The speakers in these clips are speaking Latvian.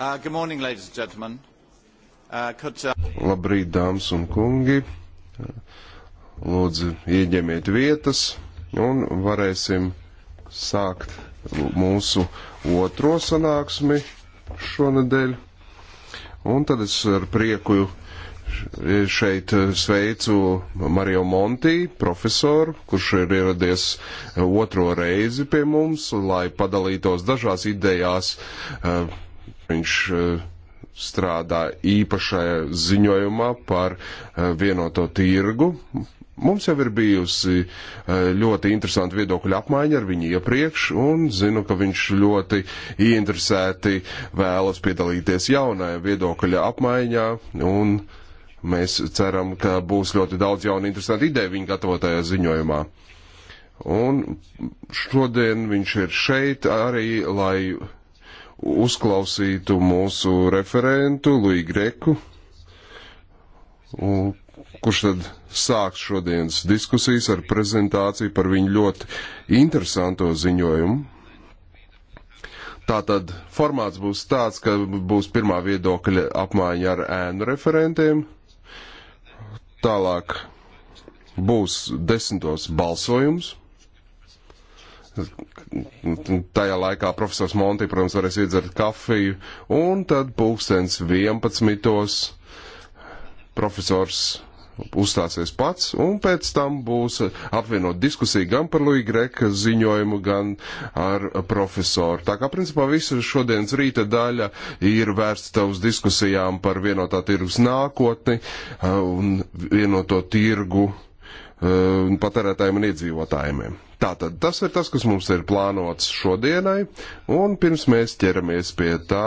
Uh, good morning, ladies and gentlemen. Uh, could, uh... Labrīt, dāmas un kungi. Lūdzu, ieņemiet vietas un varēsim sākt mūsu otro sanāksmi šonadēļ. Un tad es ar prieku šeit sveicu Mario Monti, profesoru, kurš ir ieradies otro reizi pie mums, lai padalītos dažās idejās uh, Viņš e, strādā īpašajā ziņojumā par e, vienoto tirgu. Mums jau ir bijusi e, ļoti interesanta viedokļa apmaiņa ar viņu iepriekš, un zinu, ka viņš ļoti ieinteresēti vēlas piedalīties jaunajā viedokļa apmaiņā, un mēs ceram, ka būs ļoti daudz jaunu interesantu ideju viņa gatavotajā ziņojumā. Un šodien viņš ir šeit arī, lai uzklausītu mūsu referentu Lui Greku, kurš tad sāks šodienas diskusijas ar prezentāciju par viņu ļoti interesanto ziņojumu. Tātad formāts būs tāds, ka būs pirmā viedokļa apmaiņa ar ēnu referentiem, tālāk būs desmitos balsojums Tajā laikā profesors Monti, protams, varēs iedzert kafiju, un tad pulkstens 11. profesors uzstāsies pats, un pēc tam būs apvienot diskusiju gan par Luija Greka ziņojumu, gan ar profesoru. Tā kā, principā, visa šodienas rīta daļa ir vērsta uz diskusijām par vienotā tirgus nākotni uh, un vienoto tirgu uh, patērētājiem un iedzīvotājiem. Tātad tas ir tas, kas mums ir plānots šodienai, un pirms mēs ķeramies pie tā,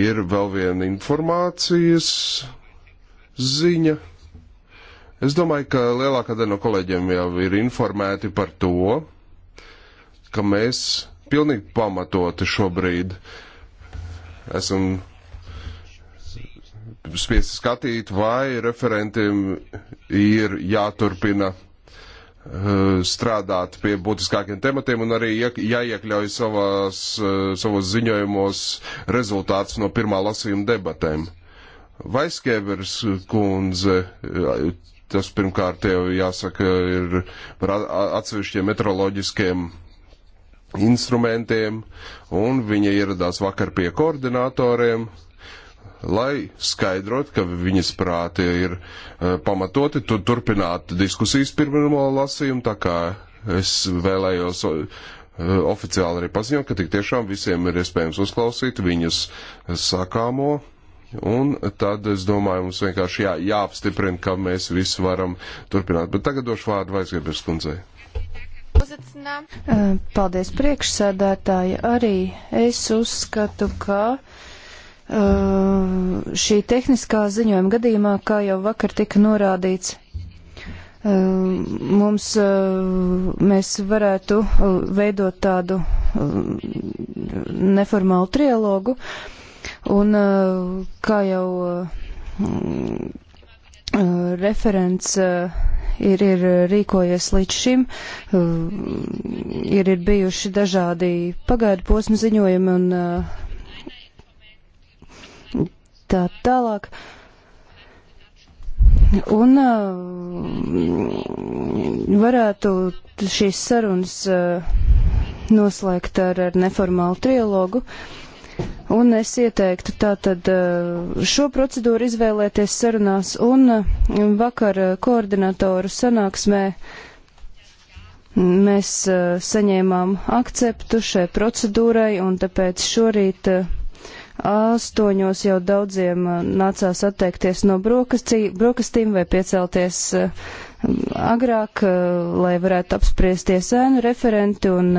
ir vēl viena informācijas ziņa. Es domāju, ka lielākā daļa no kolēģiem jau ir informēti par to, ka mēs pilnīgi pamatoti šobrīd esam spiesti skatīt, vai referentiem ir jāturpina Eh, strādāt pie būtiskākiem tematiem un arī jāiekļauj savās, eh, savos ziņojumos rezultāts no pirmā lasījuma debatēm. Vaiskevers kundze, eh, tas pirmkārt jau jāsaka ir par atsevišķiem metroloģiskiem instrumentiem, un viņa ieradās vakar pie koordinatoriem, lai skaidrot, ka viņas prāti ir uh, pamatoti, tu, turpināt diskusijas pirmo lasījumu, tā kā es vēlējos uh, oficiāli arī paziņot, ka tik tiešām visiem ir iespējams uzklausīt viņas sakāmo. Un tad, es domāju, mums vienkārši jā, jāapstiprina, ka mēs visi varam turpināt. Bet tagad došu vārdu Vaisgabers kundzei. E, paldies priekšsēdētāji. Arī es uzskatu, ka Eh, šī tehniskā ziņojuma gadījumā, kā jau vakar tika norādīts, eh, mums eh, mēs varētu veidot tādu neformālu trialogu, un kā jau referents ir, ir rīkojies līdz šim, ir, ir bijuši dažādi pagaidu posmu ziņojumi un uh, tā tālāk. Un uh, varētu šīs sarunas uh, noslēgt ar, ar neformālu trilogu. Un es ieteiktu tātad uh, šo procedūru izvēlēties sarunās un uh, vakar uh, koordinatoru sanāksmē mēs uh, saņēmām akceptu šai procedūrai un tāpēc šorīt. Uh, Astoņos jau daudziem uh, nācās atteikties no brokastīm vai piecelties uh, agrāk, uh, lai varētu apspriesties ēnu referenti un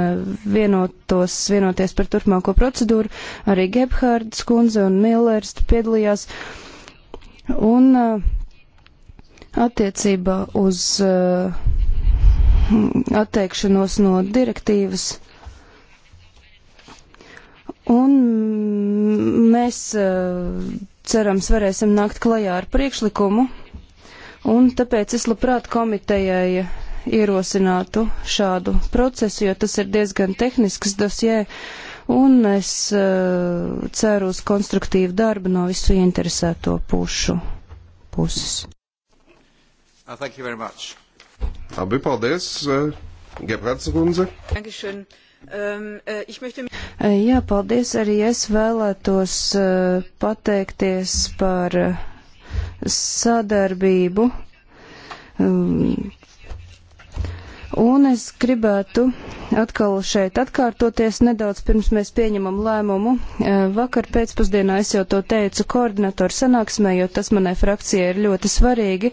vienotos, vienoties par turpmāko procedūru. Arī Gebhārds kundze un Millers piedalījās. Un attiecībā uz atteikšanos no direktīvas Un mēs eh, cerams varēsim nākt klajā ar priekšlikumu, un tāpēc es labprāt komitejai ierosinātu šādu procesu, jo tas ir diezgan tehnisks dosjē, un es eh, ceru uz konstruktīvu darbu no visu ieinteresēto pušu puses. Uh, Abi paldies, Gebrats Runze. Um, uh, Jā, paldies. Arī es vēlētos eh, pateikties par eh, sadarbību. Mm. Un es gribētu atkal šeit atkārtoties nedaudz pirms mēs pieņemam lēmumu. Eh, vakar pēcpusdienā es jau to teicu koordinatoru sanāksmē, jo tas manai frakcijai ir ļoti svarīgi.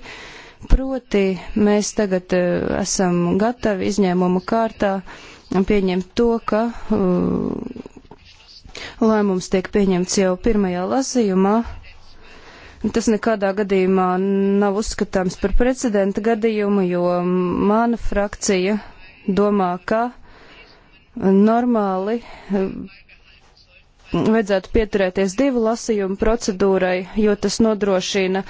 Proti, mēs tagad esam gatavi izņēmumu kārtā uh, pieņemt to, ka uh, lēmums tiek pieņemts jau pirmajā lasījumā. Tas nekādā gadījumā nav uzskatāms par precedenta gadījumu, jo mana frakcija domā, ka normāli uh, vajadzētu pieturēties divu lasījumu procedūrai, jo tas nodrošina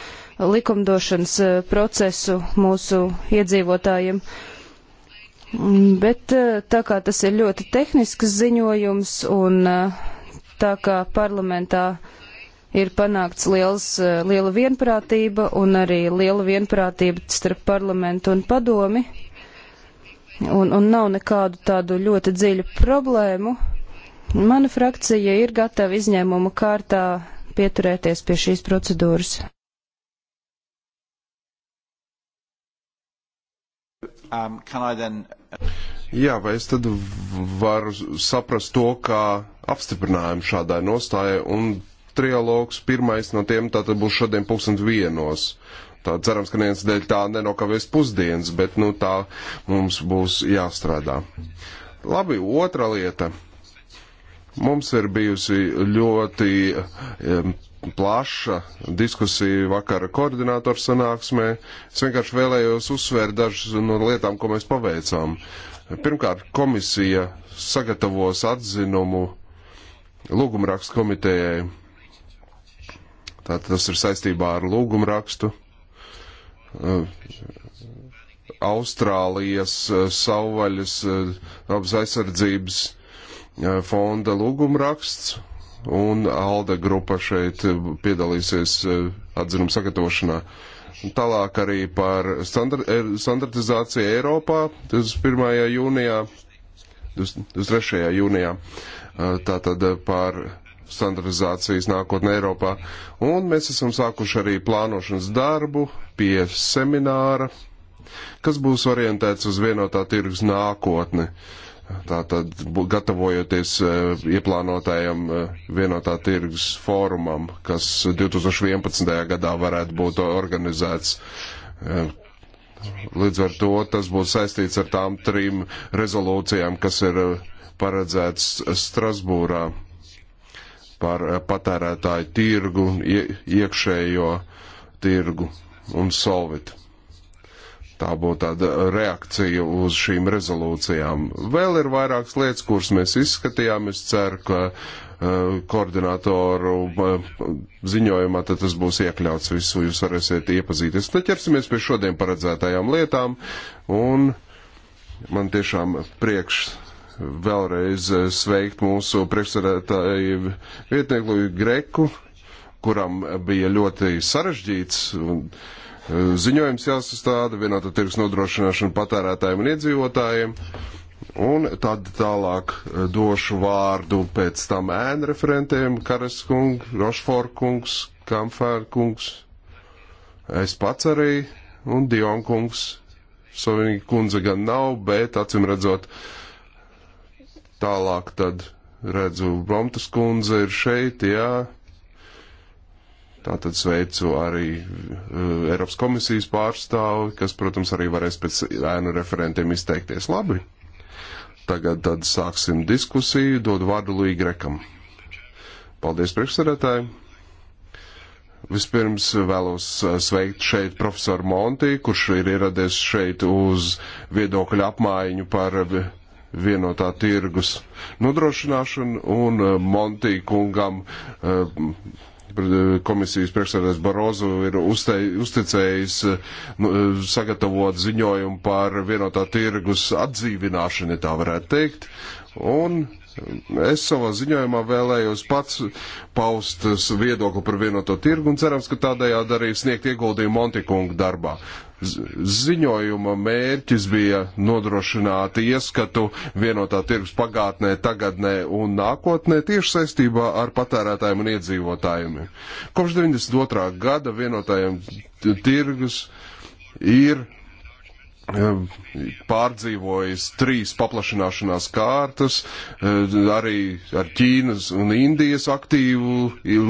likumdošanas uh, procesu mūsu iedzīvotājiem. Uh, Bet eh, tā kā tas ir ļoti tehnisks ziņojums un eh, tā kā parlamentā ir panākts liels, eh, liela vienprātība un arī liela vienprātība starp parlamentu un padomi, un, un nav nekādu tādu ļoti dziļu problēmu, mana frakcija ir gatava izņēmuma kārtā pieturēties pie šīs procedūras. Um, then... Jā, vai es tad varu saprast to, kā apstiprinājumu šādai nostājai un trialogs pirmais no tiem tātad būs šodien pulksten vienos. Tā cerams, ka neviens dēļ tā nenokavēs pusdienas, bet nu tā mums būs jāstrādā. Labi, otra lieta. Mums ir bijusi ļoti um, plaša diskusija vakara koordinātoru sanāksmē. Es vienkārši vēlējos uzsvērt dažas no lietām, ko mēs paveicām. Pirmkārt, komisija sagatavos atzinumu lūgumrakstu komitejai. Tātad tas ir saistībā ar lūgumrakstu. Austrālijas savvaļas labas aizsardzības eh, fonda lūgumraksts un Alde grupa šeit piedalīsies eh, atzinuma sagatavošanā. Tālāk arī par standart, eh, standartizāciju Eiropā 21. jūnijā, 23. jūnijā, eh, tātad par standartizācijas nākotnē Eiropā. Un mēs esam sākuši arī plānošanas darbu pie semināra, kas būs orientēts uz vienotā tirgus nākotni. Uh, Tātad, gatavojoties eh, ieplānotajam eh, vienotā tirgus fórumam, kas 2011. gadā varētu būt organizēts. Eh, līdz ar to tas būs saistīts ar tām trim rezolūcijām, kas ir paredzēts Strasbūrā par patērētāju tirgu, iekšējo tirgu un solvitu. Tā būtu tāda reakcija uz šīm rezolūcijām. Vēl ir vairākas lietas, kuras mēs izskatījām. Es ceru, ka uh, eh, koordinatoru uh, eh, ziņojumā tad tas būs iekļauts visu, jūs varēsiet iepazīties. Tad nu, ķersimies pie šodien paredzētajām lietām un man tiešām priekš vēlreiz eh, sveikt mūsu priekšsēdētāju vietnieku Greku, kuram bija ļoti sarežģīts un uh, Ziņojums jāsastāda vienota tirgus nodrošināšana patērētājiem un iedzīvotājiem. Un tad tālāk došu vārdu pēc tam ēnu referentiem - Kareskungs, Rošforkungs, Kamfērkungs, es pats arī un Dionkungs. Savienīgi kundze gan nav, bet acim redzot tālāk tad redzu Bromtas kundze ir šeit, jā. Ja. Tātad sveicu arī uh, Eiropas komisijas pārstāvi, kas, protams, arī varēs pēc ēnu referentiem izteikties labi. Tagad tad sāksim diskusiju, dod vārdu Līgrekam. Paldies priekšsarētāji. Vispirms vēlos eh, sveikt šeit profesoru Monti, kurš ir ieradies šeit uz viedokļu apmaiņu par vienotā tirgus nodrošināšanu un eh, Monti kungam uh, Eh, komisijas priekšsēdētājs Barozu ir uzte, uzticējis eh, nu, eh, sagatavot ziņojumu par vienotā tirgus atdzīvināšanu, tā varētu teikt. Un Es savā ziņojumā vēlējos pats paust viedokli par vienoto tirgu un cerams, ka tādējādi arī sniegt ieguldījumu Montikunga darbā. Ziņojuma mērķis bija nodrošināt ieskatu vienotā tirgus pagātnē, tagadnē un nākotnē tieši saistībā ar patērētājiem un iedzīvotājiem. Kopš 92. gada vienotājiem tirgus ir eh, pārdzīvojis trīs paplašināšanās kārtas, eh, arī ar Ķīnas un Indijas aktīvu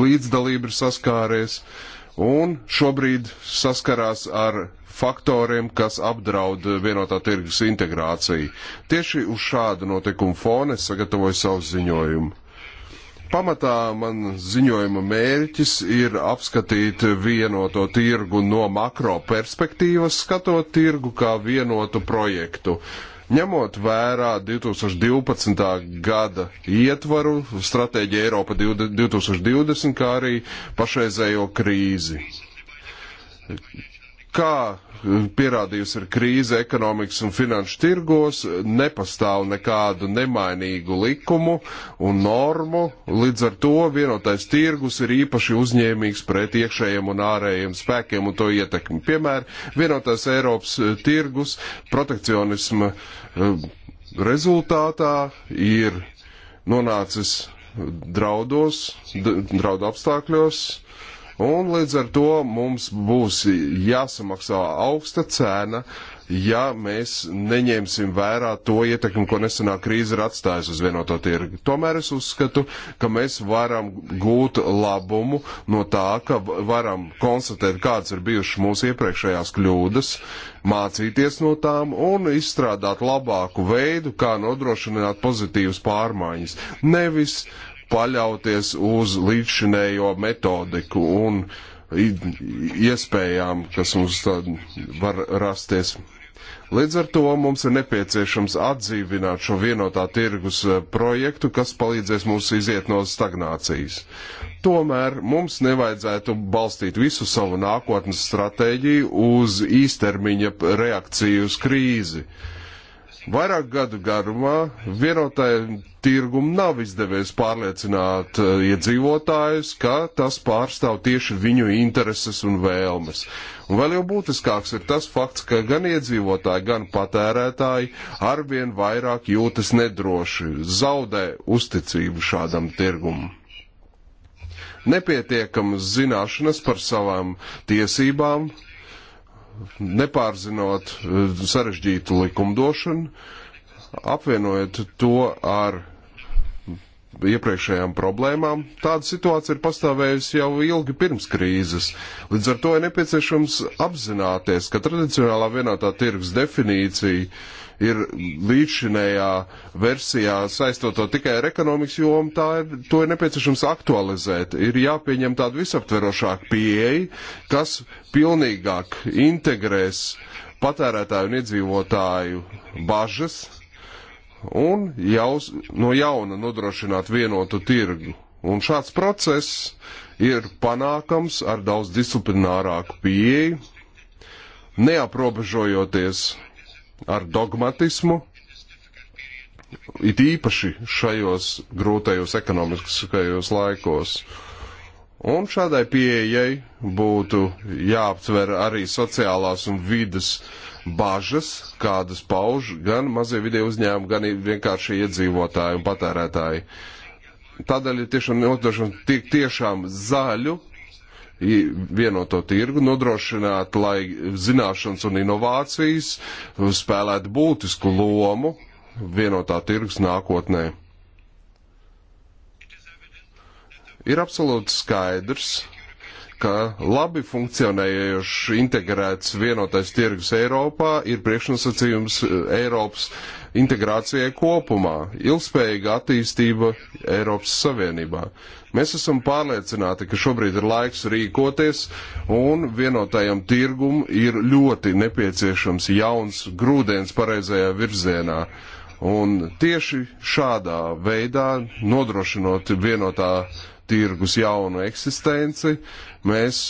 līdzdalību ir saskāries, un šobrīd saskarās ar faktoriem, kas apdraud vienotā tirgus integrāciju. Tieši uz šādu notikumu fona es sagatavoju savu ziņojumu. Pamatā man ziņojuma mērķis ir apskatīt vienoto tirgu no makro perspektīvas, skatot tirgu kā vienotu projektu. Ņemot vērā 2012. gada ietvaru, stratēģija Eiropa 2020, kā arī pašreizējo krīzi kā eh, pierādījusi ir krīze ekonomikas un finanšu tirgos, nepastāv nekādu nemainīgu likumu un normu, līdz ar to vienotais tirgus ir īpaši uzņēmīgs pret iekšējiem un ārējiem spēkiem un to ietekmi. Piemēram, vienotais Eiropas eh, tirgus protekcionisma eh, rezultātā ir nonācis draudos, draudu apstākļos, Un līdz ar to mums būs jāsamaksā augsta cena, ja mēs neņemsim vērā to ietekmi, ko nesenā krīze ir atstājusi uz vienoto tirgu. Tomēr es uzskatu, ka mēs varam gūt labumu no tā, ka varam konstatēt, kādas ir bijušas mūsu iepriekšējās kļūdas, mācīties no tām un izstrādāt labāku veidu, kā nodrošināt pozitīvas pārmaiņas. Nevis uh, paļauties uz līdzšinējo metodiku un iespējām, kas mums var rasties. Līdz ar to mums ir nepieciešams atdzīvināt šo vienotā tirgus e, projektu, kas palīdzēs mums iziet no stagnācijas. Tomēr mums nevajadzētu balstīt visu savu nākotnes stratēģiju uz īstermiņa reakciju uz krīzi. Uh, Vairāk gadu garumā vienotajam tirgum nav izdevies pārliecināt eh, iedzīvotājus, ka tas pārstāv tieši viņu intereses un vēlmes. Un vēl jau būtiskāks ir tas fakts, ka gan iedzīvotāji, gan patērētāji arvien vairāk jūtas nedroši, zaudē uzticību šādam tirgumam nepietiekamas zināšanas par savām tiesībām, nepārzinot eh, sarežģītu likumdošanu, apvienojot to ar iepriekšējām problēmām. Tāda situācija ir pastāvējusi jau ilgi pirms krīzes. Līdz ar to ir nepieciešams apzināties, ka tradicionālā vienotā tirgus definīcija uh, ir līdzinējā versijā saistot to tikai ar ekonomikas jomu, tā ir, to ir nepieciešams aktualizēt. Ir jāpieņem tāda visaptverošāka pieeja, kas pilnīgāk integrēs patērētāju un iedzīvotāju bažas un jau no jauna nodrošināt vienotu tirgu. Un šāds process ir panākams ar daudz disciplinārāku pieeju, neaprobežojoties ar dogmatismu, it īpaši šajos grūtajos ekonomiskajos laikos. Un šādai pieejai būtu jāaptver arī sociālās un vidas bažas, kādas pauž gan mazie video uzņēmumi, gan vienkārši iedzīvotāji un patērētāji. Tādēļ ir tiešām nodošana tik tiešām zaļu vienoto tirgu, nodrošināt, lai zināšanas un inovācijas spēlētu būtisku lomu vienotā tirgus nākotnē. Ir absolūti skaidrs, ka labi funkcionējošs integrēts vienotais tirgus Eiropā ir priekšnosacījums eh, Eiropas integrācijai kopumā, ilgspējīga attīstība Eiropas Savienībā. Mēs esam pārliecināti, ka šobrīd ir laiks rīkoties, un vienotajam tirgum ir ļoti nepieciešams jauns grūdienis pareizajā virzienā. Un tieši šādā veidā, nodrošinot vienotā tirgus jaunu eksistenci, mēs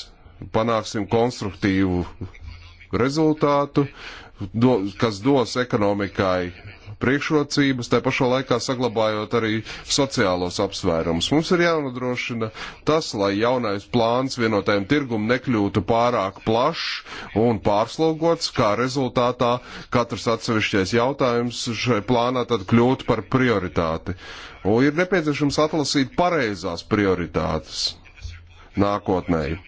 panāksim konstruktīvu rezultātu, do, kas dos ekonomikai priekšrocības, tā pašā laikā saglabājot arī sociālos apsvērumus. Mums ir jānodrošina tas, lai jaunais plāns vienotajam tirgum nekļūtu pārāk plašs un pārslogots, kā rezultātā katrs atsevišķais jautājums šai plānā tad kļūtu par prioritāti. Un ir nepieciešams atlasīt pareizās prioritātes nākotnēji.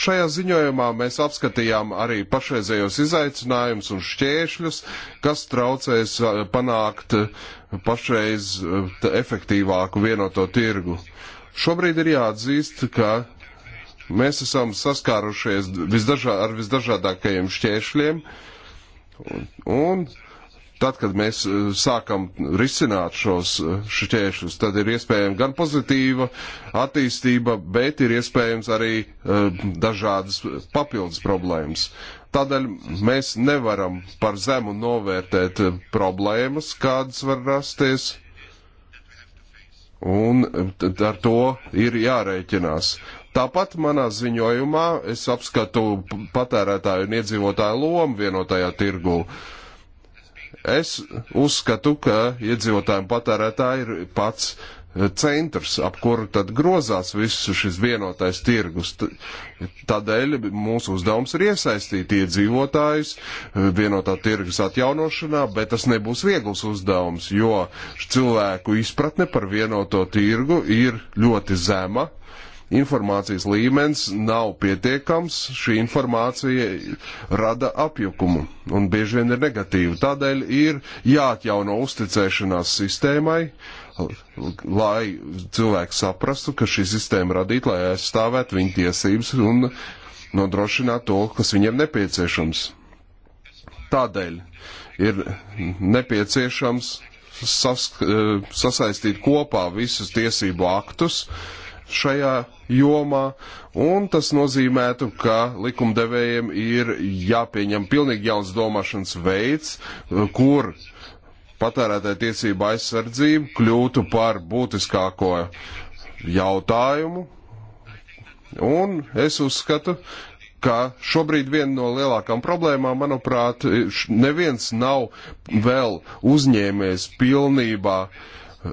Šajā ziņojumā mēs apskatījām arī pašreizējos izaicinājumus un šķēršļus, kas traucēs uh, panākt uh, pašreiz uh, efektīvāku vienoto tirgu. Šobrīd ir jāatzīst, ka mēs esam saskārušies visdažā, ar visdažādākajiem šķēršļiem, un Tad, kad mēs eh, sākam risināt šos eh, šķēršļus, tad ir iespējama gan pozitīva attīstība, bet ir iespējams arī eh, dažādas papildus problēmas. Tādēļ mēs nevaram par zemu novērtēt problēmas, kādas var rasties, un ar to ir jārēķinās. Tāpat manā ziņojumā es apskatu patērētāju un iedzīvotāju lomu vienotajā tirgū. Uh, Es uzskatu, ka iedzīvotājiem patērētāji ir pats eh, centrs, ap kuru tad grozās viss šis vienotais tirgus. Tādēļ mūsu uzdevums ir iesaistīt iedzīvotājus eh, vienotā tirgus atjaunošanā, bet tas nebūs viegls uzdevums, jo cilvēku izpratne par vienoto tirgu ir ļoti zema informācijas līmenis nav pietiekams, šī informācija rada apjukumu un bieži vien ir negatīva. Tādēļ ir jāatjauno uzticēšanās sistēmai, lai cilvēki saprastu, ka šī sistēma radīta, lai aizstāvētu viņu tiesības un nodrošinātu to, kas viņiem nepieciešams. Tādēļ ir nepieciešams sas, eh, sasaistīt kopā visus tiesību aktus, uh, šajā jomā, un tas nozīmētu, ka likumdevējiem ir jāpieņem pilnīgi jauns domāšanas veids, kur patērētāja tiesība aizsardzība kļūtu par būtiskāko jautājumu. Un es uzskatu, ka šobrīd viena no lielākām problēmām, manuprāt, neviens nav vēl uzņēmies pilnībā uh,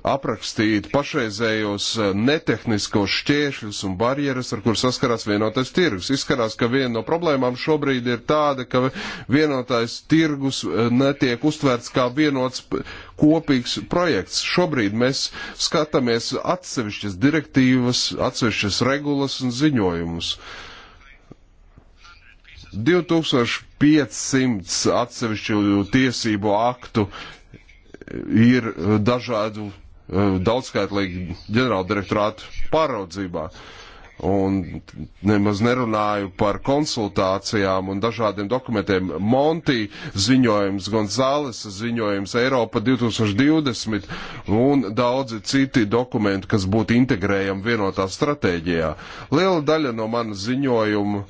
aprakstīt pašreizējos eh, netehniskos šķēršļus un barjeras, ar kur saskarās vienotais tirgus. Izskatās, ka viena no problēmām šobrīd ir tāda, ka vienotais tirgus eh, netiek uztverts kā vienots kopīgs projekts. Šobrīd mēs skatāmies atsevišķas direktīvas, atsevišķas regulas un ziņojumus. 2500 atsevišķu tiesību aktu ir eh, dažādu eh, daudzskaitlīgu ģenerāldirektorātu pāraudzībā. Un nemaz nerunāju par konsultācijām un dažādiem dokumentiem. Monti ziņojums, Gonzāles ziņojums, Eiropa 2020 un daudzi citi dokumenti, kas būtu integrējami vienotā stratēģijā. Liela daļa no manas ziņojuma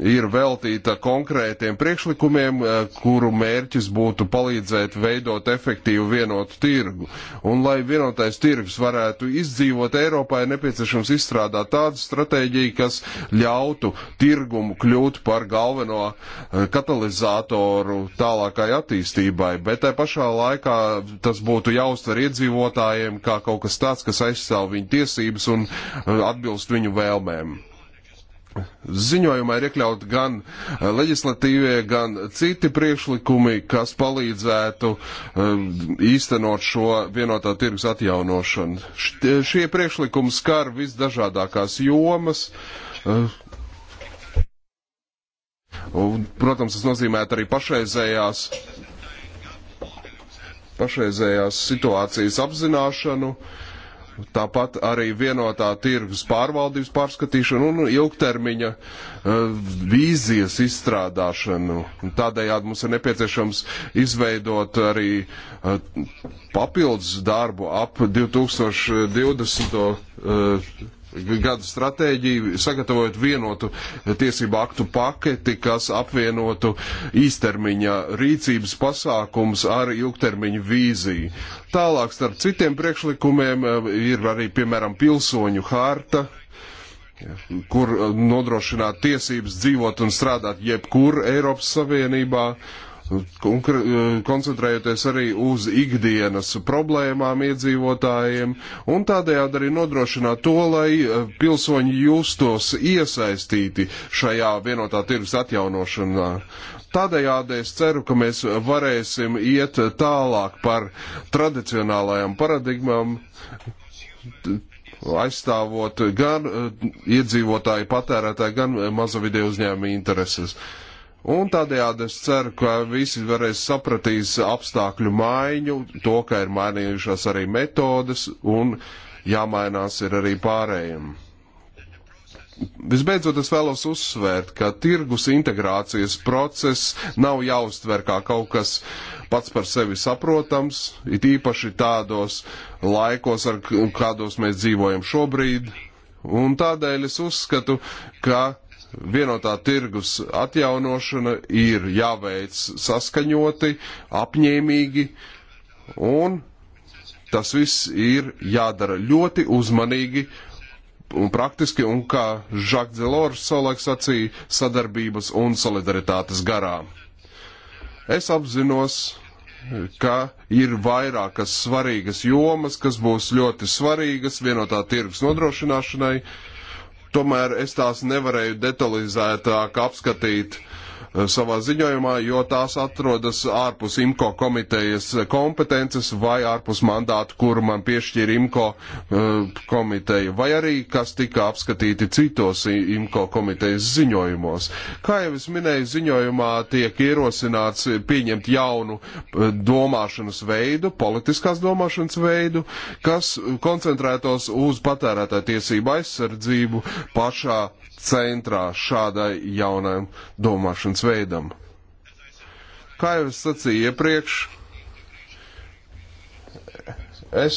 ir veltīta konkrētiem priekšlikumiem, eh, kuru mērķis būtu palīdzēt veidot efektīvu vienotu tirgu. Un, lai vienotais tirgus varētu izdzīvot Eiropā, ir nepieciešams izstrādāt tādu stratēģiju, kas ļautu tirgumu kļūt par galveno eh, katalizatoru tālākai attīstībai, bet tai pašā laikā tas būtu jāuztver iedzīvotājiem kā kaut kas tāds, kas aizstāv viņu tiesības un eh, atbilst viņu vēlmēm. Ziņojumā ir iekļaut gan eh, leģislatīvie, gan citi priekšlikumi, kas palīdzētu eh, īstenot šo vienotā tirgus atjaunošanu. Šie priekšlikumi skar visdažādākās jomas. Eh, un, protams, tas nozīmē arī pašreizējās, pašreizējās situācijas apzināšanu. Uh, tāpat arī vienotā tirgus pārvaldības pārskatīšanu un ilgtermiņa e, vīzijas izstrādāšanu. Tādējādi mums ir nepieciešams izveidot arī e, papildus darbu ap 2020 gadu stratēģiju, sagatavojot vienotu tiesību aktu paketi, kas apvienotu īstermiņa rīcības pasākums ar ilgtermiņu vīziju. Tālāk starp citiem priekšlikumiem eh, ir arī, piemēram, pilsoņu harta kur eh, nodrošināt tiesības dzīvot un strādāt jebkur Eiropas Savienībā, Eh, koncentrējoties arī uz ikdienas problēmām iedzīvotājiem un tādējādi arī nodrošināt to, lai eh, pilsoņi justos iesaistīti šajā vienotā tirgus atjaunošanā. Tādējādi es ceru, ka mēs varēsim iet tālāk par tradicionālajām paradigmām, aizstāvot gan eh, iedzīvotāju patērētāju, gan mazavidē uzņēmumu intereses. Uh, Un tādējādi es ceru, ka visi varēs sapratīs apstākļu maiņu, to, ka ir mainījušās arī metodas un jāmainās ir arī pārējiem. Visbeidzot, es vēlos uzsvērt, ka tirgus integrācijas process nav jāuztver kā kaut kas pats par sevi saprotams, it īpaši tādos laikos, ar kādos mēs dzīvojam šobrīd. Un tādēļ es uzskatu, ka vienotā tirgus atjaunošana ir jāveic saskaņoti, apņēmīgi, un tas viss ir jādara ļoti uzmanīgi un praktiski, un kā Žaks Delors savulaik sacīja, sadarbības un solidaritātes garā. Es apzinos, ka ir vairākas svarīgas jomas, kas būs ļoti svarīgas vienotā tirgus nodrošināšanai, uh, Tomēr es tās nevarēju detalizētāk apskatīt uh, Eh, savā ziņojumā, jo tās atrodas ārpus IMCO komitejas kompetences vai ārpus mandātu, kuru man piešķīra IMCO eh, komiteja, vai arī kas tika apskatīti citos IMCO komitejas ziņojumos. Kā jau es minēju, ziņojumā tiek ierosināts pieņemt jaunu eh, domāšanas veidu, politiskās domāšanas veidu, kas koncentrētos uz patērētāju tiesību aizsardzību pašā centrā šādai jaunajam domāšanas veidam. Kā jau es sacīju iepriekš, Es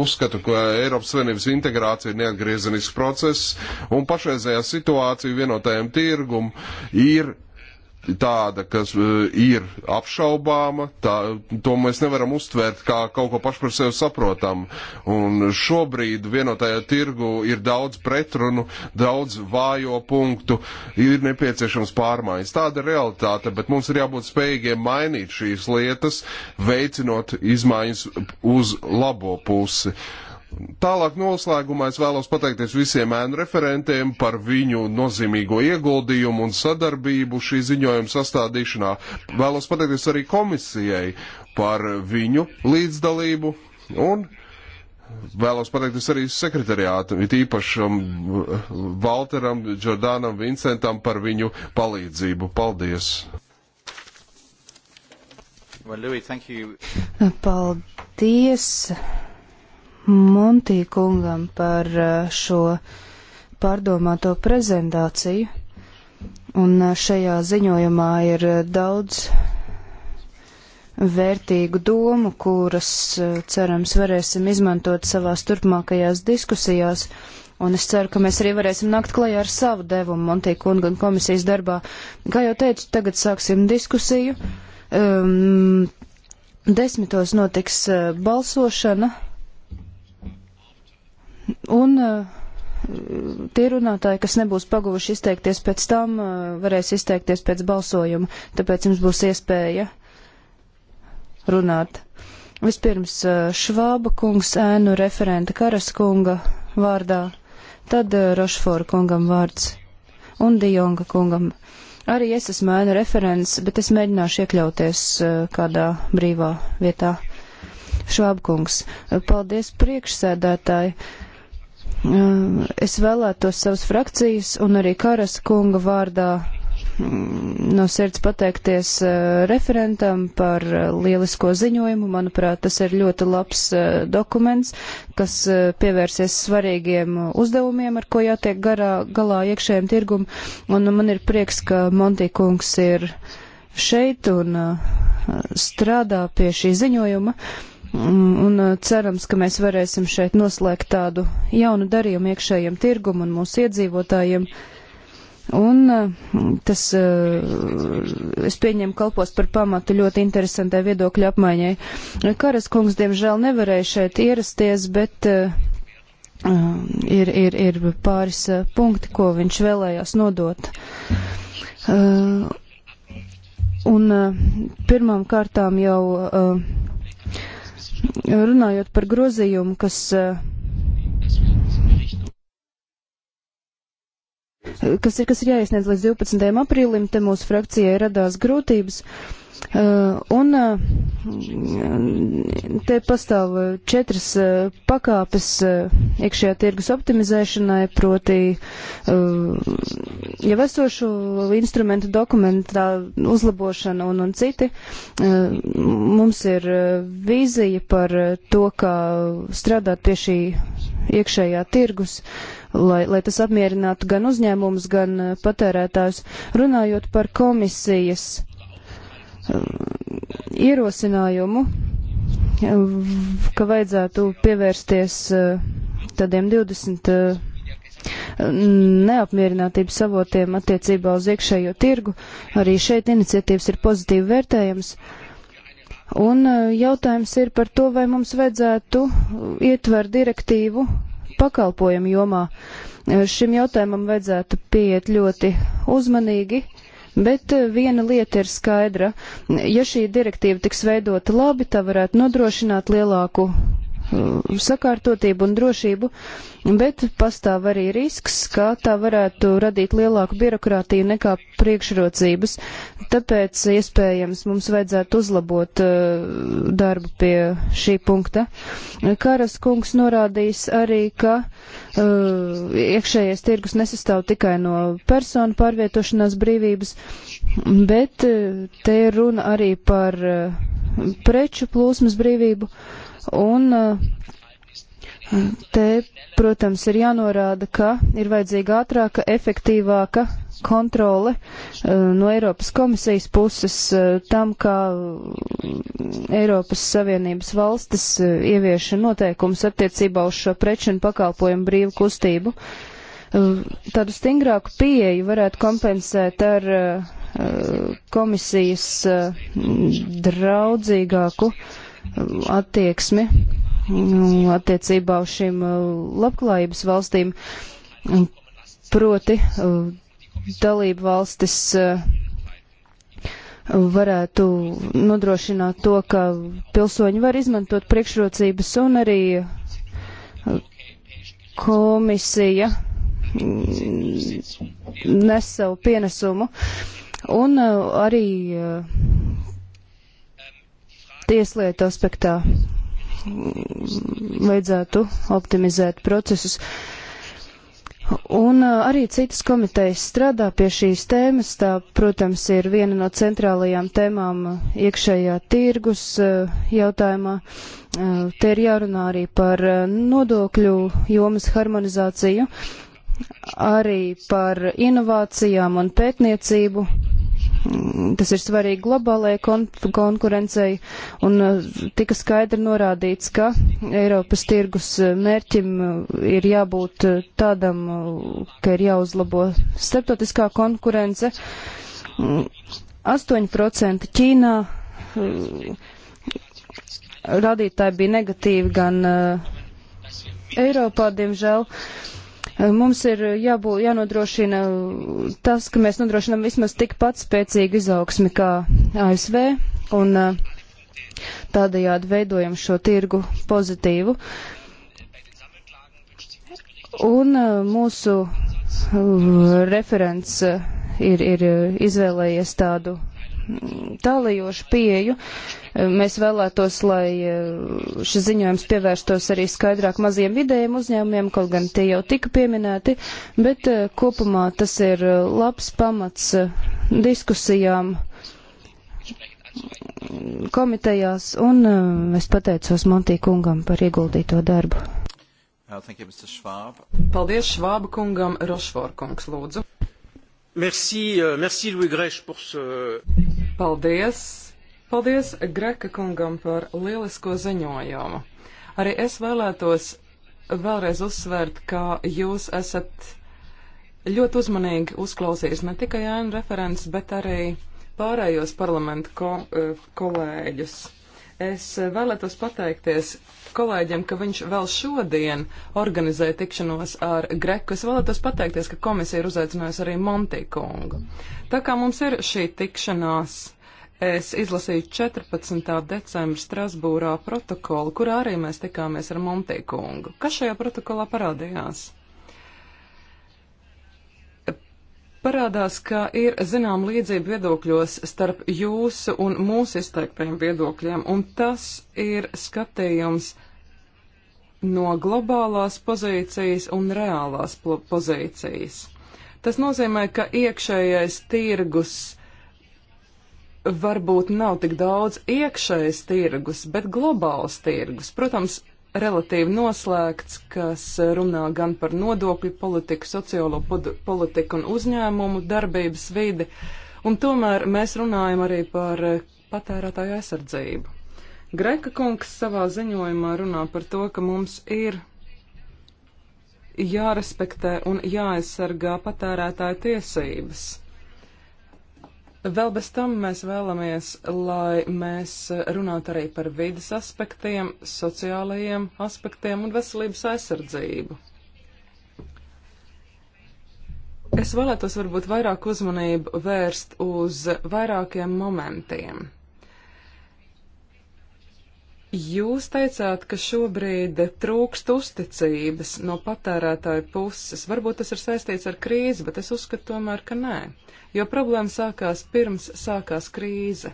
uzskatu, ka Eiropas Savienības integrācija ir neatgriezenisks process, un pašreizējā situācija vienotajam tirgum ir tāda, kas e, ir apšaubāma, tā, to mēs nevaram uztvērt kā kaut ko pašu par sevi saprotam. Un šobrīd vienotajā tirgu ir daudz pretrunu, daudz vājo punktu, ir nepieciešams pārmaiņas. Tāda ir realitāte, bet mums ir jābūt spējīgiem mainīt šīs lietas, veicinot izmaiņas uz labo pusi. Uh, Tālāk noslēgumā es vēlos pateikties visiem ēnu referentiem par viņu nozīmīgo ieguldījumu un sadarbību šī ziņojuma sastādīšanā. Vēlos pateikties arī komisijai par viņu līdzdalību un vēlos pateikties arī sekretariātam, it īpašam Valteram, Džordānam, Vincentam par viņu palīdzību. Paldies! Well, Louis, Paldies! Montī kungam par uh, šo pārdomāto prezentāciju. Un uh, šajā ziņojumā ir uh, daudz vērtīgu domu, kuras, cerams, varēsim izmantot savās turpmākajās diskusijās. Un es ceru, ka mēs arī varēsim nākt klajā ar savu devumu Montī kunga un komisijas darbā. Kā jau teicu, tagad sāksim diskusiju. Um, desmitos notiks balsošana Un eh, tie runātāji, kas nebūs paguvuši izteikties pēc tam, eh, varēs izteikties pēc balsojuma, tāpēc jums būs iespēja runāt. Vispirms eh, Švāba kungs ēnu referenta Karaskunga vārdā, tad Rošfora kungam vārds un Dijonga kungam. Arī es esmu ēnu referents, bet es mēģināšu iekļauties kādā brīvā vietā. Švābkungs, paldies priekšsēdētāji. Uh, Eh, es vēlētos savas frakcijas un arī Karas kunga vārdā mm, no sirds pateikties eh, referentam par eh, lielisko ziņojumu. Manuprāt, tas ir ļoti labs dokuments, kas pievērsies svarīgiem uzdevumiem, ar ko jātiek garā, galā iekšējiem tirgum. Un man ir prieks, ka Monti kungs ir šeit un strādā pie šī ziņojuma. Uh, Un uh, cerams, ka mēs varēsim šeit noslēgt tādu jaunu darījumu iekšējiem tirgumu un mūsu iedzīvotājiem. Un uh, tas, uh, es pieņemu, kalpos par pamatu ļoti interesantai viedokļu apmaiņai. Karas kungs, diemžēl, nevarēja šeit ierasties, bet ir, ir, ir pāris punkti, ko viņš vēlējās nodot. Un pirmām kārtām jau Runājot par grozījumu, kas uh, kas ir, kas ir jāiesniedz līdz 12. aprīlim, te mūsu frakcijai radās grūtības. Uh, un uh, te pastāv četras uh, pakāpes uh, iekšējā tirgus optimizēšanai, proti uh, jau esošu instrumentu dokumentā uzlabošana un, un citi. Uh, mums ir uh, vīzija par uh, to, kā strādāt pie šī iekšējā tirgus. Uh, lai, lai tas apmierinātu gan uzņēmumus, gan eh, patērētājus. Runājot par komisijas eh, ierosinājumu, eh, ka vajadzētu pievērsties tādiem 20 neapmierinātības avotiem attiecībā uz iekšējo tirgu. Arī šeit iniciatīvas ir pozitīvi vērtējams. Un jautājums ir par to, vai mums vajadzētu ietver direktīvu pakalpojumu jomā. Eh, šim jautājumam vajadzētu pieiet ļoti uzmanīgi. Bet eh, viena lieta ir skaidra. Ja šī direktīva tiks veidota labi, tā varētu nodrošināt lielāku Mm, sakārtotību un drošību, bet pastāv arī risks, ka tā varētu radīt lielāku birokrātiju nekā priekšrocības. Tāpēc, iespējams, mums vajadzētu uzlabot eh, darbu pie šī punkta. Karas kungs norādījis arī, ka eh, iekšējais tirgus nesastāv tikai no personu pārvietošanās brīvības, bet eh, te ir runa arī par preču plūsmas brīvību. Uh, Un eh, te, protams, ir jānorāda, ka ir vajadzīga ātrāka, efektīvāka kontrole eh, no Eiropas komisijas puses eh, tam, kā mm, Eiropas Savienības valstis ievieša noteikums attiecībā uz šo preču un pakalpojumu brīvu kustību tādu stingrāku pieeju varētu kompensēt ar komisijas draudzīgāku uh, attieksmi mm, attiecībā uz šīm uh, labklājības valstīm, proti uh, dalību valstis uh, varētu nodrošināt to, ka pilsoņi var izmantot priekšrocības un arī komisija mm, nes savu pienesumu un arī tieslietu aspektā vajadzētu optimizēt procesus. Un uh, arī citas komitejas strādā pie šīs tēmas. Tā, protams, ir viena no centrālajām tēmām uh, iekšējā tirgus uh, jautājumā. Te ir jārunā arī par nodokļu jomas harmonizāciju, arī par inovācijām un pētniecību, Tas ir svarīgi globālajai kon konkurencei, un uh, tika skaidri norādīts, ka Eiropas tirgus uh, mērķim uh, ir jābūt tādam, ka ir jāuzlabo starptautiskā konkurence. 8% mm, Ķīnā rādītāji bija negatīvi gan Eiropā, diemžēl. Uh, Mums ir jābūt, jānodrošina tas, ka mēs nodrošinām vismaz tikpat spēcīgu izaugsmi kā ASV un uh, tādējādi veidojam šo tirgu pozitīvu. Un uh, mūsu uh, referents ir, ir izvēlējies tādu tālajošu pieju. Mēs vēlētos, lai eh, šis ziņojums pievērstos arī skaidrāk maziem vidējiem uzņēmumiem, kaut gan tie jau tika pieminēti, bet eh, kopumā tas ir eh, labs pamats diskusijām komitejās, un es pateicos Montī kungam par ieguldīto darbu. Paldies Švāba kungam, Rošvorkungs, lūdzu. Merci, euh, merci Louis Grech par ce. Paldies! Paldies Greka kungam par lielisko ziņojumu. Arī es vēlētos vēlreiz uzsvērt, ka jūs esat ļoti uzmanīgi uzklausījis ne tikai ēnu referents, bet arī pārējos parlamentu ko, eh, kolēģus. Es vēlētos pateikties kolēģiem, ka viņš vēl šodien organizē tikšanos ar Greku. Es vēlētos pateikties, ka komisija ir uzaicinājusi arī Montīkungu. Tā kā mums ir šī tikšanās. Es izlasīju 14. decembra Strasbūrā protokolu, kurā arī mēs tikāmies ar Montīkungu. Kas šajā protokolā parādījās? Parādās, ka ir zinām līdzība viedokļos starp jūsu un mūsu izteiktajiem viedokļiem, un tas ir skatījums no globālās pozīcijas un reālās po pozīcijas. Tas nozīmē, ka iekšējais tirgus varbūt nav tik daudz iekšējais tirgus, bet globāls tirgus. Protams, relatīvi noslēgts, kas runā gan par nodokļu politiku, sociālo politiku un uzņēmumu darbības vidi, un tomēr mēs runājam arī par patērētāju aizsardzību. Greka kungs savā ziņojumā runā par to, ka mums ir jārespektē un jāaizsargā patērētāju tiesības. Vēl bez tam mēs vēlamies, lai mēs runātu arī par vidas aspektiem, sociālajiem aspektiem un veselības aizsardzību. Es vēlētos varbūt vairāk uzmanību vērst uz vairākiem momentiem. Jūs teicāt, ka šobrīd trūkst uzticības no patērētāju puses. Varbūt tas ir saistīts ar krīzi, bet es uzskatu tomēr, ka nē, jo problēma sākās pirms sākās krīze.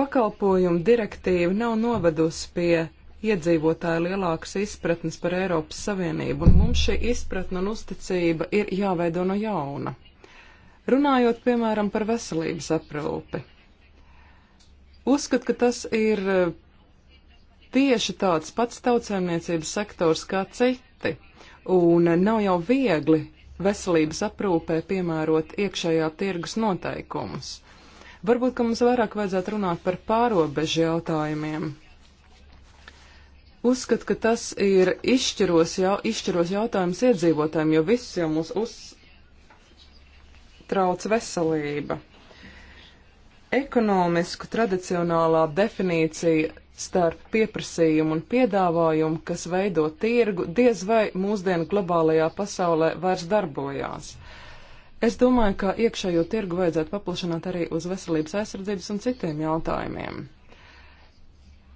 Pakalpojumu direktīva nav novedusi pie iedzīvotāju lielākas izpratnes par Eiropas Savienību, un mums šī izpratne un uzticība ir jāveido no jauna. Runājot, piemēram, par veselības aprūpi. Uzskat, ka tas ir eh, tieši tāds pats tautsēmniecības sektors kā citi, un eh, nav jau viegli veselības aprūpē piemērot iekšējā tirgus noteikumus. Varbūt, ka mums vairāk vajadzētu runāt par pārobežu jautājumiem. Uzskat, ka tas ir izšķiros, jau, izšķiros jautājums iedzīvotājiem, jo viss jau mūs uztrauc veselība ekonomisku tradicionālā definīcija starp pieprasījumu un piedāvājumu, kas veido tirgu, diez vai mūsdienu globālajā pasaulē vairs darbojās. Es domāju, ka iekšējo tirgu vajadzētu paplašināt arī uz veselības aizsardzības un citiem jautājumiem.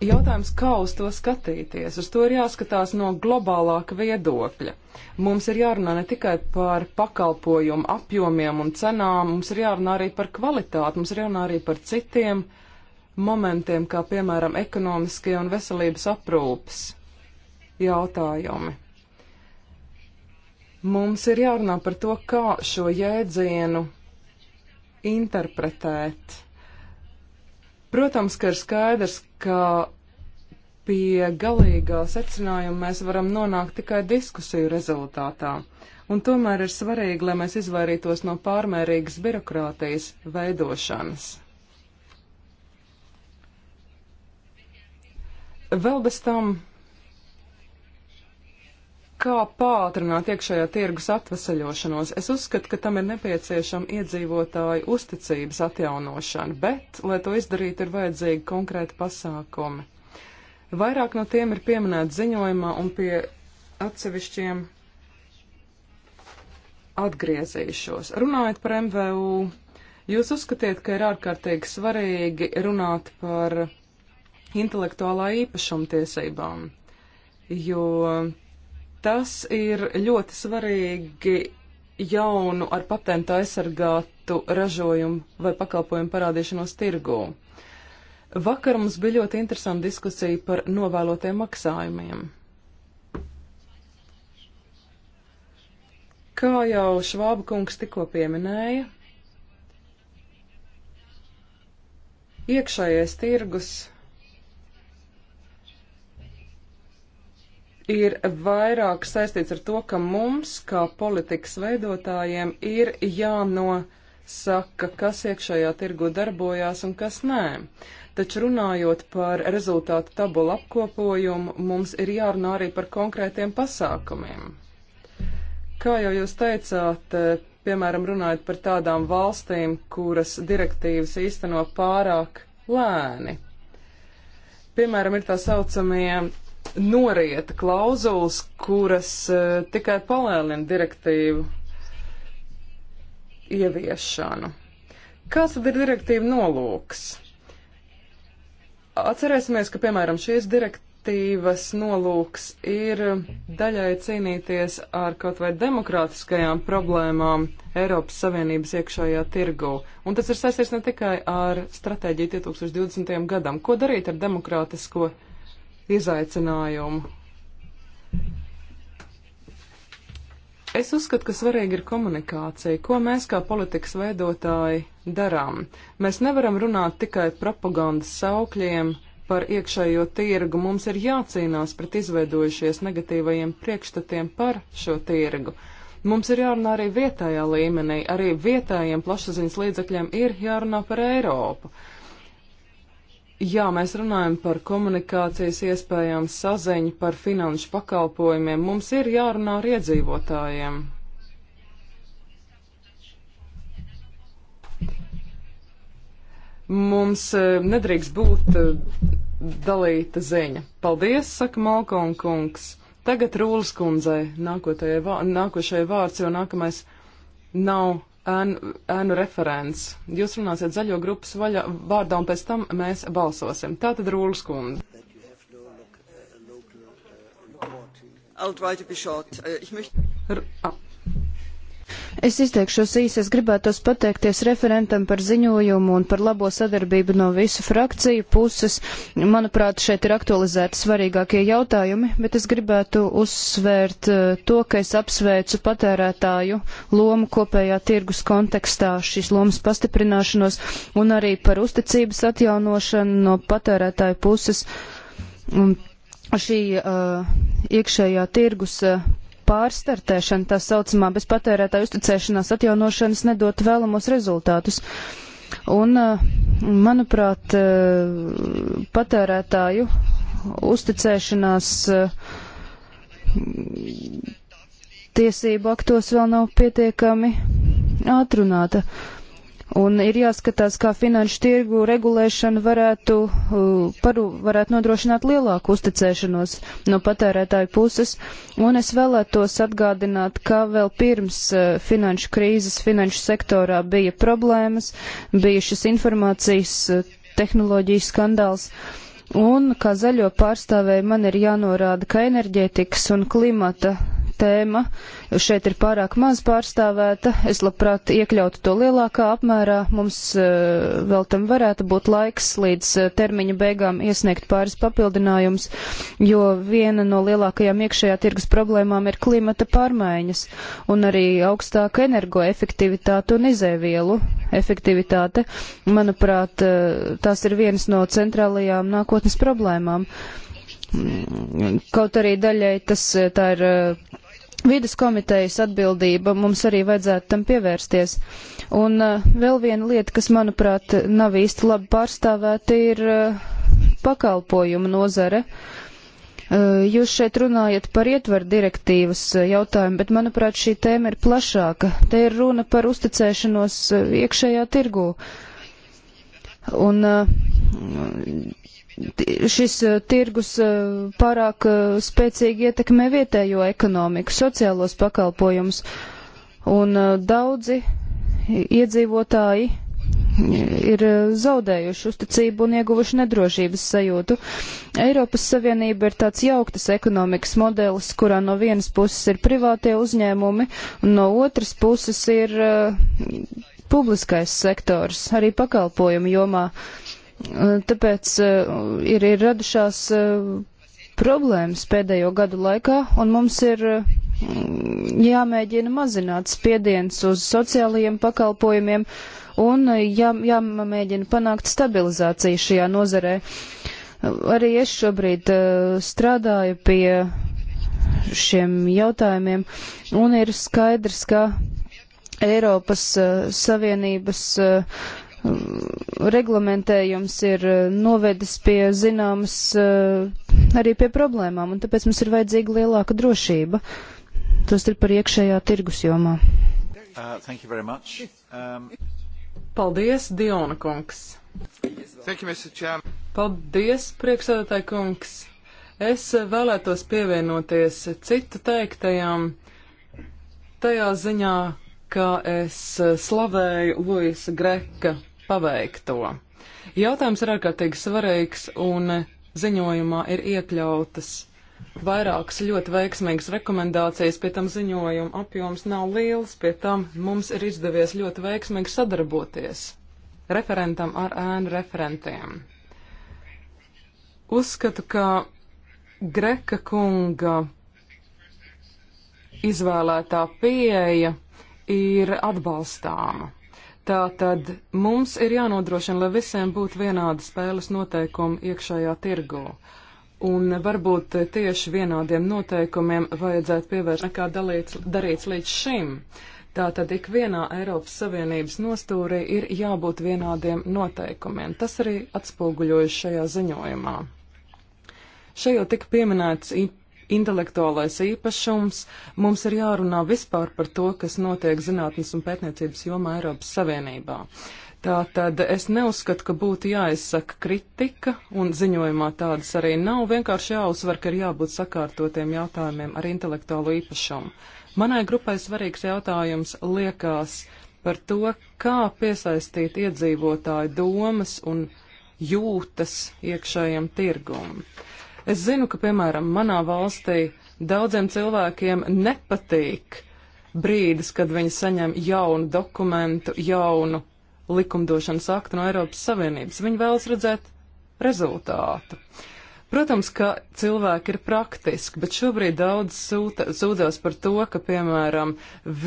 Jautājums, kā uz to skatīties? Uz to ir jāskatās no globālāka viedokļa. Mums ir jārunā ne tikai par pakalpojumu apjomiem un cenām, mums ir jārunā arī par kvalitāti, mums ir jārunā arī par citiem momentiem, kā piemēram ekonomiskie un veselības aprūpes jautājumi. Mums ir jārunā par to, kā šo jēdzienu interpretēt. Protams, ka ir skaidrs, ka pie galīgā secinājuma mēs varam nonākt tikai diskusiju rezultātā. Un tomēr ir svarīgi, lai mēs izvairītos no pārmērīgas birokrātijas veidošanas. Vēl bez tam kā pātrināt iekšējā tirgus atvesaļošanos. Es uzskatu, ka tam ir nepieciešama iedzīvotāju uzticības atjaunošana, bet, lai to izdarītu, ir vajadzīgi konkrēti pasākumi. Vairāk no tiem ir pieminēti ziņojumā un pie atsevišķiem atgriezīšos. Runājot par MVU, jūs uzskatiet, ka ir ārkārtīgi svarīgi runāt par intelektuālā īpašuma tiesībām, jo Tas ir ļoti svarīgi jaunu ar patentu aizsargātu ražojumu vai pakalpojumu parādīšanos tirgū. Vakar mums bija ļoti interesanta diskusija par novēlotiem maksājumiem. Kā jau Švāba kungs tikko pieminēja, iekšējais tirgus ir vairāk saistīts ar to, ka mums, kā politikas veidotājiem, ir jānosaka, kas iekšējā tirgu darbojās un kas nē. Taču runājot par rezultātu tabulu apkopojumu, mums ir jārunā arī par konkrētiem pasākumiem. Kā jau jūs teicāt, piemēram, runājot par tādām valstīm, kuras direktīvas īsteno pārāk lēni. Piemēram, ir tā saucamie norieta klauzulas, kuras uh, tikai palēnina direktīvu ieviešanu. Kāds tad ir direktīva nolūks? Atcerēsimies, ka, piemēram, šīs direktīvas nolūks ir daļai cīnīties ar kaut vai demokrātiskajām problēmām Eiropas Savienības iekšējā tirgū. Un tas ir saistīts ne tikai ar stratēģiju 2020. gadam. Ko darīt ar demokrātisko izaicinājumu. Es uzskatu, ka svarīga ir komunikācija, ko mēs kā politikas veidotāji darām. Mēs nevaram runāt tikai propagandas saukļiem par iekšējo tirgu. Mums ir jācīnās pret izveidojušies negatīvajiem priekšstatiem par šo tirgu. Mums ir jārunā arī vietējā līmenī, arī vietējiem plašsaziņas līdzekļiem ir jārunā par Eiropu. Jā, mēs runājam par komunikācijas iespējām, saziņu, par finanšu pakalpojumiem. Mums ir jārunā ar iedzīvotājiem. Mums e, nedrīkst būt e, dalīta ziņa. Paldies, saka Malkon kungs. Tagad Rūlas kundzei nākošajai vārds, jo nākamais nav ēnu, ēnu referents. Jūs runāsiet zaļo grupas vaļa, vārdā un pēc tam mēs balsosim. Tātad Rūlas kundze. I'll try to be short. Uh, ich möchte... R ah. Es izteikšos īsi, es gribētos pateikties referentam par ziņojumu un par labo sadarbību no visu frakciju puses. Manuprāt, šeit ir aktualizēti svarīgākie jautājumi, bet es gribētu uzsvērt eh, to, ka es apsveicu patērētāju lomu kopējā tirgus kontekstā, šīs lomas pastiprināšanos un arī par uzticības atjaunošanu no patērētāju puses. Un šī uh, iekšējā tirgus uh, pārstartēšana, tā saucamā bezpatērētāju uzticēšanās atjaunošanas nedot vēlamos rezultātus. Un, eh, manuprāt, eh, patērētāju uzticēšanās eh, tiesību aktos vēl nav pietiekami atrunāta. Uh, Un ir jāskatās, kā finanšu tirgu regulēšana varētu, uh, paru, varētu nodrošināt lielāku uzticēšanos no patērētāju puses. Un es vēlētos atgādināt, ka vēl pirms uh, finanšu krīzes finanšu sektorā bija problēmas, bija šis informācijas uh, tehnoloģijas skandāls. Un kā zaļo pārstāvēju man ir jānorāda, ka enerģētikas un klimata tēma šeit ir pārāk maz pārstāvēta. Es labprāt iekļautu to lielākā apmērā. Mums e, vēl tam varētu būt laiks līdz e, termiņa beigām iesniegt pāris papildinājumus, jo viena no lielākajām iekšējā tirgus problēmām ir klimata pārmaiņas un arī augstāka energoefektivitāte un izēvielu efektivitāte. Manuprāt, e, tās ir vienas no centrālajām nākotnes problēmām. Kaut arī daļai tas tā ir vidas komitejas atbildība, mums arī vajadzētu tam pievērsties. Un uh, vēl viena lieta, kas, manuprāt, nav īsti labi pārstāvēta, ir uh, pakalpojumu nozare. Uh, jūs šeit runājat par ietvaru direktīvas uh, jautājumu, bet, manuprāt, šī tēma ir plašāka. Te ir runa par uzticēšanos uh, iekšējā tirgū. Un uh, šis eh, tirgus eh, pārāk eh, spēcīgi ietekmē vietējo ekonomiku, sociālos pakalpojumus, un daudzi iedzīvotāji ir zaudējuši uzticību un ieguvuši nedrošības sajūtu. Eiropas Savienība ir tāds jauktas ekonomikas modelis, kurā no vienas puses ir privātie uzņēmumi, un no otras puses ir uh, publiskais sektors, arī pakalpojumu jomā. Uh, Eh, tāpēc eh, ir, ir radušās eh, problēmas pēdējo gadu laikā, un mums ir jāmēģina mazināt spiediens uz sociālajiem pakalpojumiem un jā, jāmēģina panākt stabilizāciju šajā nozarē. Arī es šobrīd strādāju pie šiem jautājumiem, un ir skaidrs, ka Eiropas Savienības uh, reglamentējums ir eh, novedis pie zināmas eh, arī pie problēmām, un tāpēc mums ir vajadzīga lielāka drošība. Tos ir par iekšējā tirgus jomā. Uh, um... Paldies, Diona kungs! You, Paldies, priekšsēdētāji kungs! Es eh, vēlētos pievienoties citu teiktajām tajā ziņā, ka es slavēju Luisa Greka paveikto. Jautājums ir ārkārtīgi svarīgs, un ziņojumā ir iekļautas vairākas ļoti veiksmīgas rekomendācijas, pie tam ziņojuma apjoms nav liels, pie tam mums ir izdevies ļoti veiksmīgi sadarboties referentam ar ēnu referentiem. Uzskatu, ka Greka kunga izvēlētā pieeja ir atbalstāma. Tā tad mums ir jānodrošina, lai visiem būtu vienādi spēles noteikumi iekšējā tirgū. Un varbūt tieši vienādiem noteikumiem vajadzētu pievērst nekā dalīts, darīts līdz šim. Tātad ikvienā Eiropas Savienības nostūrī ir jābūt vienādiem noteikumiem. Tas arī atspoguļojas šajā ziņojumā. Šajā tika pieminēts IP intelektuālais īpašums. Mums ir jārunā vispār par to, kas notiek zinātnes un pētniecības jomā Eiropas Savienībā. Tātad es neuzskatu, ka būtu jāizsaka kritika, un ziņojumā tādas arī nav. Vienkārši jāuzsver, ka ir jābūt sakārtotiem jautājumiem ar intelektuālo īpašumu. Manai grupai svarīgs jautājums liekas par to, kā piesaistīt iedzīvotāju domas un jūtas iekšējam tirgumam. Es zinu, ka, piemēram, manā valstī daudziem cilvēkiem nepatīk brīdis, kad viņi saņem jaunu dokumentu, jaunu likumdošanas aktu no Eiropas Savienības. Viņi vēlas redzēt rezultātu. Protams, ka cilvēki ir praktiski, bet šobrīd daudz sūta, sūdzās par to, ka, piemēram,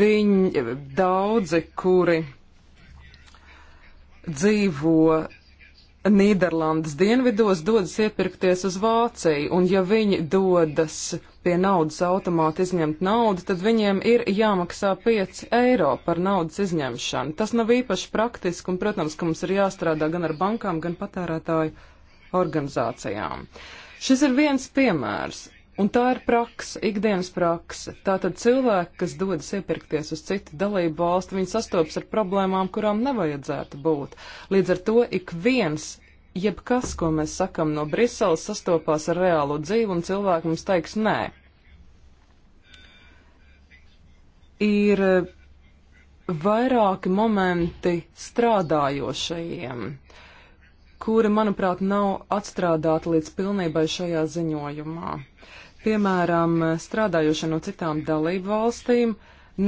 viņi daudzi, kuri dzīvo Nīderlandes dienvidos dodas iepirkties uz Vāciju, un ja viņi dodas pie naudas automāta izņemt naudu, tad viņiem ir jāmaksā 5 eiro par naudas izņemšanu. Tas nav īpaši praktiski, un, protams, ka mums ir jāstrādā gan ar bankām, gan patērētāju organizācijām. Šis ir viens piemērs. Un tā ir praksa, ikdienas praksa. Tātad cilvēki, kas dodas iepirkties uz citu dalību valstu, viņi sastopas ar problēmām, kurām nevajadzētu būt. Līdz ar to ik viens, jebkas, ko mēs sakam no Briseles, sastopās ar reālo dzīvi un cilvēki mums teiks nē. Ir eh, vairāki momenti strādājošajiem, kuri, manuprāt, nav atstrādāti līdz pilnībai šajā ziņojumā piemēram, strādājošie no citām dalību valstīm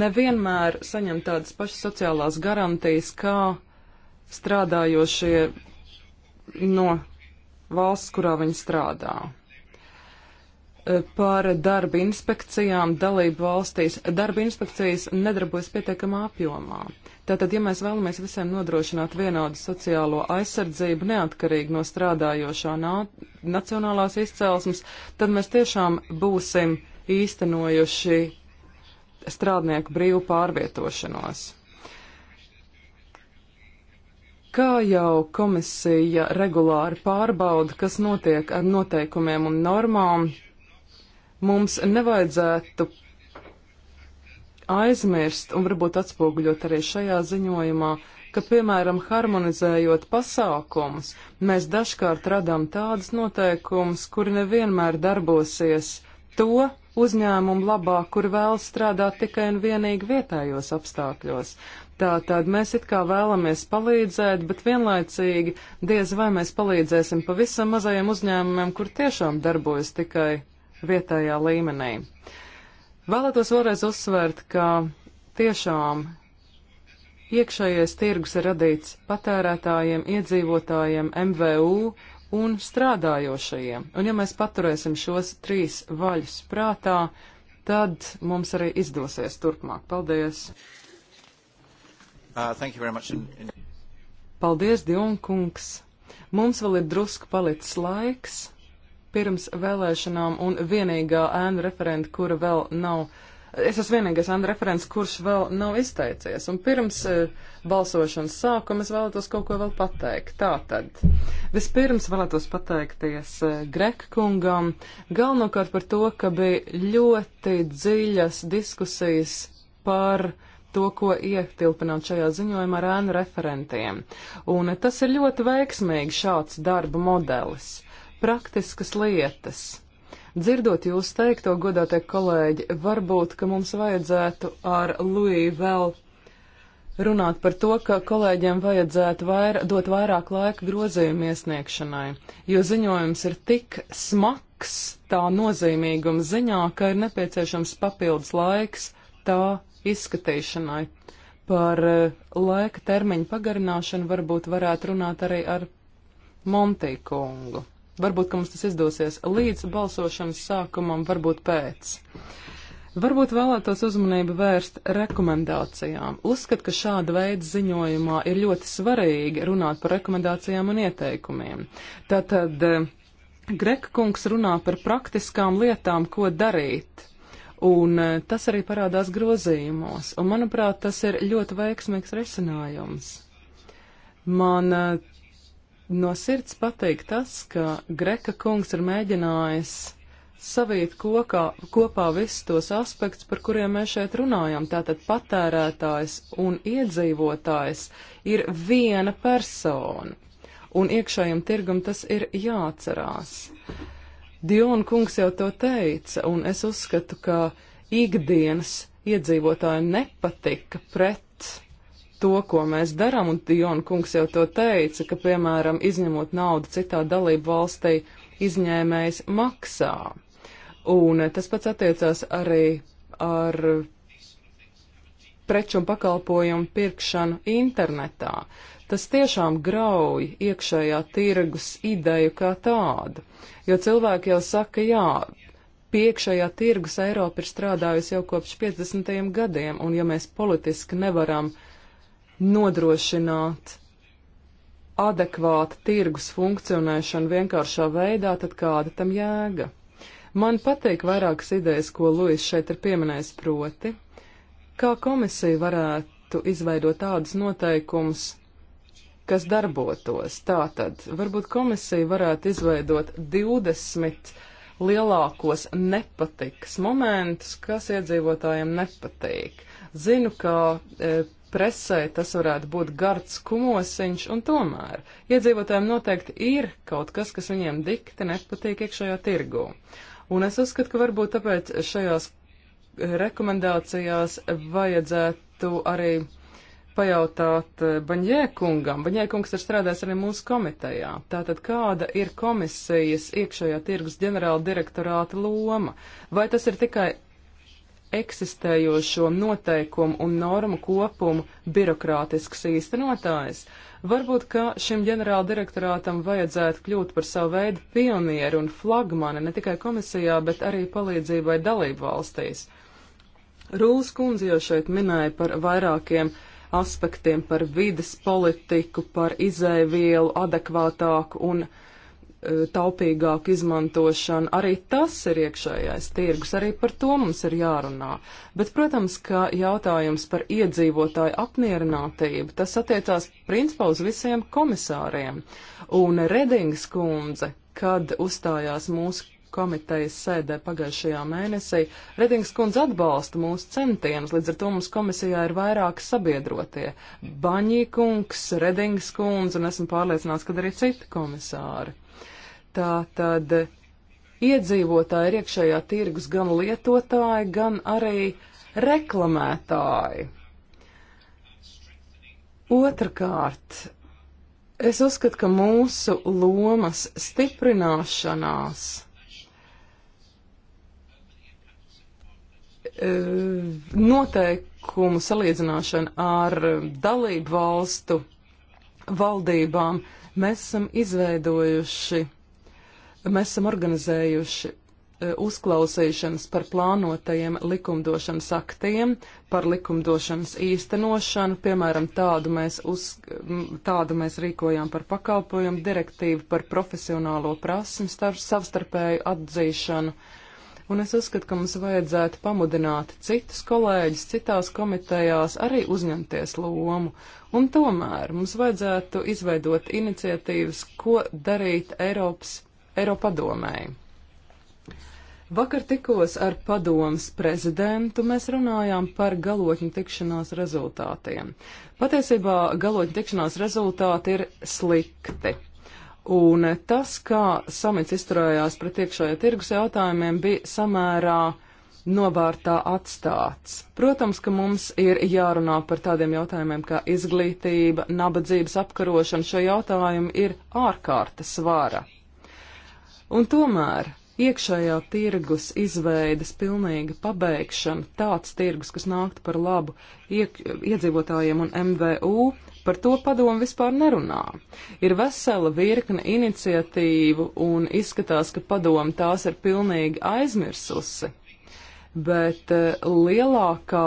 nevienmēr saņem tādas pašas sociālās garantijas kā strādājošie no valsts, kurā viņi strādā. E, par darba inspekcijām dalību valstīs. Darba inspekcijas nedarbojas pietiekamā apjomā. Tātad, ja mēs vēlamies visiem nodrošināt vienādu sociālo aizsardzību neatkarīgi no strādājošā nā, nacionālās izcelsmes, tad mēs tiešām būsim īstenojuši strādnieku brīvu pārvietošanos. Kā jau komisija regulāri pārbauda, kas notiek ar noteikumiem un normām, mums nevajadzētu aizmirst un varbūt atspoguļot arī šajā ziņojumā, ka, piemēram, harmonizējot pasākumus, mēs dažkārt radām tādus noteikumus, kuri nevienmēr darbosies to uzņēmumu labā, kur vēlas strādāt tikai un vienīgi vietējos apstākļos. Tātad mēs it kā vēlamies palīdzēt, bet vienlaicīgi diez vai mēs palīdzēsim pavisam mazajiem uzņēmumiem, kur tiešām darbojas tikai vietējā līmenī. Uh, Vēlētos vēlreiz uzsvērt, ka tiešām iekšējais tirgus ir radīts patērētājiem, iedzīvotājiem, MVU un strādājošajiem. Un ja mēs paturēsim šos trīs vaļus prātā, tad mums arī izdosies turpmāk. Paldies! Uh, Paldies, Dionkungs! Mums vēl ir drusku palicis laiks pirms vēlēšanām un vienīgā ēnu referenta, kura vēl nav. Es esmu vienīgais ēnu referents, kurš vēl nav izteicies. Un pirms e, balsošanas sākuma es vēlētos kaut ko vēl pateikt. Tātad, vispirms vēlētos pateikties e, Grek kungam galvenokārt par to, ka bija ļoti dziļas diskusijas par to, ko ietilpinām šajā ziņojumā ar ēnu referentiem. Un tas ir ļoti veiksmīgi šāds darba modelis praktiskas lietas. Dzirdot jūs teikto, godātie kolēģi, varbūt, ka mums vajadzētu ar Luiju vēl runāt par to, ka kolēģiem vajadzētu vair, dot vairāk laika grozījumu iesniegšanai, jo ziņojums ir tik smags tā nozīmīguma ziņā, ka ir nepieciešams papildus laiks tā izskatīšanai. Par eh, laika termiņu pagarināšanu varbūt varētu runāt arī ar Montīkungu. Varbūt, ka mums tas izdosies līdz balsošanas sākumam, varbūt pēc. Varbūt vēlētos uzmanību vērst rekomendācijām. Uzskat, ka šāda veida ziņojumā ir ļoti svarīgi runāt par rekomendācijām un ieteikumiem. Tātad eh, Greka kungs runā par praktiskām lietām, ko darīt. Un eh, tas arī parādās grozījumos, un manuprāt, tas ir ļoti veiksmīgs risinājums. Man eh, No sirds patīk tas, ka Greka kungs ir mēģinājis savīt kokā, kopā visus tos aspektus, par kuriem mēs šeit runājam. Tātad patērētājs un iedzīvotājs ir viena persona, un iekšējam tirgum tas ir jāatcerās. Diona kungs jau to teica, un es uzskatu, ka ikdienas iedzīvotājiem nepatika pret to, ko mēs darām, un Jona kungs jau to teica, ka, piemēram, izņemot naudu citā dalību valstī, izņēmējs maksā. Un tas pats attiecās arī ar preču un pakalpojumu pirkšanu internetā. Tas tiešām grauj iekšējā tirgus ideju kā tādu, jo cilvēki jau saka, jā, piekšējā tirgus Eiropa ir strādājusi jau kopš 50. gadiem, un ja mēs politiski nevaram uh, nodrošināt adekvātu tirgus funkcionēšanu vienkāršā veidā, tad kāda tam jēga? Man patīk vairākas idejas, ko Luis šeit ir pieminējis proti, kā komisija varētu izveidot tādus noteikumus, kas darbotos. Tātad, varbūt komisija varētu izveidot 20 lielākos nepatikas momentus, kas iedzīvotājiem nepatīk. Zinu, ka e, presē tas varētu būt gards kumosiņš, un tomēr iedzīvotājiem noteikti ir kaut kas, kas viņiem dikti nepatīk iekšējā tirgū. Un es uzskatu, ka varbūt tāpēc šajās rekomendācijās vajadzētu arī pajautāt eh, Baņēkungam. Baņēkungs ir strādājis arī mūsu komitejā. Tātad kāda ir komisijas iekšējā tirgus ģenerāla direktorāta loma? Vai tas ir tikai eksistējošo noteikumu un normu kopumu birokrātisks īstenotājs. Varbūt, ka šim ģenerāla direktorātam vajadzētu kļūt par savu veidu pionieru un flagmani ne tikai komisijā, bet arī palīdzībai dalību valstīs. Rūls kundze jau šeit minēja par vairākiem aspektiem, par vides politiku, par izēvielu adekvātāku un adekvātāku Eh, taupīgāku izmantošanu. Arī tas ir iekšējais tirgus, arī par to mums ir jārunā. Bet, protams, ka jautājums par iedzīvotāju apmierinātību, tas attiecās principā uz visiem komisāriem. Un Redings kundze, kad uzstājās mūsu komitejas sēdē pagājušajā mēnesī, Redings kundze atbalsta mūsu centienus, līdz ar to mums komisijā ir vairāki sabiedrotie - Baņīkungs, Redings kundze un esmu pārliecināts, ka arī citi komisāri. Tā tad iedzīvotāji ir iekšējā tirgus gan lietotāji, gan arī reklamētāji. Otrakārt, es uzskatu, ka mūsu lomas stiprināšanās e, noteikumu salīdzināšana ar dalību valstu valdībām mēs esam izveidojuši Mēs esam organizējuši e, uzklausīšanas par plānotajiem likumdošanas aktiem, par likumdošanas īstenošanu, piemēram, tādu mēs, uz, tādu mēs rīkojām par pakalpojumu direktīvu, par profesionālo prasmu savstarpēju atzīšanu. Un es uzskatu, ka mums vajadzētu pamudināt citus kolēģus citās komitejās arī uzņemties lomu. Un tomēr mums vajadzētu izveidot iniciatīvas, ko darīt Eiropas Eiropadomēji. Vakar tikos ar padomas prezidentu, mēs runājām par galotņu tikšanās rezultātiem. Patiesībā galotņu tikšanās rezultāti ir slikti. Un tas, kā samits izturējās pret iekšējā tirgus jautājumiem, bija samērā novārtā atstāts. Protams, ka mums ir jārunā par tādiem jautājumiem kā izglītība, nabadzības apkarošana. Šo jautājumu ir ārkārtas svara. Un tomēr iekšējā tirgus izveidas pilnīga pabeigšana, tāds tirgus, kas nāktu par labu iek, iedzīvotājiem un MVU, par to padomu vispār nerunā. Ir vesela virkne iniciatīvu un izskatās, ka padomu tās ir pilnīgi aizmirsusi, bet eh, lielākā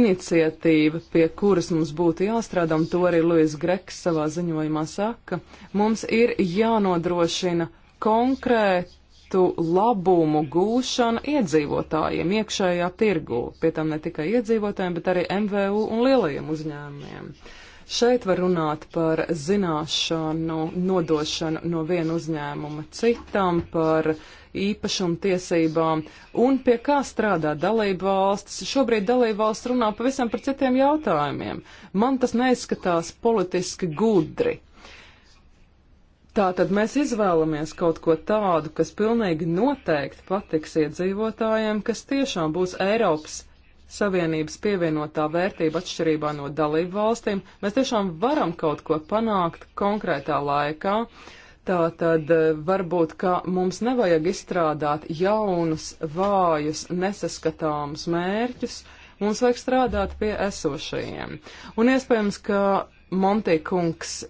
iniciatīva, pie kuras mums būtu jāstrādā, un to arī Luis Greks savā ziņojumā saka, mums ir jānodrošina konkrētu labumu gūšana iedzīvotājiem iekšējā tirgu, pie tam ne tikai iedzīvotājiem, bet arī MVU un lielajiem uzņēmumiem. Šeit var runāt par zināšanu nodošanu no viena uzņēmuma citam, par īpašumtiesībām un pie kā strādā dalību valstis. Šobrīd dalību valsts runā pavisam par citiem jautājumiem. Man tas neizskatās politiski gudri. Tātad mēs izvēlamies kaut ko tādu, kas pilnīgi noteikti patiks iedzīvotājiem, kas tiešām būs Eiropas Savienības pievienotā vērtība atšķirībā no dalību valstīm. Mēs tiešām varam kaut ko panākt konkrētā laikā. Tātad eh, varbūt, ka mums nevajag izstrādāt jaunus, vājus, nesaskatāmus mērķus, mums vajag strādāt pie esošajiem. Un iespējams, ka Montīkungs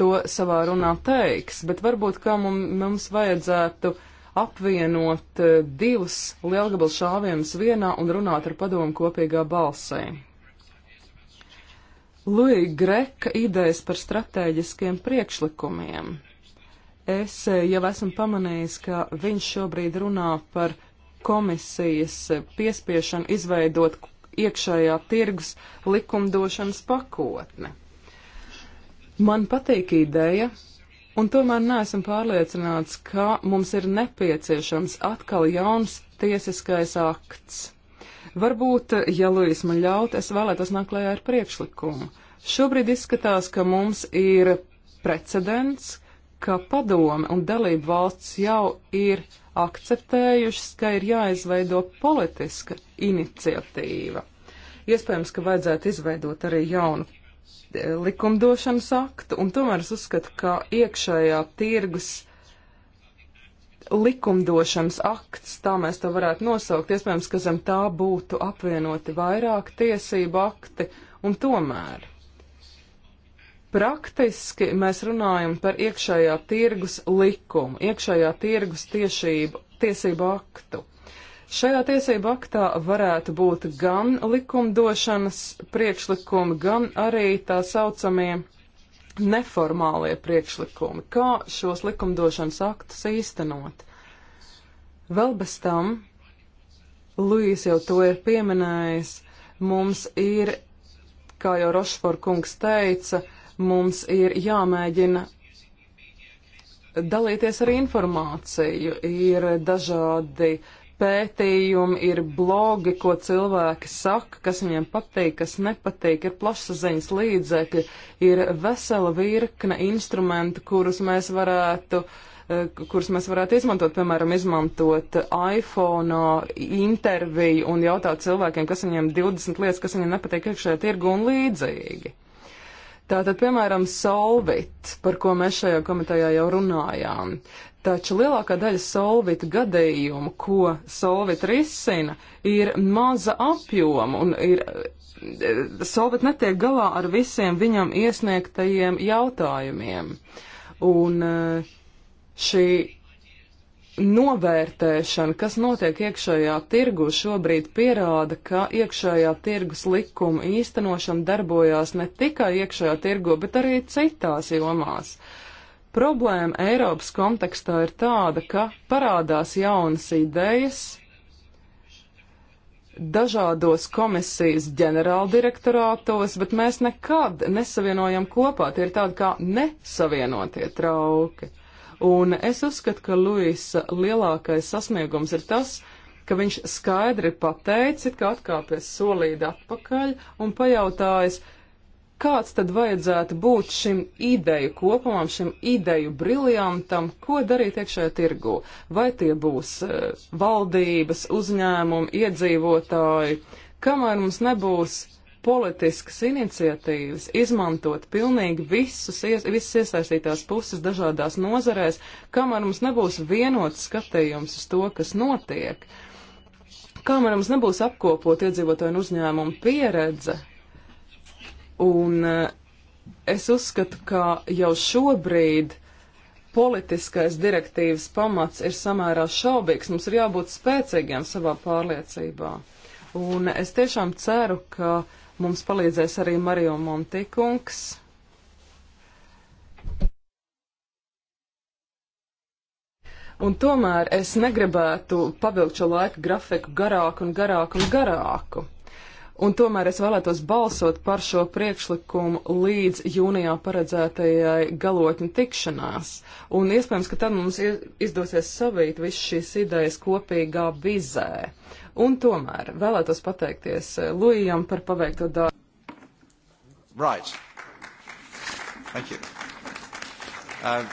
to savā runā teiks, bet varbūt kā mums vajadzētu apvienot eh, divus lielgabalu šāvienus vienā un runāt ar padomu kopīgā balsī. Luija Greka idejas par stratēģiskiem priekšlikumiem. Es eh, jau esmu pamanījis, ka viņš šobrīd runā par komisijas piespiešanu izveidot iekšējā tirgus likumdošanas pakotne. Man patīk ideja, un tomēr neesmu pārliecināts, ka mums ir nepieciešams atkal jauns tiesiskais akts. Varbūt, ja Luis man ļaut, es vēlētos nākt klajā ar priekšlikumu. Šobrīd izskatās, ka mums ir precedents, ka padome un dalību valsts jau ir akceptējušas, ka ir jāizveido politiska iniciatīva. Iespējams, ka vajadzētu izveidot arī jaunu likumdošanas aktu, un tomēr es uzskatu, ka iekšējā tirgus likumdošanas akts, tā mēs to varētu nosaukt, iespējams, ka zem tā būtu apvienoti vairāk tiesību akti, un tomēr praktiski mēs runājam par iekšējā tirgus likumu, iekšējā tirgus tiešību, tiesību aktu. Šajā tiesību aktā varētu būt gan likumdošanas priekšlikumi, gan arī tā saucamie neformālie priekšlikumi, kā šos likumdošanas aktus īstenot. Vēl bez tam, Lūijas jau to ir pieminējis, mums ir, kā jau Rošfor kungs teica, mums ir jāmēģina dalīties ar informāciju, ir dažādi uh, pētījumi, ir blogi, ko cilvēki saka, kas viņiem patīk, kas nepatīk, ir plašsaziņas līdzekļi, ir vesela virkne instrumentu, kurus mēs varētu eh, kurus mēs varētu izmantot, piemēram, izmantot iPhone interviju un jautāt cilvēkiem, kas viņiem 20 lietas, kas viņiem nepatīk iekšējā tirgu un līdzīgi. Tātad, piemēram, Solvit, par ko mēs šajā komitejā jau runājām. Taču lielākā daļa solvita gadījumu, ko solvita risina, ir maza apjoma un ir, eh, solvita netiek galā ar visiem viņam iesniegtajiem jautājumiem. Un eh, šī novērtēšana, kas notiek iekšējā tirgu, šobrīd pierāda, ka iekšējā tirgus likuma īstenošana darbojās ne tikai iekšējā tirgu, bet arī citās jomās. Problēma Eiropas kontekstā ir tāda, ka parādās jaunas idejas dažādos komisijas ģenerāldirektorātos, bet mēs nekad nesavienojam kopā. Tie ir tādi kā nesavienotie trauki. Un es uzskatu, ka Luisa lielākais sasniegums ir tas, ka viņš skaidri pateicis, ka atkāpies solīdi atpakaļ un pajautājis, Kāds tad vajadzētu būt šim ideju kopumam, šim ideju briljantam, ko darīt iekšējā tirgu? Vai tie būs eh, valdības, uzņēmumi, iedzīvotāji? Kamēr mums nebūs politiskas iniciatīvas, izmantot pilnīgi visus, ies, visas iesaistītās puses dažādās nozarēs, kamēr mums nebūs vienots skatījums uz to, kas notiek, kamēr mums nebūs apkopot iedzīvotāju un uzņēmumu pieredze, Un eh, es uzskatu, ka jau šobrīd politiskais direktīvas pamats ir samērā šaubīgs. Mums ir jābūt spēcīgiem savā pārliecībā. Un es tiešām ceru, ka mums palīdzēs arī Mario Montikungs. Un tomēr es negribētu pavilkt šo laika grafiku garāku un garāku un garāku un tomēr es vēlētos balsot par šo priekšlikumu līdz jūnijā paredzētajai galotņu tikšanās. Un iespējams, ka tad mums izdosies savīt visu šīs idejas kopīgā vizē. Un tomēr vēlētos pateikties eh, Lujam par paveikto darbu. Right. Thank you. Um,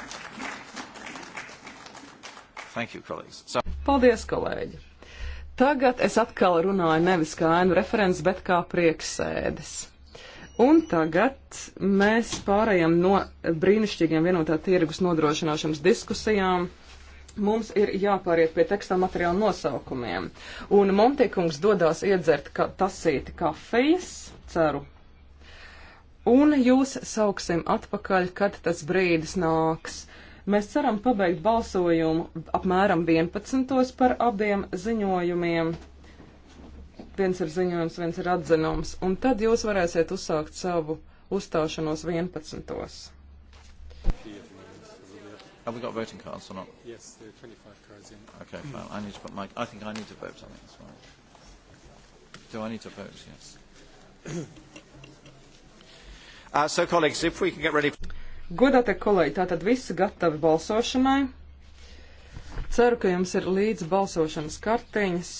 thank you, colleagues. So... Paldies, kolēģi! Tagad es atkal runāju nevis kā ēnu referents, bet kā prieksēdes. Un tagad mēs pārējām no brīnišķīgiem vienotā tirgus nodrošināšanas diskusijām. Mums ir jāpāriet pie tekstā materiāla nosaukumiem. Un Montīkungs dodās iedzert ka tasīti kafijas, ceru. Un jūs sauksim atpakaļ, kad tas brīdis nāks. Uh, Mēs ceram pabeigt balsojumu apmēram 11. par abiem ziņojumiem. Viens ir ziņojums, viens ir atzinums. Un tad jūs varēsiet uzsākt savu uzstāšanos 11. Have we got voting cards or not? Yes, there are 25 cards in. Okay, fine. I need to put my... I think I need to vote on this one. Do I need to vote? Yes. uh, so, colleagues, if we can get ready... Godātie kolēģi, tātad visi gatavi balsošanai. Ceru, ka jums ir līdz balsošanas kartiņas,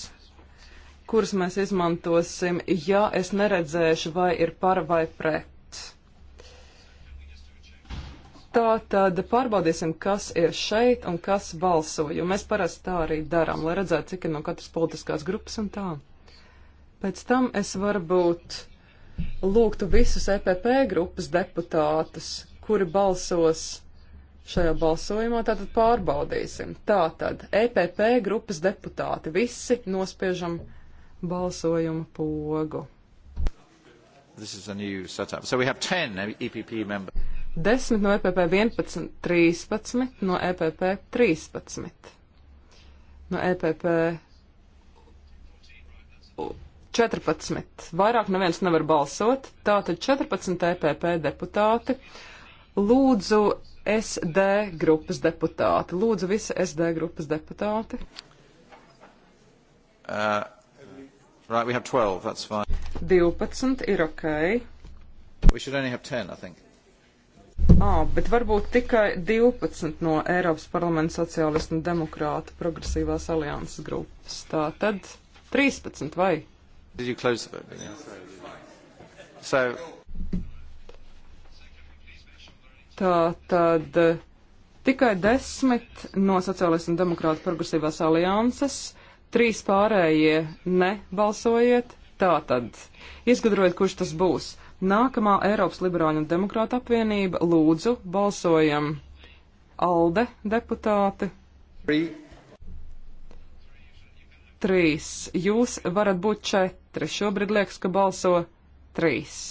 kuras mēs izmantosim, ja es neredzēšu, vai ir par vai pret. Tā tad pārbaudīsim, kas ir šeit un kas balso, jo mēs parasti tā arī darām, lai redzētu, cik ir no katras politiskās grupas un tā. Pēc tam es varbūt lūgtu visus EPP grupas deputātus, kuri balsos šajā balsojumā, tātad pārbaudīsim. Tātad EPP grupas deputāti visi nospiežam balsojumu pogu. So e Desmit no EPP 11, 13 no EPP 13. No EPP 14. Vairāk neviens nevar balsot, tātad 14 EPP deputāti Lūdzu, SD grupas deputāti. Lūdzu, visi SD grupas deputāti. Uh, right, we have 12, that's fine. 12 ir ok. We should only have 10, I think. Ah, bet varbūt tikai 12 no Eiropas parlamenta sociālistu un demokrātu progresīvās alianses grupas. Tā tad 13 vai? Did you close the vote? Yeah. So Tā tad tikai desmit no Sociālistu un Demokrātu progresīvās alianses, trīs pārējie nebalsojiet. Tā tad izgudrojiet, kurš tas būs. Nākamā Eiropas Liberāļu un Demokrāta apvienība lūdzu balsojam ALDE deputāti. Three. Trīs. Jūs varat būt četri. Šobrīd liekas, ka balso trīs.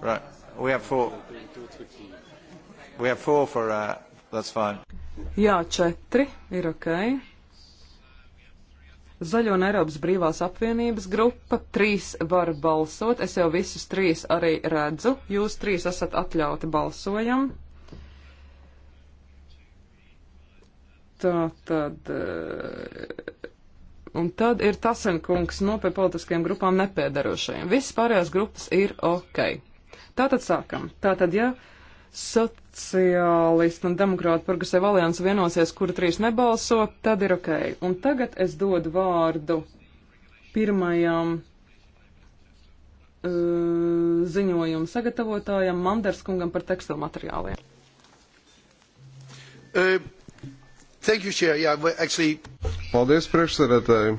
Right. We have four. We have four for, uh, that's fine. Jā, četri ir ok. Zaļo un Eiropas brīvās apvienības grupa, trīs var balsot, es jau visus trīs arī redzu, jūs trīs esat atļauti balsojam. Tā tad. Eh, un tad ir Tasenkungs no pie politiskajām grupām nepiedarošajiem. Viss pārējās grupas ir ok. Tātad sākam. Tātad, ja sociālisti un demokrāti progresīva alianses vienosies, kura trīs nebalso, tad ir ok. Un tagad es dodu vārdu pirmajam uh, ziņojumu sagatavotājam Manderskungam par tekstilu materiāliem. Uh, thank you, Chair. Yeah, actually... Paldies, priekšsēdētāji.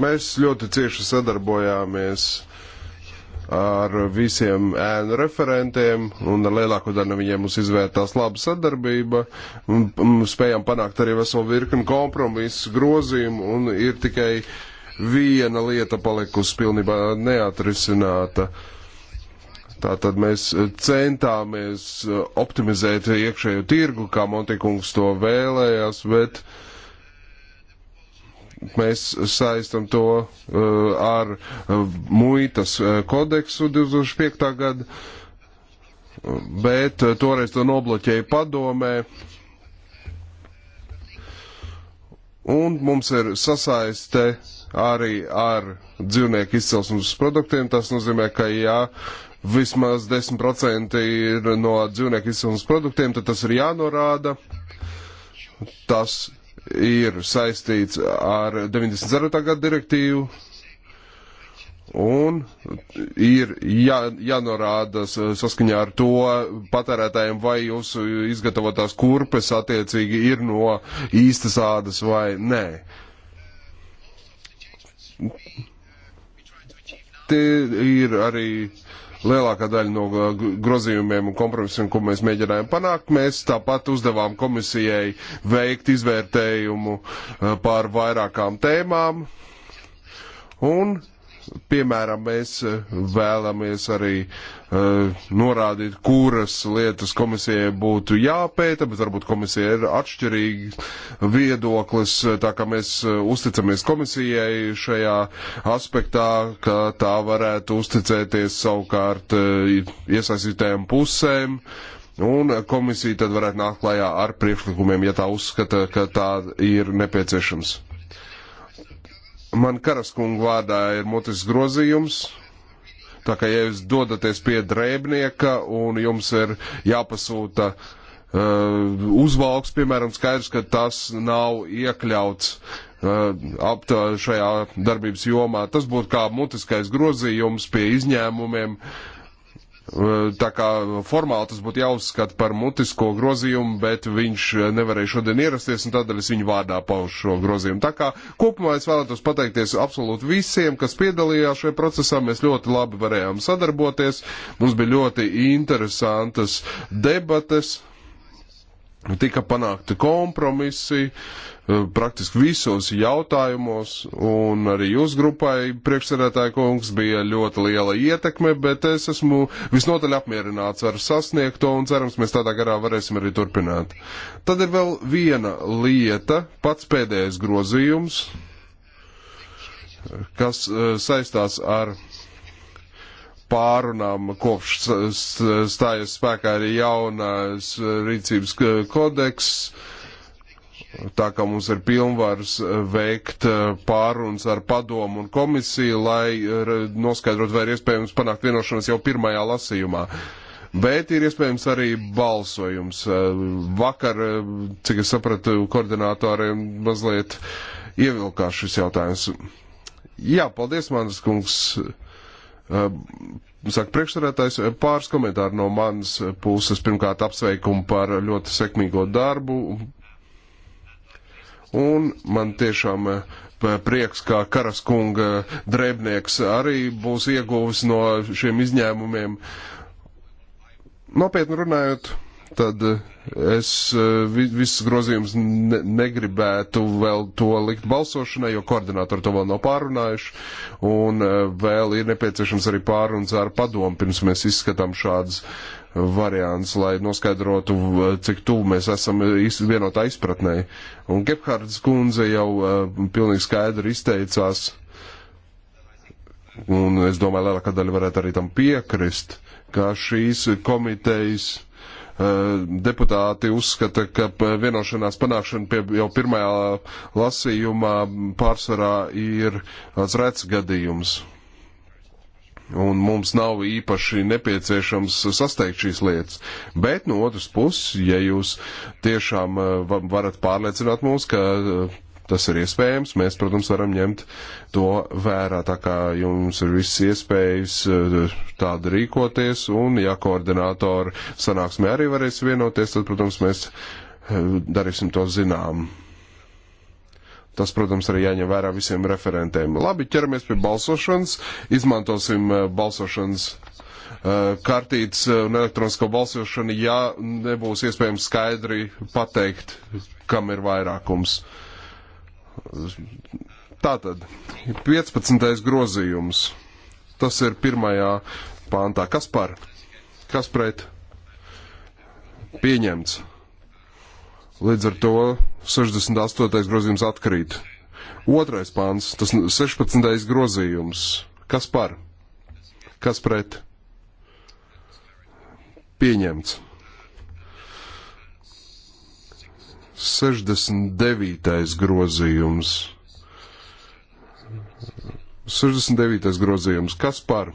Mēs ļoti cieši sadarbojāmies ar visiem ēnu referentiem, un ar lielāko daļu no viņiem mums izvērtās laba sadarbība, un, un spējām panākt arī veselu virkni kompromisu grozījumu, un ir tikai viena lieta palikusi pilnībā neatrisināta. Tātad mēs centāmies optimizēt iekšējo tirgu, kā Montikungs to vēlējās, bet uh, mēs saistam to uh, ar uh, muitas uh, kodeksu 2005. gadu, bet toreiz to nobloķēja padomē. Un mums ir sasaiste arī ar dzīvnieku izcelsmes produktiem. Tas nozīmē, ka ja vismaz 10% ir no dzīvnieku izcelsmes produktiem, tad tas ir jānorāda. Tas ir saistīts ar 94. gada direktīvu, un ir jā, jānorāda saskaņā ar to patērētājiem, vai jūsu izgatavotās kurpes attiecīgi ir no īstas ādas vai nē. Tie ir arī uh, lielākā daļa no uh, grozījumiem un kompromisiem, ko mēs mēģinājām panākt, mēs tāpat uzdevām komisijai veikt izvērtējumu uh, par vairākām tēmām. Un piemēram, mēs eh, vēlamies arī uh, norādīt, kuras lietas komisijai būtu jāpēta, bet varbūt komisija ir atšķirīga viedoklis, eh, tā kā mēs uzticamies komisijai šajā aspektā, ka tā varētu uzticēties savukārt iesaistītējiem pusēm. Un komisija tad varētu nākt klajā ar priekšlikumiem, ja tā uzskata, ka tā ir nepieciešams. Man karaskungu vārdā ir mutis grozījums. Tā kā, ja jūs dodaties pie drēbnieka un jums ir jāpasūta uh, uzvalks, piemēram, skaidrs, ka tas nav iekļauts uh, aptā šajā darbības jomā. Tas būtu kā mutiskais grozījums pie izņēmumiem. Uh, Eh, tā kā formāli tas būtu jāuzskata par mutisko grozījumu, bet viņš eh, nevarēja šodien ierasties, un tādēļ es viņu vārdā paušu šo grozījumu. Tā kā kopumā es vēlētos pateikties absolūti visiem, kas piedalījās šajā procesā. Mēs ļoti labi varējām sadarboties. Mums bija ļoti interesantas debates. Nu, tika panākti kompromisi eh, praktiski visos jautājumos, un arī jūs grupai priekšsarētāja kungs bija ļoti liela ietekme, bet es esmu visnotaļ apmierināts ar sasniegto, un cerams, mēs tādā garā varēsim arī turpināt. Tad ir vēl viena lieta, pats pēdējais grozījums, kas eh, saistās ar pārunām kopš stājas spēkā arī jaunais rīcības kodeks. Tā kā mums ir pilnvars veikt pārunas ar padomu un komisiju, lai noskaidrot, vai ir iespējams panākt vienošanos jau pirmajā lasījumā. Bet ir iespējams arī balsojums. Vakar, cik es sapratu, koordinātoriem mazliet ievilkās šis jautājums. Jā, paldies, Mānis kungs. Ehm, saka priekšsarētājs, pāris komentāri no manas puses. Pirmkārt, apsveikumu par ļoti sekmīgo darbu. Un man tiešām eh, prieks, ka Karaskunga drēbnieks arī būs ieguvis no šiem izņēmumiem. Nopietni runājot, tad eh, es eh, visus grozījumus ne, negribētu vēl to likt balsošanai, jo koordinātori to vēl nav pārunājuši, un eh, vēl ir nepieciešams arī pārunas ar padomu, pirms mēs izskatām šādas variants, lai noskaidrotu, cik tuvu mēs esam vienotā izpratnē. Un Gebhards kundze jau pilnīgi skaidri izteicās, un es domāju, lielākā daļa varētu arī tam piekrist, ka šīs komitejas Eh, deputāti uzskata, ka vienošanās panākšana pie jau pirmajā lasījumā pārsvarā ir tāds rets gadījums. Un mums nav īpaši nepieciešams sasteigt šīs lietas. Bet no otras puses, ja jūs tiešām eh, varat pārliecināt mūs, ka eh, tas ir iespējams. Mēs, protams, varam ņemt to vērā, tā kā jums ir viss iespējas eh, tāda rīkoties, un ja koordinātori sanāksmē arī varēs vienoties, tad, protams, mēs eh, darīsim to zinām. Tas, protams, arī jāņem vērā visiem referentiem. Labi, ķeramies pie balsošanas, izmantosim eh, balsošanas kartītes un elektronisko balsošanu, ja nebūs iespējams skaidri pateikt, kam ir vairākums. Uh, Tātad 15. grozījums. Tas ir pirmajā pāntā. Kas par? Kas pret? Pieņemts. Līdz ar to 68. grozījums atkrīt. Otrais pāns, tas 16. grozījums. Kas par? Kas pret? Pieņemts. 69. grozījums. 69. grozījums. Kas par?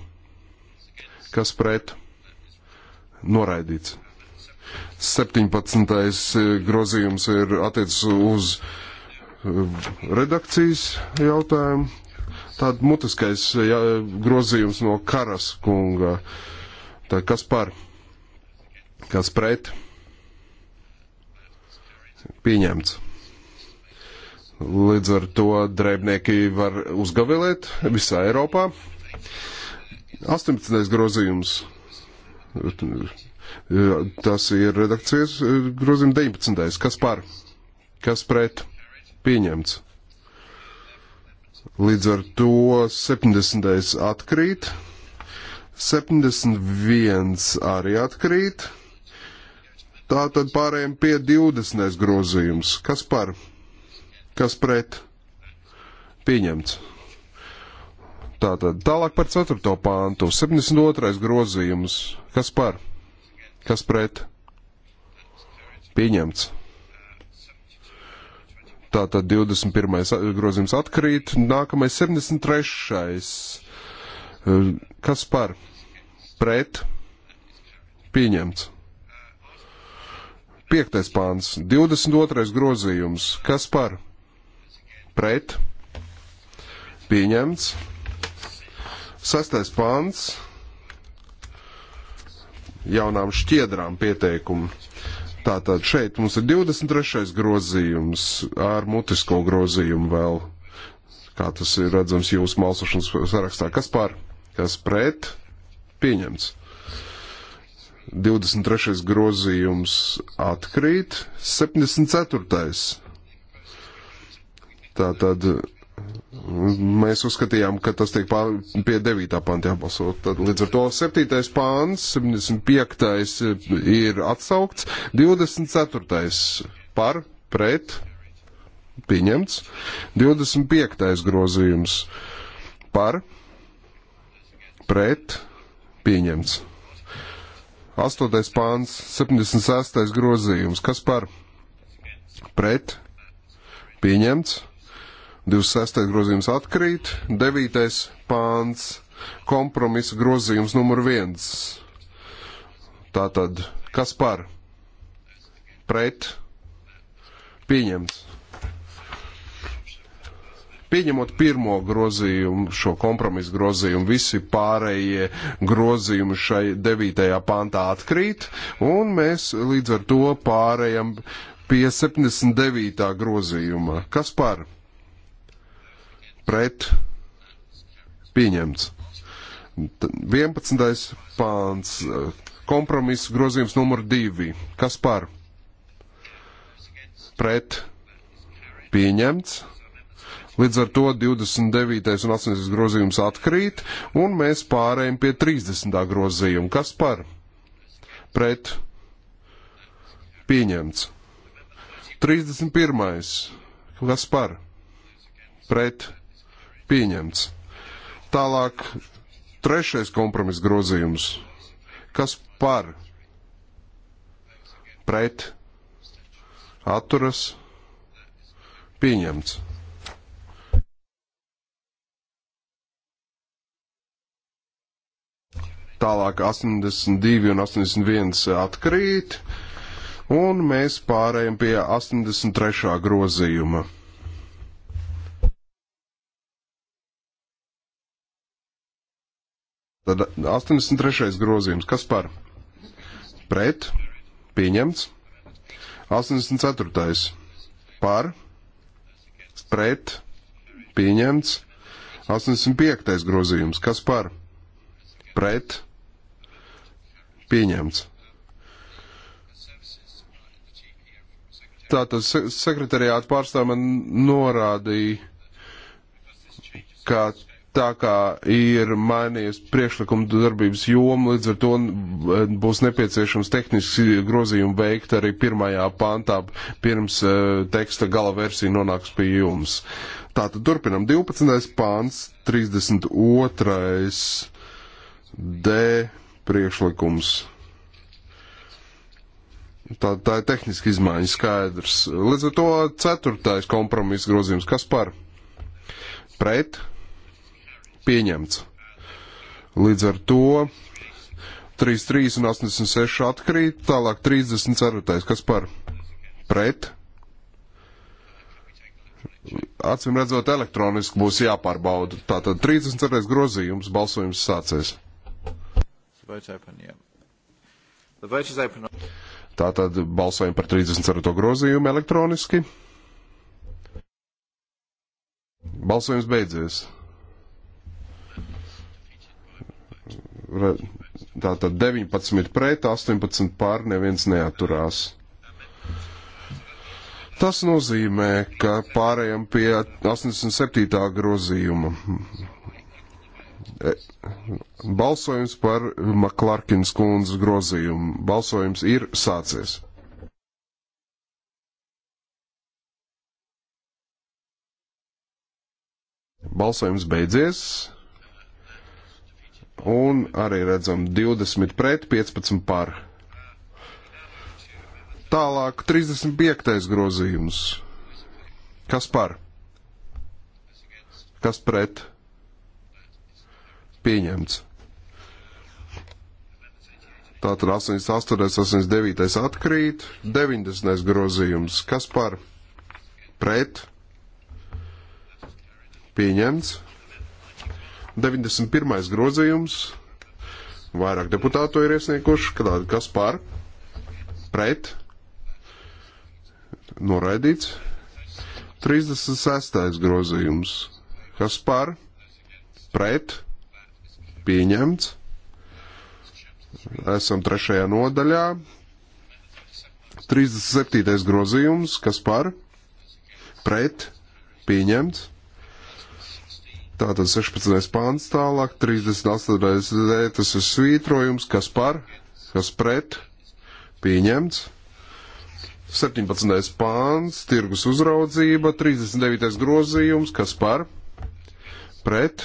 Kas pret? Noraidīts. 17. grozījums ir attiecis uz eh, redakcijas jautājumu. Tāda mutiskais grozījums no Karas kunga. Tā kas par? Kas pret? Pieņemts. Līdz ar to drēbnieki var uzgavilēt visā Eiropā. 18. grozījums. Tas ir redakcijas grozījums 19. Kas par? Kas pret? Pieņemts. Līdz ar to 70. atkrīt. 71 arī atkrīt. Tātad pārējiem pie 20. grozījums. Kas par? Kas pret? Pieņemts. Tātad tālāk par 4. pāntu. 72. grozījums. Kas par? Kas pret? Pieņemts. Tātad 21. grozījums atkrīt. Nākamais 73. Kas par? Pret? Pieņemts. Piektais pāns, 22. grozījums. Kas par? Pret. Pieņemts. Sastais pāns. Jaunām šķiedrām pieteikumu. Tātad šeit mums ir 23. grozījums ar mutisko grozījumu vēl, kā tas ir redzams jūsu malsošanas sarakstā. Kas par? Kas pret? Pieņemts. 23. grozījums atkrīt, 74. Tātad mēs uzskatījām, ka tas tiek pār, pie 9. panta jābalso. Tad līdz ar to 7. pāns, 75. ir atsaukts, 24. par, pret, pieņemts, 25. grozījums par, pret, pieņemts. 8. pāns, 76. grozījums. Kas par? Pret. Pieņemts. 26. grozījums atkrīt. 9. pāns. Kompromisa grozījums numur 1. Tātad, kas par? Pret. Pieņemts. Pieņemot pirmo grozījumu, šo kompromisu grozījumu, visi pārējie grozījumi šai devītajā pantā atkrīt, un mēs līdz ar to pārējam pie 79. grozījuma. Kas par? Pret? Pieņemts. 11. pāns, kompromiss grozījums numur 2. Kas par? Pret? Pieņemts. Līdz ar to 29. un 80. grozījums atkrīt, un mēs pārējām pie 30. grozījuma. Kas par? Pret. Pieņemts. 31. Kas par? Pret. Pieņemts. Tālāk trešais kompromiss grozījums. Kas par? Pret. Atturas. Pieņemts. Tālāk 82 un 81 atkrīt, un mēs pārējām pie 83. grozījuma. Tad 83. grozījums, kas par? Pret, pieņemts. 84. par, pret, pieņemts. 85. grozījums, kas par? Pret, Pieņemts. Tātad sekretariāta pārstāvja man norādīja, ka tā kā ir mainījies priekšlikuma darbības joma, līdz ar to būs nepieciešams tehniski grozījumi veikt arī pirmajā pantā, pirms uh, teksta gala versija nonāks pie jums. Tātad turpinam 12. pāns, 32. D priekšlikums. Tā, tā ir tehniski izmaiņa skaidrs. Līdz ar to ceturtais kompromiss grozījums. Kas par? Pret? Pieņemts. Līdz ar to 3,3 un 86 atkrīt, tālāk 34. Kas par? Pret? Acim redzot, elektroniski būs jāpārbauda. Tātad 34. grozījums balsojums sācies. Vote open, yeah. The vote is open. Tātad balsojam par 34. grozījumu elektroniski. Balsojums beidzies. Tātad 19 pret, 18 pār, neviens neaturās. Tas nozīmē, ka pārējām pie 87. grozījuma. Balsojums par Maklārkins kundzes grozījumu. Balsojums ir sācies. Balsojums beidzies. Un arī redzam 20 pret, 15 par. Tālāk 35. grozījums. Kas par? Kas pret? pieņemts. Tātad 88, 89 atkrīt, 90 grozījums. Kas par? Pret? Pieņemts. 91 grozījums. Vairāk deputātu ir iesnieguši. Kas par? Pret? Noraidīts. 36. grozījums. Kas par? Pret? pieņemts. Esam trešajā nodaļā. 37. grozījums, kas par pret pieņemts. Tātad 16. pāns tālāk, 38. D, e, tas ir svītrojums, kas par, kas pret pieņemts. 17. pāns, tirgus uzraudzība, 39. grozījums, kas par, pret,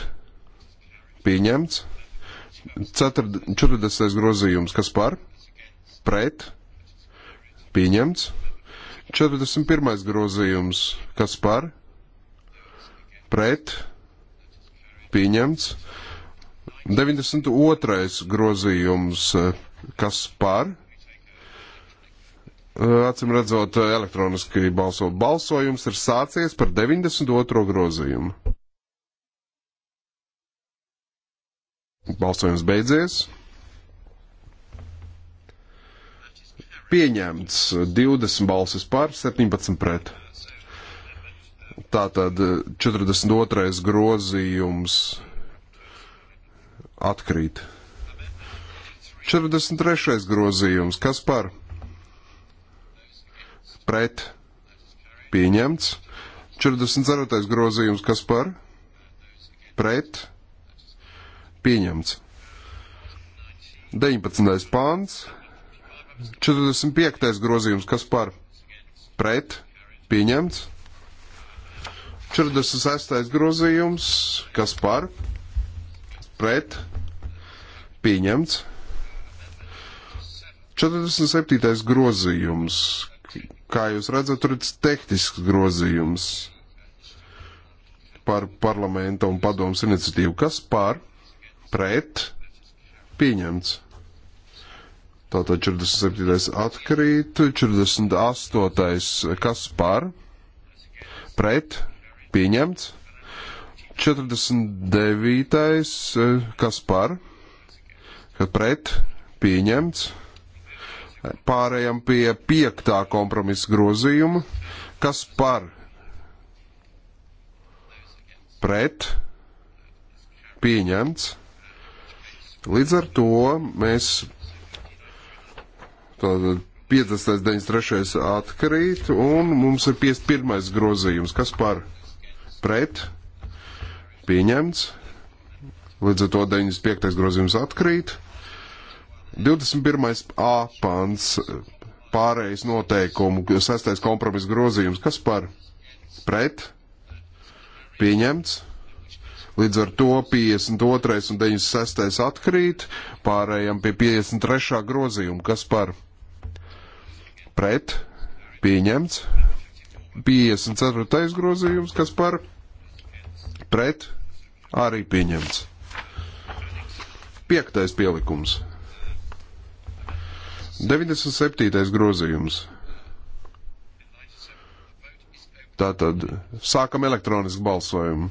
pieņemts. 40. grozījums, kas par, pret, pieņemts. 41. grozījums, kas par, pret, pieņemts. 92. grozījums, kas par, acīm redzot, elektroniski balso. Balsojums ir sācies par 92. grozījumu. Balsojums beidzies. Pieņemts 20 balsis par, 17 pret. Tātad 42. Eh, grozījums atkrīt. 43. grozījums, kas par? Pret. Pieņemts. 44. grozījums, kas par? Pret pieņemts. 19. pāns, 45. grozījums, kas par pret pieņemts. 46. grozījums, kas par pret pieņemts. 47. grozījums, kā jūs redzat, tur ir tehnisks grozījums par parlamenta un padomus iniciatīvu, kas par pret pret pieņemts. Tātad 47. atkrīt, 48. kas par, pret, pieņemts, 49. Eh, kas par, kad pret, pieņemts, pārējām pie 5. kompromisa grozījuma, kas par, pret, pieņemts. Līdz ar to mēs tātad 50. 93. atkarīt, un mums ir 51. grozījums, kas par pret pieņemts. Līdz ar to 95. grozījums atkrīt. 21. A pants pārējais noteikumu, 6. kompromisa grozījums, kas par pret pieņemts. Līdz ar to 52. un 96. atkrīt, pārējām pie 53. grozījuma, kas par pret pieņemts. 54. grozījums, kas par pret arī pieņemts. Piektais pielikums. 97. grozījums. Tātad sākam elektronisku balsojumu.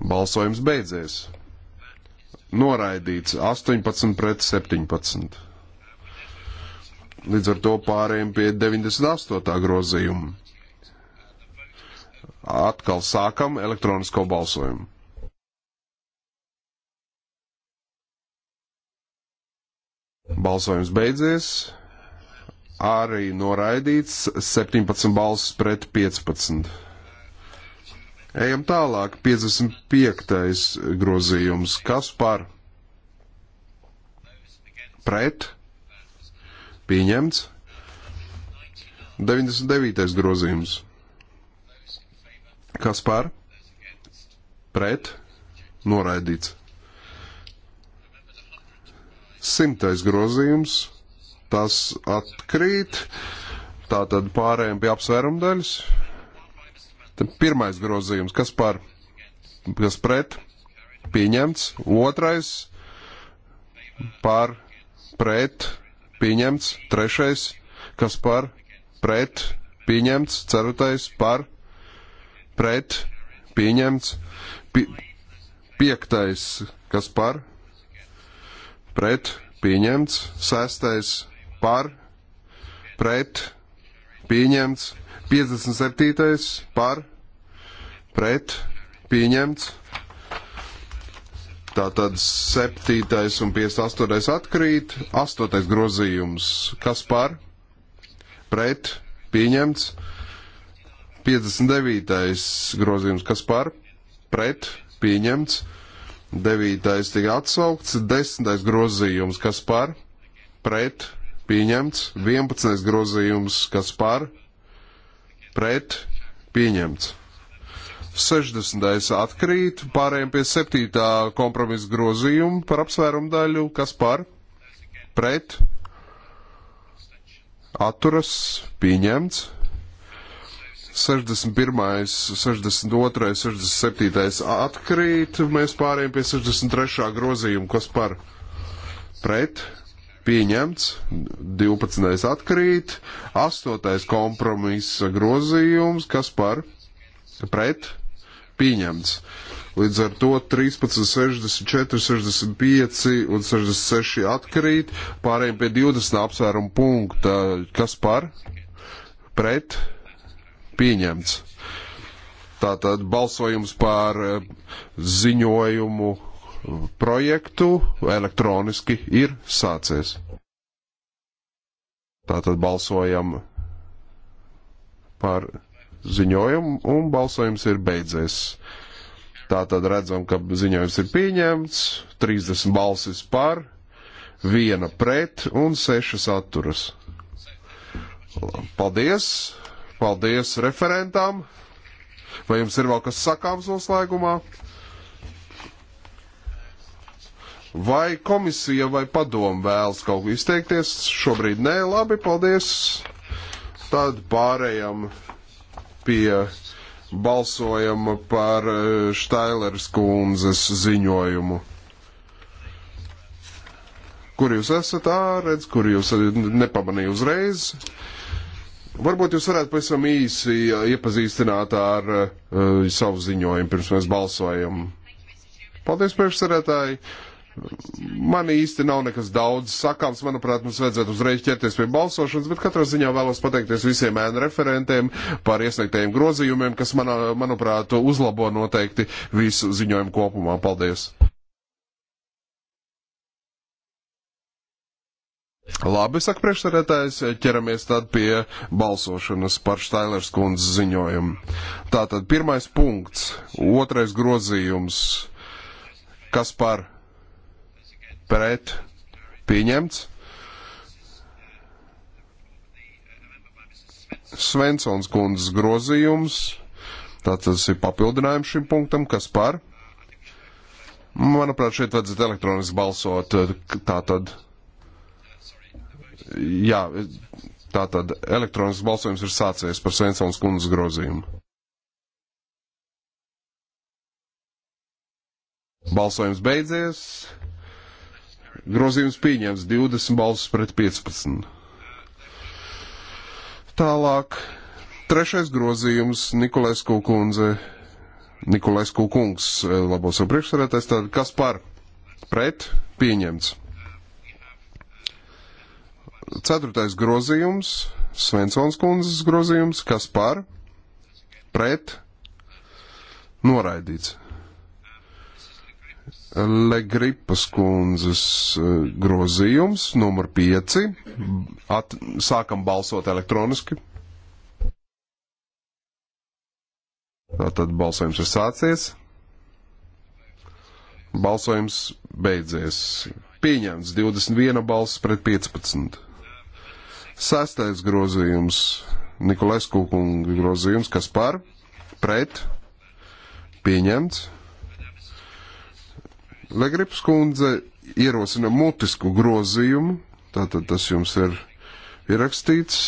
Balsojums beidzies. Noraidīts 18 pret 17. Līdz ar to pārējiem pie 98. grozījuma. Atkal sākam elektronisko balsojumu. Balsojums beidzies. Arī noraidīts 17 balsis pret 15. Ejam tālāk, 55. grozījums. Kas par? Pret? Pieņemts. 99. grozījums. Kas par? Pret? Noraidīts. 100. grozījums. Tas atkrīt. Tātad pārējiem pie apsvērumu daļas. Pirmais grozījums, kas par, kas pret, pieņemts. Otrais par, pret, pieņemts. Trešais, kas par, pret, pieņemts. Ceturtais par, pret, pieņemts. Pi piektais, kas par, pret, pieņemts. Sestais par, pret, pieņemts pieņemts. 57. par pret pieņemts. Tātad 7. un 58. atkrīt, 8. grozījums, kas par, pret, pieņemts, 59. grozījums, kas par, pret, pieņemts, 9. tika atsaukts, 10. grozījums, kas par, pret, pieņemts, 11. grozījums, kas par, pret, pieņemts. 60. atkrīt, pārējiem pie 7. kompromisa grozījuma par apsvērumu daļu, kas par, pret, atturas, pieņemts. 61., 62., 67. atkrīt, mēs pārējiem pie 63. grozījuma, kas par, pret, pieņemts, 12. atkrīt, 8. kompromisa grozījums, kas par, pret, pieņemts. Līdz ar to 13, 64, 65 un 66 atkarīt, pārējiem pie 20 apsvērumu punkta, kas par, pret, pieņemts. Tātad balsojums par eh, ziņojumu eh, projektu elektroniski ir sācies. Tātad balsojam par ziņojumu, un balsojums ir beidzies. Tā tad redzam, ka ziņojums ir pieņemts, 30 balsis par, viena pret un sešas atturas. Paldies! Paldies referentām! Vai jums ir vēl kas sakāms noslēgumā? Vai komisija vai padomu vēlas kaut ko izteikties? Šobrīd nē, labi, paldies. Tad pārējām pie balsojuma par e, Štailers kundzes ziņojumu. Kur jūs esat ārēdz, kur jūs e, nepamanīju uzreiz? Varbūt jūs varētu pavisam īsi e, iepazīstināt ar uh, savu ziņojumu pirms mēs balsojam. Paldies, priekšsarētāji! Uh, Man īsti nav nekas daudz sakāms. Manuprāt, mums vajadzētu uzreiz ķerties pie balsošanas, bet katrā ziņā vēlos pateikties visiem ēnu referentiem par iesniegtajiem grozījumiem, kas, manā, manuprāt, uzlabo noteikti visu ziņojumu kopumā. Paldies! Labi, saka priekšsarētājs, ķeramies tad pie balsošanas par Štailers kundzes ziņojumu. Tātad pirmais punkts, otrais grozījums, kas par pret pieņemts. Svensons kundzes grozījums, tātad tas ir papildinājums šim punktam, kas par? Manuprāt, šeit vajadzētu elektroniski balsot, tātad, jā, tātad elektronisks balsojums ir sācies par Svensons kundzes grozījumu. Balsojums beidzies. Grozījums pieņemts 20 balsis pret 15. Tālāk, trešais grozījums Nikolēsku kundze, Nikolēsku kungs, eh, labos jau priekšsarētais, tad kas par pret pieņemts. Ceturtais grozījums, Svensons kundzes grozījums, kas par pret noraidīts. Legripas kundzes e, grozījums, numur 5. At, sākam balsot elektroniski. Tātad balsojums ir sācies. Balsojums beidzies. Pieņemts 21 balss pret 15. Sestais grozījums, Nikolesku kunga grozījums, kas par, pret, pieņemts. Legrips kundze ierosina mutisku grozījumu, tātad tas jums ir ierakstīts.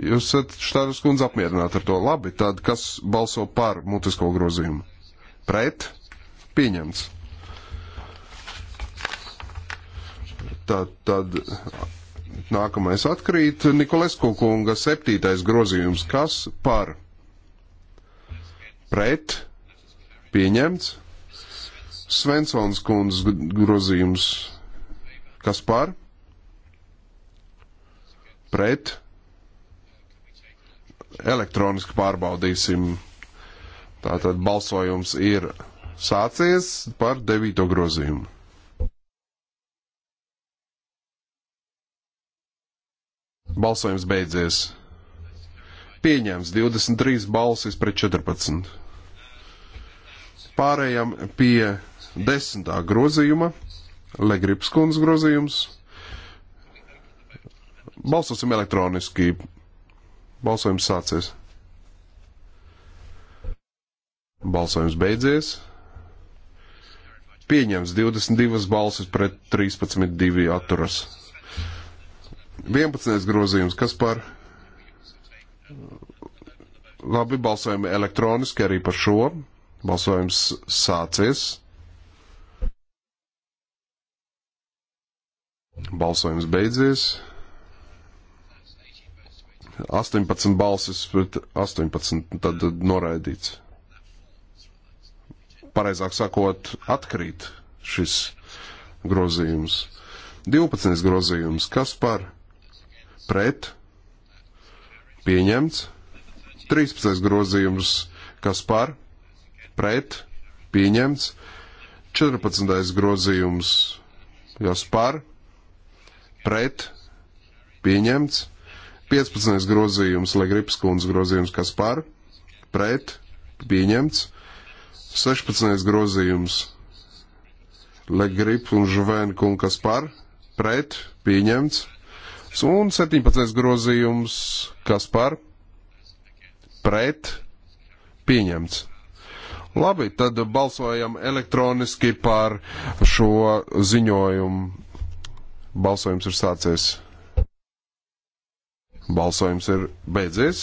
Jūs esat štāras kundze apmierināti ar to. Labi, tad kas balso par mutisko grozījumu? Pret? Pieņemts. Tad, tad nākamais atkrīt Nikolesko kunga septītais grozījums. Kas par? Pret? Pieņemts. Svensons kundzes grozījums. Kas par? Pret? Elektroniski pārbaudīsim. Tātad balsojums ir sācies par devīto grozījumu. Balsojums beidzies. Pieņems 23 balsis pret 14. Pārējām pie desmitā grozījuma, Legrips kundzes grozījums. Balsosim elektroniski. Balsojums sācies. Balsojums beidzies. Pieņems 22 balsis pret 13, 2 atturas. 11. grozījums, kas par Labi, balsojam elektroniski arī par šo. Balsojums sācies. Balsojums beidzies. 18 balsis pret 18, tad noraidīts. Pareizāk sakot, atkrīt šis grozījums. 12 grozījums, kas par pret pieņemts. 13 grozījums, kas par pret pieņemts. 14 grozījums, kas par pret pret pieņemts. 15. grozījums, Legripas kundzes grozījums, kas par pret pieņemts. 16. grozījums, Legripa un Žuvēna kungas par pret pieņemts. Un 17. grozījums, kas par pret pieņemts. Labi, tad balsojam elektroniski par šo ziņojumu Balsojums ir sācies. Balsojums ir beidzies.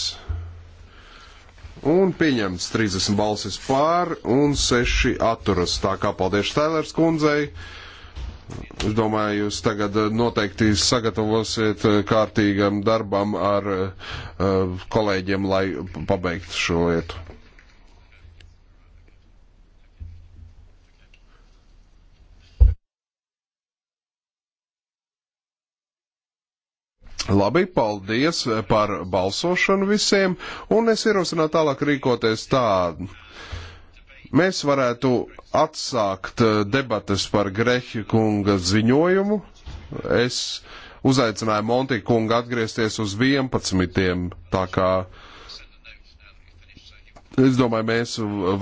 Un pieņemts 30 balsis pār un 6 atturas. Tā kā paldies Tēlers kundzei. Es domāju, jūs tagad eh, noteikti sagatavosiet eh, kārtīgam darbam ar uh, kolēģiem, lai pabeigtu šo lietu. Labi, paldies eh, par balsošanu visiem, un es ierosinu tālāk rīkoties tādu. Mēs varētu atsākt eh, debates par Grehi kunga ziņojumu. Es uzaicināju Monti kungu atgriezties uz 11. tā kā Es domāju, mēs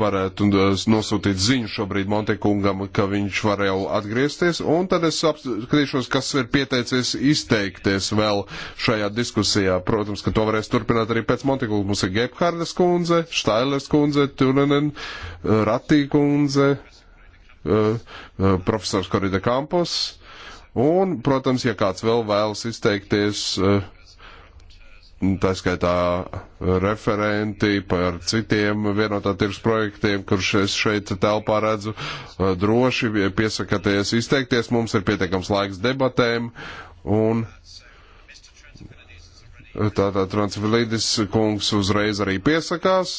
varētu nosūtīt ziņu šobrīd Montekungam, ka viņš var jau atgriezties, un tad es apskatīšos, kas ir pieteicies izteikties vēl šajā diskusijā. Protams, ka to varēs turpināt arī pēc Montekunga. Mums ir Gebhardas kundze, Štailers kundze, Tunenen, Ratī kundze, eh, eh, profesors Korida Kampos, un, protams, ja kāds vēl vēlas izteikties, eh, tā skaitā referenti par citiem vienotā tirgus projektiem, kurš es šeit telpā redzu, droši piesakaties izteikties. Mums ir pietiekams laiks debatēm un tātad Transvilīdis kungs uzreiz arī piesakās.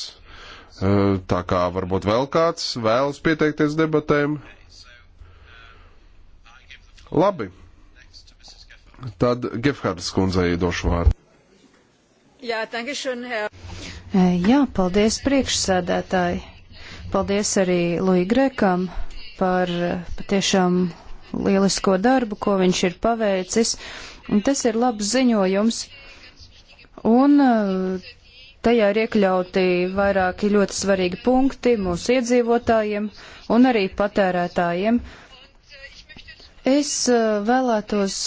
Tā kā varbūt vēl kāds vēlas pieteikties debatēm. Labi. Tad Gefhardas kundzei došu vārdu. Jā, tankišun, jā. Eh, jā, paldies priekšsēdētāji. Paldies arī Lui Grekam par eh, patiešām lielisko darbu, ko viņš ir paveicis. Un tas ir labs ziņojums. Un eh, tajā ir iekļauti vairāki ļoti svarīgi punkti mūsu iedzīvotājiem un arī patērētājiem. Es vēlētos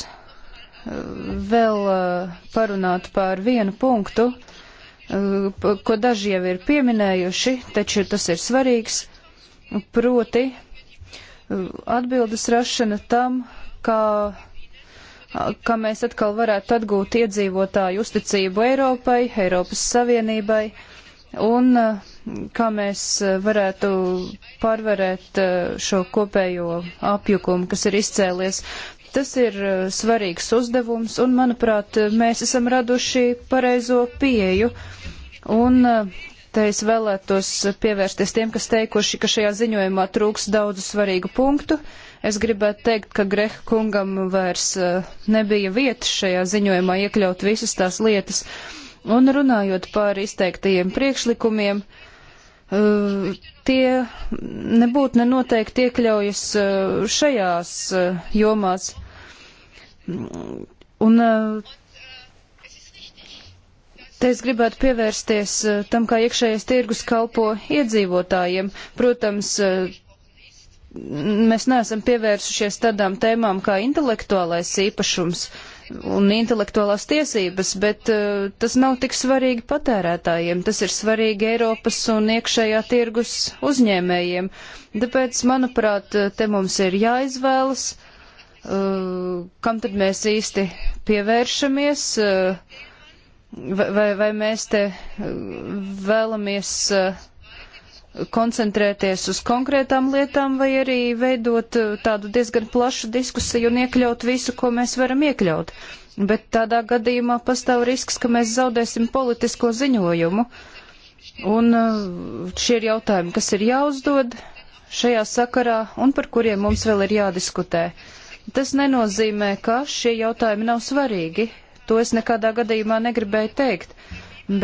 vēl eh, parunāt par vienu punktu, eh, ko daži jau ir pieminējuši, taču tas ir svarīgs, proti eh, atbildes rašana tam, kā, kā mēs atkal varētu atgūt iedzīvotāju uzticību Eiropai, Eiropas Savienībai un kā mēs varētu pārvarēt šo kopējo apjukumu, kas ir izcēlies. Tas ir eh, svarīgs uzdevums, un, manuprāt, mēs esam raduši pareizo pieju. Un eh, te es vēlētos pievērsties tiem, kas teikuši, ka šajā ziņojumā trūks daudzu svarīgu punktu. Es gribētu teikt, ka Greha kungam vairs eh, nebija vieta šajā ziņojumā iekļaut visas tās lietas. Un runājot par izteiktajiem priekšlikumiem, tie nebūtu nenoteikti iekļaujas šajās jomās. Un eh, te es gribētu pievērsties eh, tam, kā iekšējais tirgus kalpo iedzīvotājiem. Protams, eh, mēs neesam pievērsušies tādām tēmām kā intelektuālais īpašums un intelektuālās tiesības, bet uh, tas nav tik svarīgi patērētājiem, tas ir svarīgi Eiropas un iekšējā tirgus uzņēmējiem. Tāpēc, manuprāt, te mums ir jāizvēlas, uh, Eh, kam tad mēs īsti pievēršamies, eh, vai, vai mēs te eh, vēlamies koncentrēties uz konkrētām lietām, vai arī veidot tādu diezgan plašu diskusiju un iekļaut visu, ko mēs varam iekļaut. Bet tādā gadījumā pastāv risks, ka mēs zaudēsim politisko ziņojumu. Un šie ir jautājumi, kas ir jāuzdod šajā sakarā un par kuriem mums vēl ir jādiskutē. Uh, Tas nenozīmē, ka šie jautājumi nav svarīgi. To es nekādā gadījumā negribēju teikt.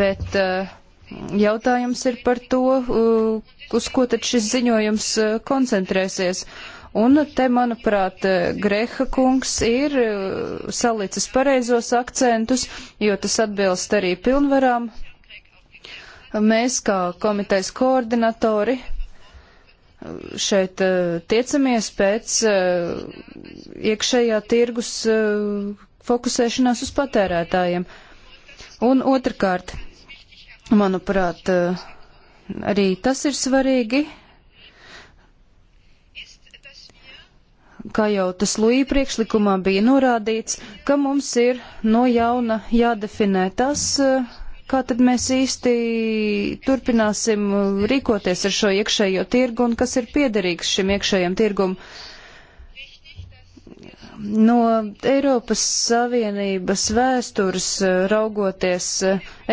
Bet eh, jautājums ir par to, eh, uz ko tad šis ziņojums eh, koncentrēsies. Un te, manuprāt, Greha kungs ir salicis pareizos akcentus, jo tas atbilst arī pilnvarām. Mēs, kā komitejas koordinatori, šeit eh, tiecamies pēc eh, iekšējā tirgus eh, fokusēšanās uz patērētājiem. Un otrkārt, manuprāt, arī tas ir svarīgi, kā jau tas Lūija priekšlikumā bija norādīts, ka mums ir no jauna jādefinē tas, uh, kā tad mēs īsti turpināsim rīkoties ar šo iekšējo tirgu un kas ir piederīgs šim iekšējam tirgum. No Eiropas Savienības vēstures raugoties,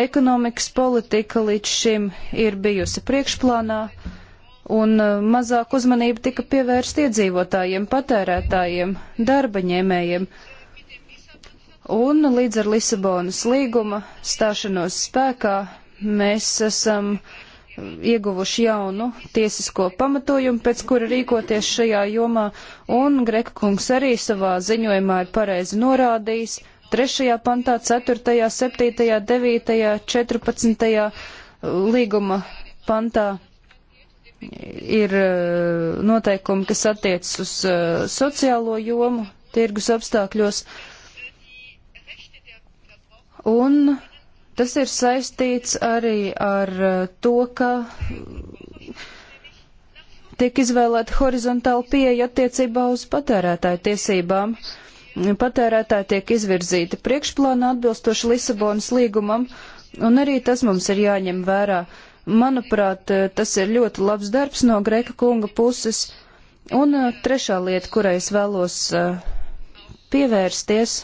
ekonomikas politika līdz šim ir bijusi priekšplānā un mazāk uzmanība tika pievērsta iedzīvotājiem, patērētājiem, darba ņēmējiem. Un līdz ar Lisabonas līguma stāšanos spēkā mēs esam ieguvuši jaunu tiesisko pamatojumu, pēc kura rīkoties šajā jomā, un Greka kungs arī savā ziņojumā ir pareizi norādījis 3. pantā, 4., 7., 9., 14. līguma pantā ir uh, noteikumi, kas attiecas uz uh, sociālo jomu tirgus apstākļos. Uh, Un tas ir saistīts arī ar eh, to, ka tiek izvēlēta horizontāla pieeja attiecībā uz patērētāju tiesībām. Patērētāji tiek izvirzīti priekšplānā atbilstoši Lisabonas līgumam, un arī tas mums ir jāņem vērā. Manuprāt, eh, tas ir ļoti labs darbs no Greka kunga puses. Un eh, trešā lieta, kurai es vēlos pievērsties,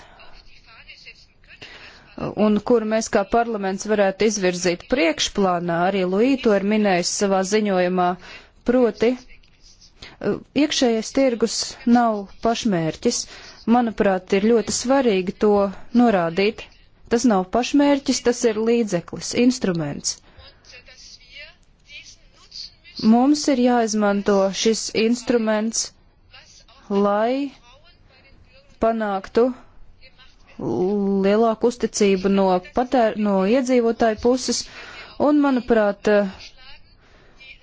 un kur mēs kā parlaments varētu izvirzīt priekšplānā, arī Luī to ir minējis savā ziņojumā, proti uh, iekšējais tirgus nav pašmērķis. Manuprāt, ir ļoti svarīgi to norādīt. Tas nav pašmērķis, tas ir līdzeklis, instruments. Mums ir jāizmanto šis instruments, lai panāktu lielāku uzticību no, patēr, no iedzīvotāju puses, un, manuprāt, eh,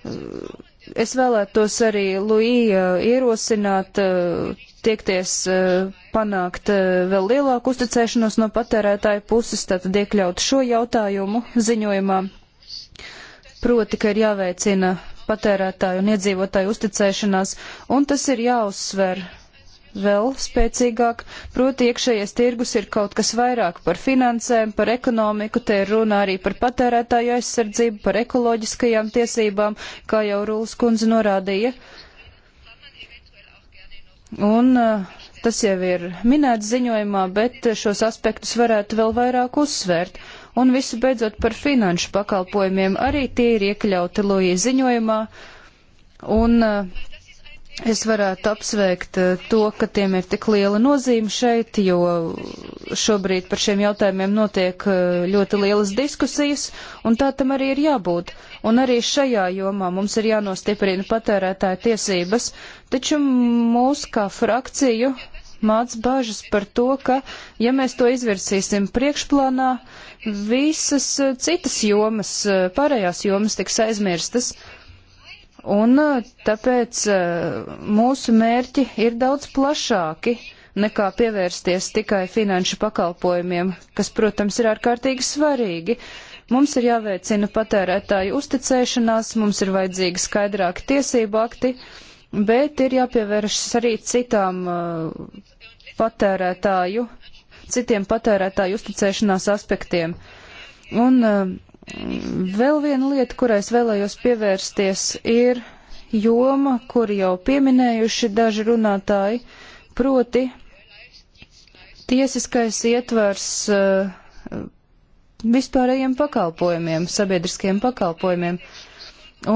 es vēlētos arī Luija ierosināt eh, tiekties eh, panākt vēl lielāku uzticēšanos no patērētāju puses, tātad iekļaut šo jautājumu ziņojumā, proti, ka ir jāveicina patērētāju un iedzīvotāju uzticēšanās, un tas ir jāuzsver vēl spēcīgāk, proti iekšējais tirgus ir kaut kas vairāk par finansēm, par ekonomiku, te ir runa arī par patērētāju aizsardzību, par ekoloģiskajām tiesībām, kā jau Rūlas kundze norādīja. Un eh, tas jau ir minēts ziņojumā, bet šos aspektus varētu vēl vairāk uzsvērt. Un visu beidzot par finanšu pakalpojumiem arī tie ir iekļauti Lojī ziņojumā. Un uh, Es varētu apsveikt eh, to, ka tiem ir tik liela nozīme šeit, jo šobrīd par šiem jautājumiem notiek eh, ļoti lielas diskusijas, un tā tam arī ir jābūt. Un arī šajā jomā mums ir jānostiprina patērētāja tiesības, taču mūs kā frakciju māc bažas par to, ka, ja mēs to izvirsīsim priekšplānā, visas eh, citas jomas, pārējās jomas tiks aizmirstas. Uh, Un uh, tāpēc uh, mūsu mērķi ir daudz plašāki nekā pievērsties tikai finanšu pakalpojumiem, kas, protams, ir ārkārtīgi svarīgi. Mums ir jāveicina patērētāju uzticēšanās, mums ir vajadzīgi skaidrāki tiesību akti, bet ir jāpievēršas arī citām uh, patērētāju, citiem patērētāju uzticēšanās aspektiem. Un uh, Vēl viena lieta, kurai es vēlējos pievērsties, ir joma, kur jau pieminējuši daži runātāji, proti tiesiskais ietvers eh, vispārējiem pakalpojumiem, sabiedriskiem pakalpojumiem.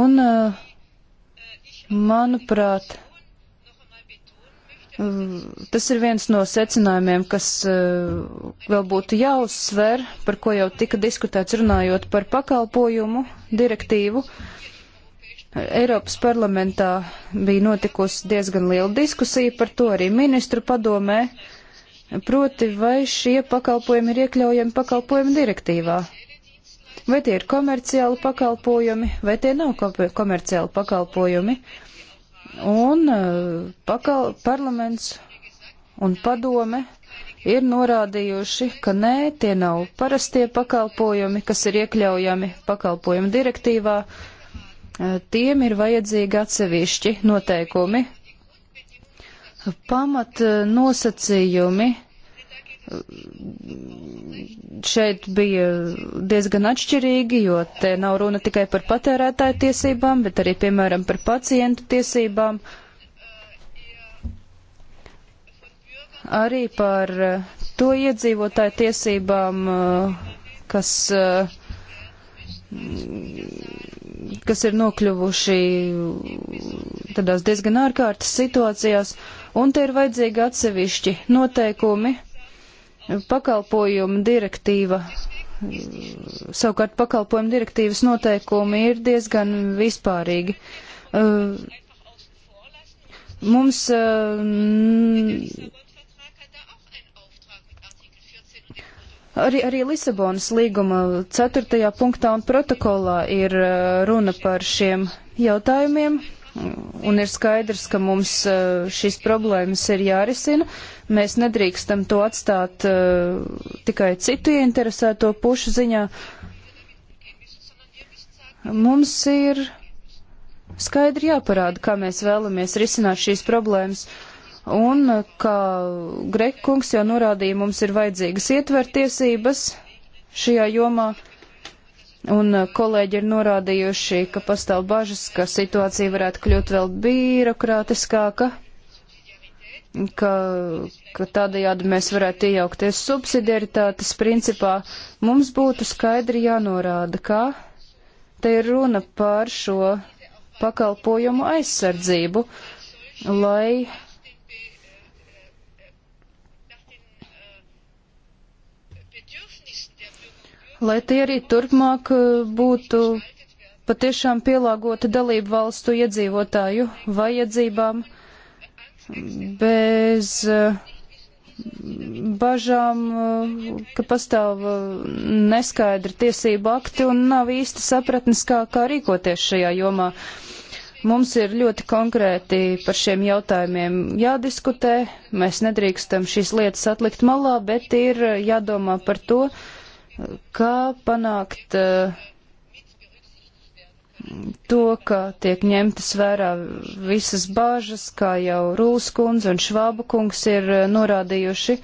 Un, eh, manuprāt, Tas ir viens no secinājumiem, kas eh, vēl būtu jāuzsver, par ko jau tika diskutēts runājot par pakalpojumu direktīvu. Eiropas parlamentā bija notikusi diezgan liela diskusija par to arī ministru padomē, proti vai šie pakalpojumi ir iekļaujami pakalpojumu direktīvā. Vai tie ir komerciāli pakalpojumi, vai tie nav komerciāli pakalpojumi? Un uh, pakal, parlaments un padome ir norādījuši, ka nē, tie nav parastie pakalpojumi, kas ir iekļaujami pakalpojumu direktīvā. Uh, tiem ir vajadzīgi atsevišķi noteikumi. Pamat uh, nosacījumi šeit bija diezgan atšķirīgi, jo te nav runa tikai par patērētāju tiesībām, bet arī, piemēram, par pacientu tiesībām, arī par eh, to iedzīvotāju tiesībām, eh, kas, eh, kas ir nokļuvuši tādās diezgan ārkārtas situācijās, un te ir vajadzīgi atsevišķi noteikumi Pakalpojumu direktīva, savukārt pakalpojumu direktīvas noteikumi ir diezgan vispārīgi. Uh, mums uh, Arī, arī Lisabonas līguma 4. punktā un protokolā ir uh, runa par šiem jautājumiem un ir skaidrs, ka mums e, šīs problēmas ir jārisina. Mēs nedrīkstam to atstāt e, tikai citu ieinteresēto pušu ziņā. Mums ir skaidri jāparāda, kā mēs vēlamies risināt šīs problēmas. Un, e, kā Grek kungs jau norādīja, mums ir vajadzīgas ietvertiesības šajā jomā. Un uh, kolēģi ir norādījuši, ka pastāv bažas, ka situācija varētu kļūt vēl birokrātiskāka, ka, ka tādajādi mēs varētu iejaukties subsidiaritātes principā. Mums būtu skaidri jānorāda, kā te ir runa par šo pakalpojumu aizsardzību, lai lai tie arī turpmāk e, būtu patiešām pielāgoti dalību valstu iedzīvotāju vajadzībām bez e, bažām, e, ka pastāv neskaidri tiesību akti un nav īsti sapratnes, kā, kā rīkoties šajā jomā. Mums ir ļoti konkrēti par šiem jautājumiem jādiskutē, mēs nedrīkstam šīs lietas atlikt malā, bet ir jādomā par to, uh, kā panākt eh, to, ka tiek ņemtas vērā visas bāžas, kā jau Rūls kundze un Švāba kungs ir eh, norādījuši.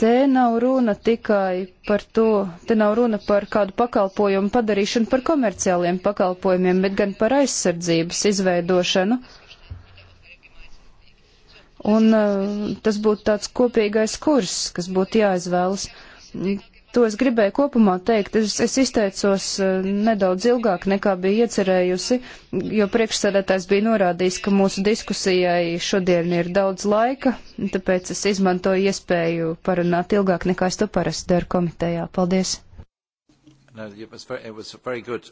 Te nav runa tikai par to, te nav runa par kādu pakalpojumu padarīšanu par komerciāliem pakalpojumiem, bet gan par aizsardzības izveidošanu. Uh, Un uh, tas būtu tāds kopīgais kurs, kas būtu jāizvēlas. To es gribēju kopumā teikt. Es, es izteicos uh, nedaudz ilgāk nekā bija iecerējusi, jo priekšsēdētājs bija norādījis, ka mūsu diskusijai šodien ir daudz laika, tāpēc es izmantoju iespēju parunāt ilgāk nekā es to parasti daru komitejā. Paldies! No, it was very, it was very good.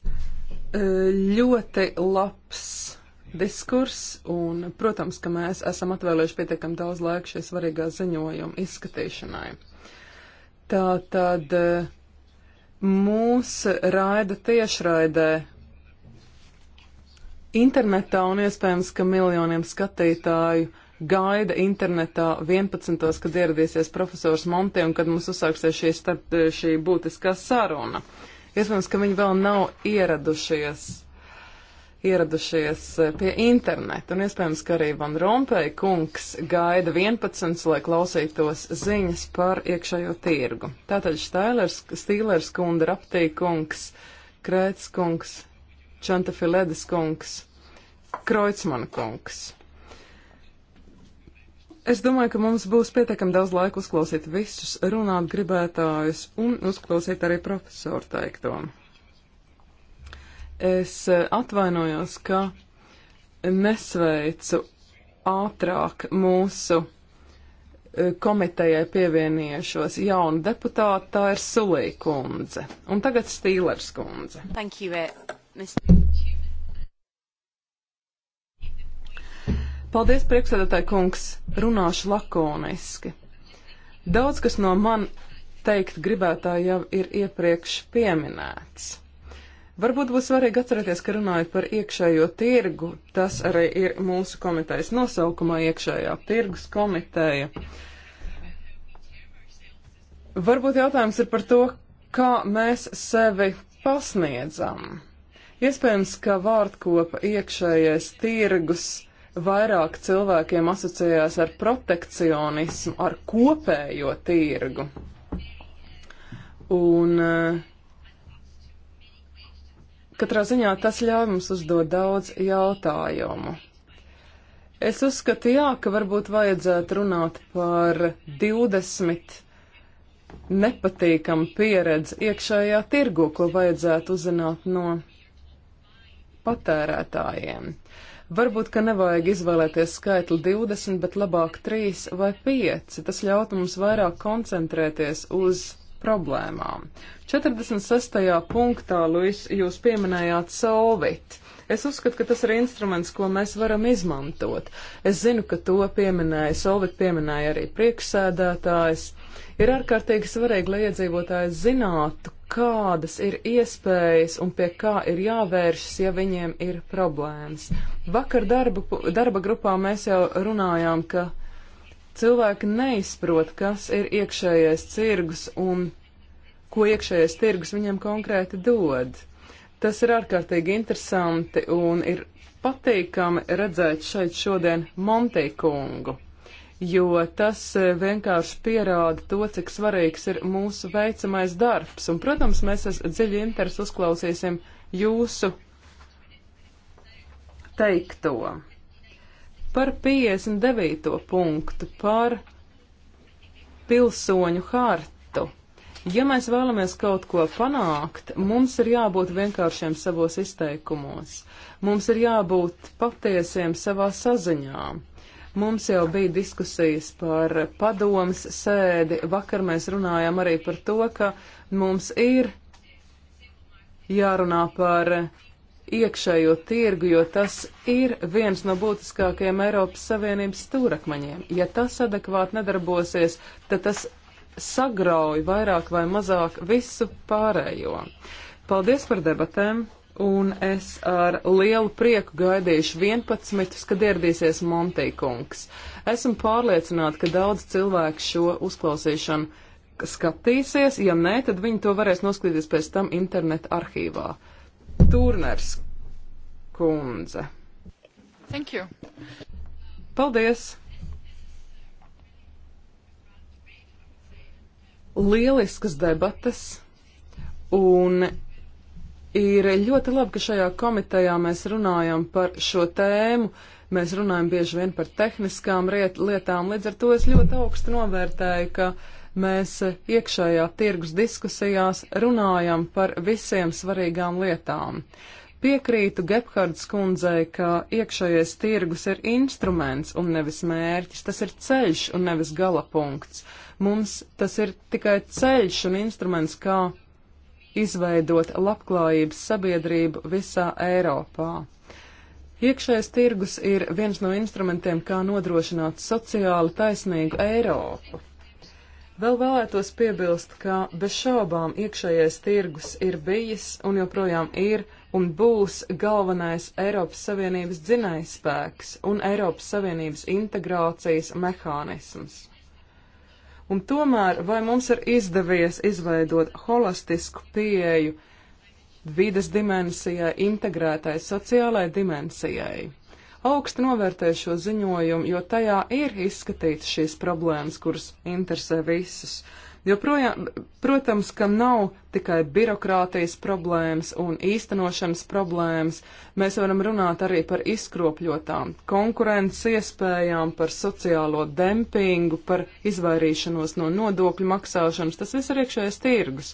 Uh, ļoti labs diskurss, un, protams, ka mēs esam atvēlējuši pietiekam daudz laika šie svarīgā ziņojuma izskatīšanai. Tā tad eh, mūs raida tiešraidē internetā, un iespējams, ka miljoniem skatītāju gaida internetā 11. kad ieradīsies profesors Monti un kad mums uzsāksies šī, starp, šī būtiskā saruna. Iespējams, ka viņi vēl nav ieradušies ieradušies eh, pie interneta, un iespējams, ka arī Van Rompēja kungs gaida 11, lai klausītos ziņas par iekšējo tirgu. Tātad Štailers, Stīlers kunda, Raptī kungs, Krēts kungs, Čantafiledes kungs, Kreutzmann kungs. Es domāju, ka mums būs pietiekami daudz laika uzklausīt visus runāt gribētājus un uzklausīt arī profesoru teikto. Es eh, atvainojos, ka nesveicu ātrāk mūsu eh, komitejai pievienojušos jaunu deputātu, tā ir Sulīja kundze. Un tagad Stīlers kundze. Thank you, eh, Mr. Paldies, priekšsēdētāji kungs, runāšu lakoniski. Daudz, kas no man teikt gribētā jau ir iepriekš pieminēts. Varbūt būs svarīgi atcerēties, ka runājot par iekšējo tirgu, tas arī ir mūsu komitejas nosaukumā iekšējā tirgus komiteja. Varbūt jautājums ir par to, kā mēs sevi pasniedzam. Iespējams, ka vārdkopa iekšējais tirgus vairāk cilvēkiem asociējās ar protekcionismu, ar kopējo tirgu. Un uh, Katrā ziņā tas ļauj mums uzdot daudz jautājumu. Es uzskatu, jā, ka varbūt vajadzētu runāt par 20 nepatīkamu pieredzi iekšējā tirgu, ko vajadzētu uzzināt no patērētājiem. Varbūt, ka nevajag izvēlēties skaitli 20, bet labāk 3 vai 5. Tas ļautu mums vairāk koncentrēties uz problēmām. 46. punktā, Luis, jūs pieminējāt solvit. Es uzskatu, ka tas ir instruments, ko mēs varam izmantot. Es zinu, ka to pieminēja, solvit pieminēja arī priekšsēdētājs. Ir ārkārtīgi svarīgi, lai iedzīvotāji zinātu, kādas ir iespējas un pie kā ir jāvēršas, ja viņiem ir problēmas. Vakar darba, darba grupā mēs jau runājām, ka Cilvēki neizprot, kas ir iekšējais cirgus un ko iekšējais tirgus viņam konkrēti dod. Tas ir ārkārtīgi interesanti un ir patīkami redzēt šeit šodien Montīkungu, jo tas eh, vienkārši pierāda to, cik svarīgs ir mūsu veicamais darbs. Un, protams, mēs ar dziļu interesi uzklausīsim jūsu teikto. Par 59. punktu par pilsoņu hartu. Ja mēs vēlamies kaut ko panākt, mums ir jābūt vienkāršiem savos izteikumos. Mums ir jābūt patiesiem savā saziņā. Mums jau bija diskusijas par padomas sēdi. Vakar mēs runājām arī par to, ka mums ir jārunā par iekšējo tirgu, jo tas ir viens no būtiskākajiem Eiropas Savienības stūrakmeņiem. Ja tas adekvāti nedarbosies, tad tas sagrauj vairāk vai mazāk visu pārējo. Paldies par debatēm, un es ar lielu prieku gaidīšu 11, kad ieradīsies Montīkungs. Esmu pārliecināta, ka daudz cilvēku šo uzklausīšanu skatīsies, ja nē, tad viņi to varēs noskatīties pēc tam internetu arhīvā. Turners kundze. Thank you. Paldies! Lieliskas debatas, un ir ļoti labi, ka šajā komitejā mēs runājam par šo tēmu. Mēs runājam bieži vien par tehniskām lietām, līdz ar to es ļoti augstu novērtēju, ka uh, Mēs eh, iekšējā tirgus diskusijās runājam par visiem svarīgām lietām. Piekrītu Gebhards kundzei, ka iekšējais tirgus ir instruments un nevis mērķis, tas ir ceļš un nevis galapunkts. Mums tas ir tikai ceļš un instruments, kā izveidot labklājības sabiedrību visā Eiropā. Iekšējais tirgus ir viens no instrumentiem, kā nodrošināt sociāli taisnīgu Eiropu. Vēl vēlētos piebilst, ka bez šaubām iekšējais tirgus ir bijis un joprojām ir un būs galvenais Eiropas Savienības dzinējspēks un Eiropas Savienības integrācijas mehānisms. Un tomēr, vai mums ir izdevies izveidot holistisku pieeju vides dimensijai, integrētai sociālai dimensijai? Augstu novērtēju šo ziņojumu, jo tajā ir izskatīts šīs problēmas, kuras interesē visus. Jo, projām, protams, ka nav tikai birokrātijas problēmas un īstenošanas problēmas, mēs varam runāt arī par izkropļotām konkurences iespējām, par sociālo dempingu, par izvairīšanos no nodokļu maksāšanas. Tas viss ir iekšējais tirgus.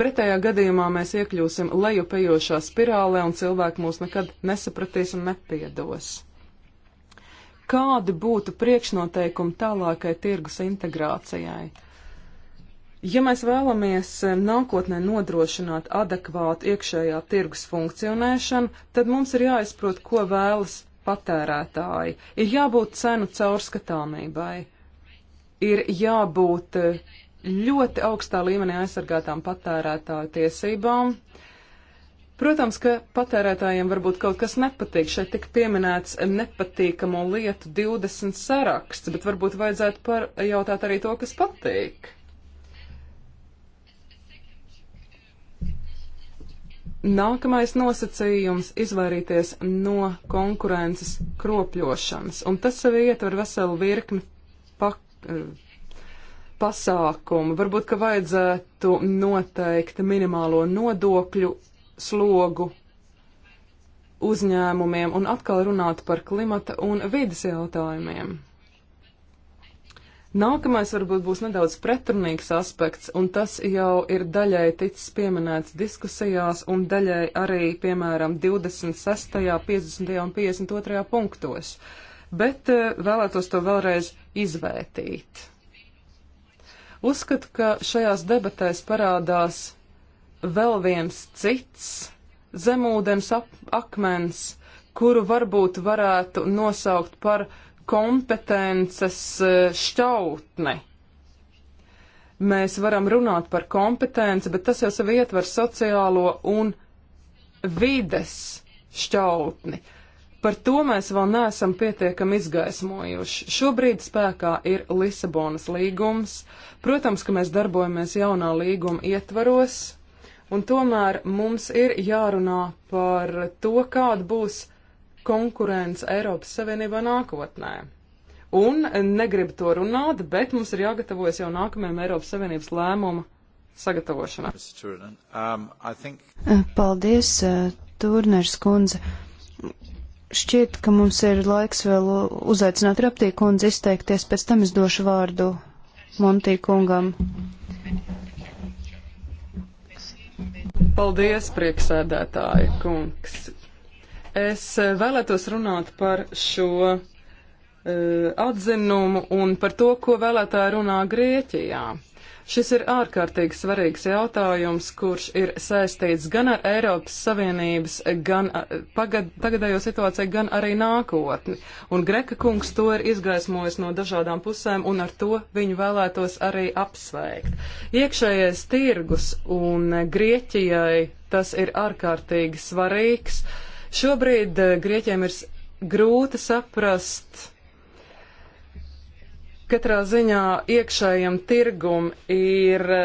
Pretējā gadījumā mēs iekļūsim lejupējošā spirālē un cilvēki mūs nekad nesapratīs un nepiedos kādi būtu priekšnoteikumi tālākai tirgus integrācijai? Ja mēs vēlamies eh, nākotnē nodrošināt adekvātu iekšējā tirgus funkcionēšanu, tad mums ir jāizprot, ko vēlas patērētāji. Ir jābūt cenu caurskatāmībai, ir jābūt eh, ļoti augstā līmenī aizsargātām patērētāju tiesībām, Protams, ka patērētājiem varbūt kaut kas nepatīk. Šeit tik pieminēts nepatīkamo lietu 20 saraksts, bet varbūt vajadzētu pajautāt arī to, kas patīk. Nākamais nosacījums - izvairīties no konkurences kropļošanas, un tas sev ietver veselu virkni pak pasākumu. Varbūt, ka vajadzētu noteikti minimālo nodokļu slogu uzņēmumiem un atkal runāt par klimata un vidas jautājumiem. Nākamais varbūt būs nedaudz pretrunīgs aspekts, un tas jau ir daļai ticis pieminēts diskusijās un daļai arī, piemēram, 26., 50. un 52. punktos, bet eh, vēlētos to vēlreiz izvērtīt. Uzskatu, ka šajās debatēs parādās vēl viens cits zemūdens ap, akmens, kuru varbūt varētu nosaukt par kompetences e, šķautni. Mēs varam runāt par kompetenci, bet tas jau sev ietver sociālo un vides šķautni. Par to mēs vēl neesam pietiekami izgaismojuši. Šobrīd spēkā ir Lisabonas līgums. Protams, ka mēs darbojamies jaunā līguma ietvaros, Un tomēr mums ir jārunā par to, kāda būs konkurence Eiropas Savienībā nākotnē. Un negribu to runāt, bet mums ir jāgatavojas jau nākamajam Eiropas Savienības lēmumu sagatavošanā. Um, uh, paldies, uh, Turners kundze. Šķiet, ka mums ir laiks vēl uzaicināt Raptī kundzi izteikties, pēc tam es došu vārdu Montī kungam. Paldies, prieksēdētāja kungs. Es eh, vēlētos runāt par šo uh, atzinumu un par to, ko vēlētāji runā Grieķijā. Šis ir ārkārtīgi svarīgs jautājums, kurš ir saistīts gan ar Eiropas Savienības, gan pagad, tagadējo situāciju, gan arī nākotni. Un Greka kungs to ir izgaismojis no dažādām pusēm, un ar to viņu vēlētos arī apsveikt. Iekšējais tirgus un Grieķijai tas ir ārkārtīgi svarīgs. Šobrīd eh, Grieķiem ir grūti saprast, Katrā ziņā iekšējam tirgum ir e,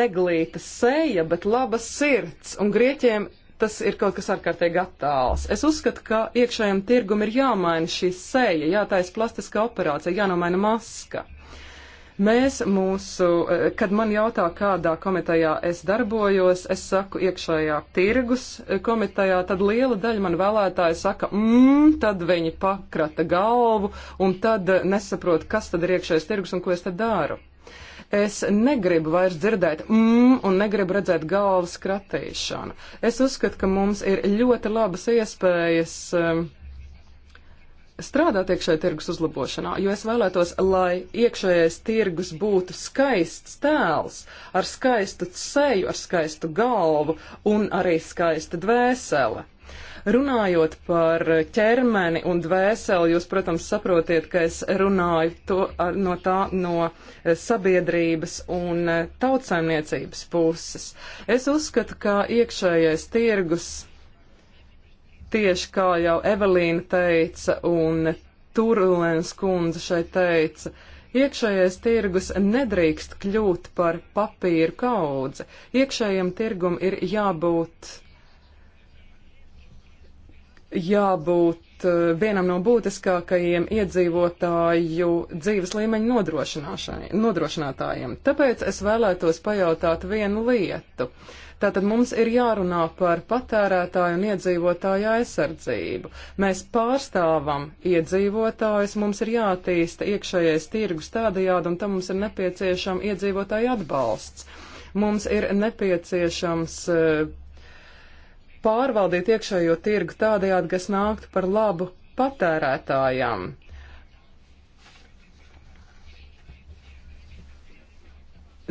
neglīta seja, bet laba sirds, un grieķiem tas ir kaut kas ārkārtīgi attāls. Es uzskatu, ka iekšējam tirgum ir jāmaina šī seja, jātais plastiskā operācija, jānomaina maska. Mēs mūsu, eh, kad man jautā, kādā komitejā es darbojos, es saku iekšējā tirgus eh, komitejā, tad liela daļa man vēlētāji saka, mmm, tad viņi pakrata galvu un tad eh, nesaprot, kas tad ir iekšējais tirgus un ko es tad daru. Es negribu vairs dzirdēt mmm un negribu redzēt galvas kratīšanu. Es uzskatu, ka mums ir ļoti labas iespējas. Um, strādāt iekšējā tirgus uzlabošanā, jo es vēlētos, lai iekšējais tirgus būtu skaists tēls, ar skaistu seju, ar skaistu galvu un arī skaista dvēsele. Runājot par ķermeni un dvēseli, jūs, protams, saprotiet, ka es runāju to, ar, no tā no sabiedrības un tautsaimniecības puses. Es uzskatu, ka iekšējais tirgus tieši kā jau Evelīna teica un Turlens kundze šeit teica, iekšējais tirgus nedrīkst kļūt par papīru kaudzi. Iekšējiem tirgum ir jābūt, jābūt eh, vienam no būtiskākajiem iedzīvotāju dzīves līmeņa nodrošinātājiem. Tāpēc es vēlētos pajautāt vienu lietu. Uh, Tātad mums ir jārunā par patērētāju un iedzīvotāju aizsardzību. Mēs pārstāvam iedzīvotājus, mums ir jātīsta iekšējais tirgus tādajādi, un tam mums ir nepieciešama iedzīvotāju atbalsts. Mums ir nepieciešams eh, pārvaldīt iekšējo tirgu tādajādi, kas nāktu par labu patērētājām.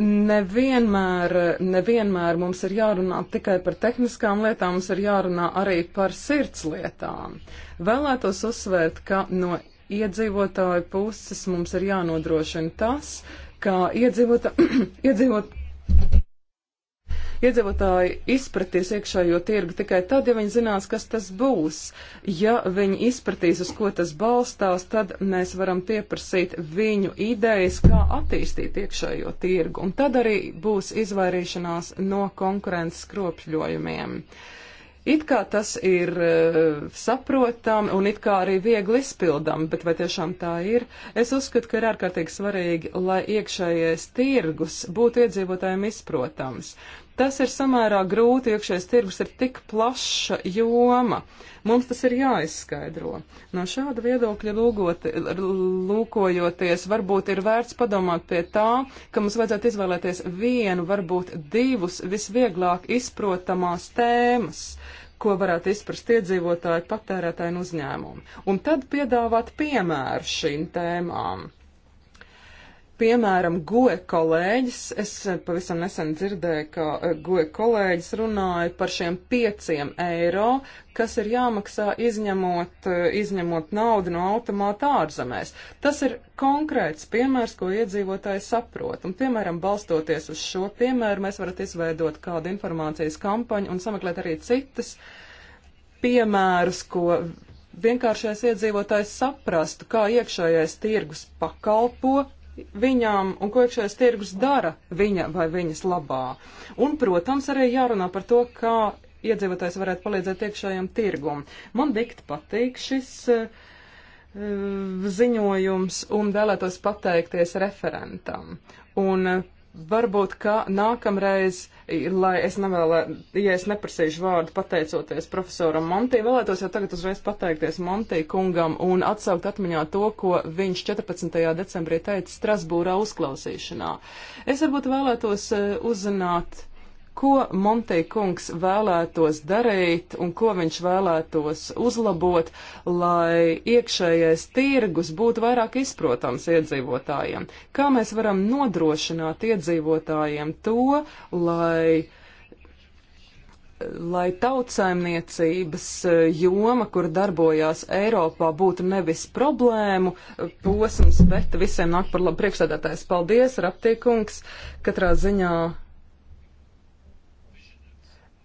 Nevienmēr, nevienmēr mums ir jārunā tikai par tehniskām lietām, mums ir jārunā arī par sirds lietām. Vēlētos uzsvērt, ka no iedzīvotāju puses mums ir jānodrošina tas, ka iedzīvota, iedzīvot, Iedzīvotāji izpratīs iekšējo tirgu tikai tad, ja viņi zinās, kas tas būs. Ja viņi izpratīs, uz ko tas balstās, tad mēs varam pieprasīt viņu idejas, kā attīstīt iekšējo tirgu. Un tad arī būs izvairīšanās no konkurences kropļojumiem. It kā tas ir uh, eh, saprotami un it kā arī viegli izpildami, bet vai tiešām tā ir? Es uzskatu, ka ir ārkārtīgi svarīgi, lai iekšējais tirgus būtu iedzīvotājiem izprotams. Tas ir samērā grūti, iekšējais tirgus ir tik plaša joma. Mums tas ir jāizskaidro. No šāda viedokļa lūgoti, lūkojoties, varbūt ir vērts padomāt pie tā, ka mums vajadzētu izvēlēties vienu, varbūt divus visvieglāk izprotamās tēmas ko varētu izprast iedzīvotāji, patērētāji un uzņēmumi, un tad piedāvāt piemēru šīm tēmām. Piemēram, goe kolēģis, es eh, pavisam nesen dzirdēju, ka eh, goe kolēģis runāja par šiem pieciem eiro, kas ir jāmaksā izņemot, eh, izņemot naudu no automāta ārzemēs. Tas ir konkrēts piemērs, ko iedzīvotāji saprot. Un, piemēram, balstoties uz šo piemēru, mēs varat izveidot kādu informācijas kampaņu un sameklēt arī citas piemērus, ko vienkāršais iedzīvotājs saprastu, kā iekšējais tirgus pakalpo viņām un ko iekšējais tirgus dara viņa vai viņas labā. Un, protams, arī jārunā par to, kā iedzīvotājs varētu palīdzēt iekšējiem tirgum. Man dikt patīk šis uh, ziņojums un vēlētos pateikties referentam. Un eh, varbūt, ka nākamreiz lai es nevēlē, ja es neprasīšu vārdu pateicoties profesoram Montī, vēlētos jau tagad uzreiz pateikties Montī kungam un atsaukt atmiņā to, ko viņš 14. decembrī teica Strasbūrā uzklausīšanā. Es varbūt vēlētos eh, uzzināt ko Montei kungs vēlētos darīt un ko viņš vēlētos uzlabot, lai iekšējais tirgus būtu vairāk izprotams iedzīvotājiem. Kā mēs varam nodrošināt iedzīvotājiem to, lai lai tautsājumniecības joma, kur darbojās Eiropā, būtu nevis problēmu posms, bet visiem nāk par labu priekšstādātājs. Paldies, Raptīkungs, katrā ziņā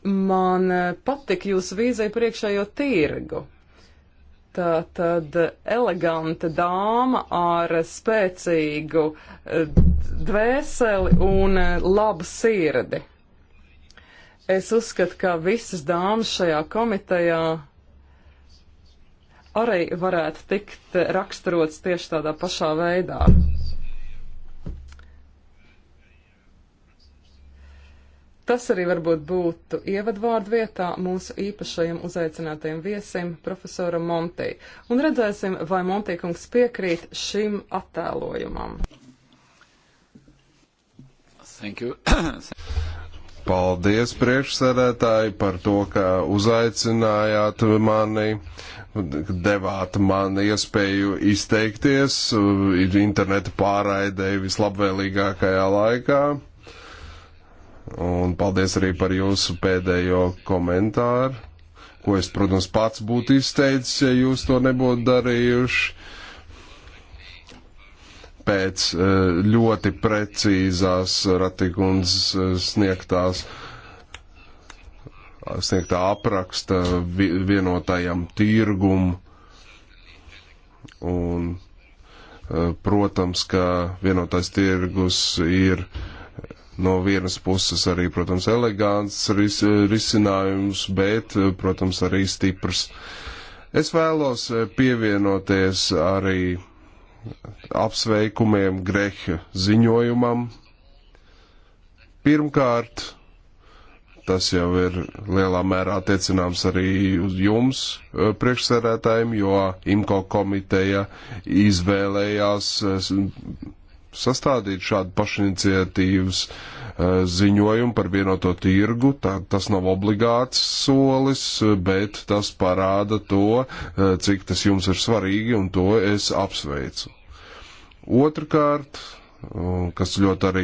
Man eh, patika jūsu vīzija par iekšējo tirgu. Tā tad eleganta dāma ar spēcīgu eh, dvēseli un eh, labu sirdi. Es uzskatu, ka visas dāmas šajā komitejā arī varētu tikt raksturots tieši tādā pašā veidā. Tas arī varbūt būtu ievadvārdu vietā mūsu īpašajam uzaicinātajam viesim, profesoram Montī. Un redzēsim, vai Montīkungs piekrīt šim attēlojumam. Thank you. Paldies priekšsēdētāji par to, ka uzaicinājāt mani, devāt man iespēju izteikties interneta pārraidē vislabvēlīgākajā laikā. Un paldies arī par jūsu pēdējo komentāru, ko es, protams, pats būtu izteicis, ja jūs to nebūtu darījuši. Pēc eh, ļoti precīzās Ratikundas eh, sniegtās eh, sniegtā apraksta vienotajam tirgum. Un, protams, ka vienotais tirgus ir uh, no vienas puses arī, protams, elegants ris, risinājums, bet, protams, arī stiprs. Es vēlos eh, pievienoties arī apsveikumiem Greha ziņojumam. Pirmkārt, tas jau ir lielā mērā attiecināms arī uz jums, eh, priekšsēdētājiem, jo IMCO komiteja izvēlējās eh, sastādīt šādu pašiniciatīvas eh, ziņojumu par vienoto tirgu. Tā, tas nav obligāts solis, bet tas parāda to, eh, cik tas jums ir svarīgi, un to es apsveicu. Otrakārt, kas ļoti arī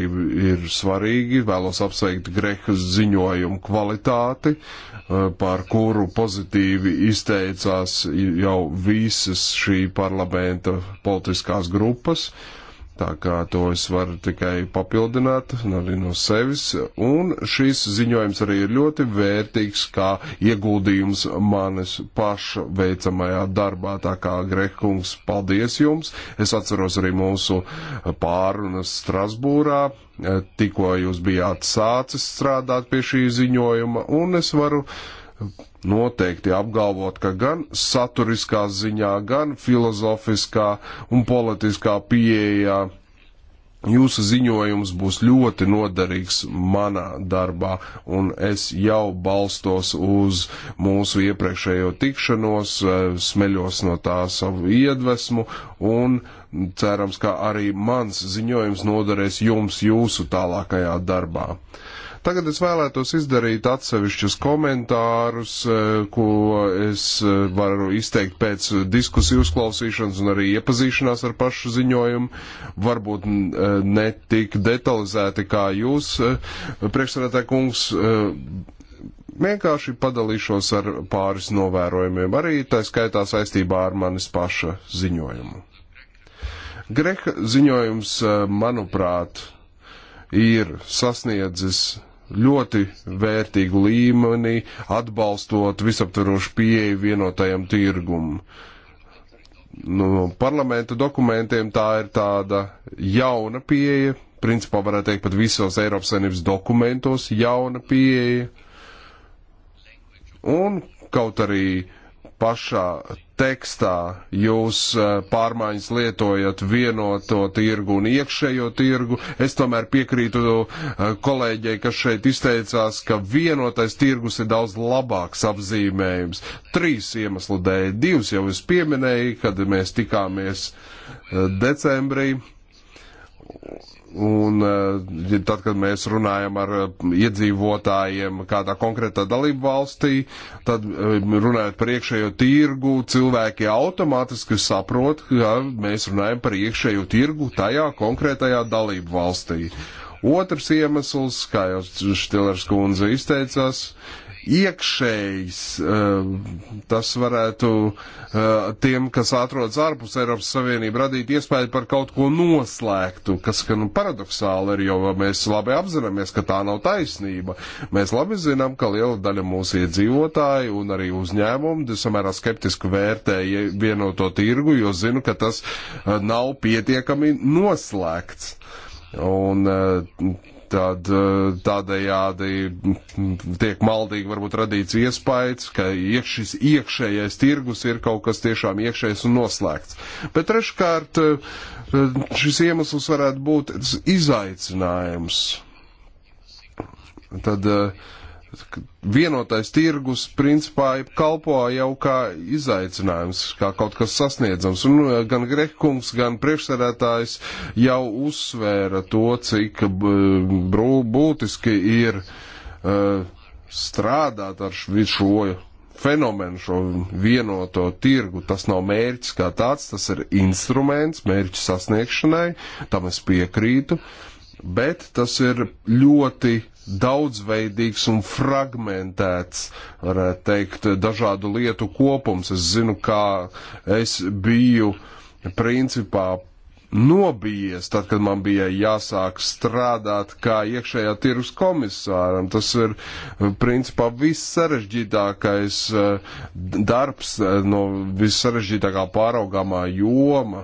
ir svarīgi. Vēlos apsveikt Grehas ziņojumu kvalitāti, eh, par kuru pozitīvi izteicās jau visas šī parlamenta politiskās grupas. Uh, Tā kā to es varu tikai papildināt arī no sevis. Un šis ziņojums arī ir ļoti vērtīgs kā ieguldījums manis paša veicamajā darbā. Tā kā Grehkungs, paldies jums! Es atceros arī mūsu pārunas Strasbūrā. Eh, tikko jūs bijāt sācis strādāt pie šī ziņojuma, un es varu noteikti apgalvot, ka gan saturiskā ziņā, gan filozofiskā un politiskā pieejā jūsu ziņojums būs ļoti noderīgs manā darbā, un es jau balstos uz mūsu iepriekšējo tikšanos, eh, smeļos no tā savu iedvesmu, un cerams, ka arī mans ziņojums noderēs jums jūsu tālākajā darbā. Tagad es vēlētos izdarīt atsevišķus komentārus, eh, ko es eh, varu izteikt pēc diskusiju uzklausīšanas un arī iepazīšanās ar pašu ziņojumu. Varbūt eh, ne tik detalizēti kā jūs, priekšsēdētāj kungs vienkārši padalīšos ar pāris novērojumiem, arī tā skaitā saistībā ar manis paša ziņojumu. Greha ziņojums, manuprāt, ir sasniedzis ļoti vērtīgu līmenī, atbalstot visaptverošu pieeju vienotajam tirgumam. Nu, parlamenta dokumentiem tā ir tāda jauna pieeja, principā varētu teikt pat visos Eiropas Savienības dokumentos jauna pieeja. Un kaut arī pašā tekstā jūs eh, pārmaiņas lietojat vienoto tirgu un iekšējo tirgu. Es tomēr piekrītu eh, kolēģei, kas šeit izteicās, ka vienotais tirgus ir daudz labāks apzīmējums. Trīs iemeslu dēļ. Divus jau es pieminēju, kad mēs tikāmies eh, decembrī. Un eh, tad, kad mēs runājam ar eh, iedzīvotājiem kādā konkrētā dalību valstī, tad eh, runājot par iekšējo tirgu, cilvēki automātiski saprot, ka mēs runājam par iekšējo tirgu tajā konkrētajā dalību valstī. Otrs iemesls, kā jau Štilers kundze izteicās, uh, iekšējs, um, tas varētu uh, tiem, kas atrodas ārpus Eiropas Savienību, radīt iespēju par kaut ko noslēgtu, kas gan nu, paradoxāli ir, jo mēs labi apzināmies, ka tā nav taisnība. Mēs labi zinām, ka liela daļa mūsu iedzīvotāji un arī uzņēmumi samērā skeptiski vērtēja vienoto tirgu, jo zinu, ka tas uh, nav pietiekami noslēgts. Un, uh, Tad eh, tādējādi tiek maldīgi varbūt radīts iespējas, ka iekš, šis iekšējais tirgus ir kaut kas tiešām iekšējs un noslēgts. Bet treškārt, eh, šis iemesls varētu būt izaicinājums. Tad uh, vienotais tirgus principā kalpo jau kā izaicinājums, kā kaut kas sasniedzams. Un nu, gan Grehkungs, gan priekšsēdētājs jau uzsvēra to, cik uh, būtiski ir uh, strādāt ar šo fenomenu, šo vienoto tirgu. Tas nav mērķis kā tāds, tas ir instruments mērķu sasniegšanai, tam es piekrītu, bet tas ir ļoti daudzveidīgs un fragmentēts, varētu teikt, dažādu lietu kopums. Es zinu, kā es biju principā nobijies, tad, kad man bija jāsāk strādāt kā iekšējā tirgus komisāram. Tas ir, principā, viss sarežģītākais eh, darbs eh, no vissarežģītākā pāraugamā joma.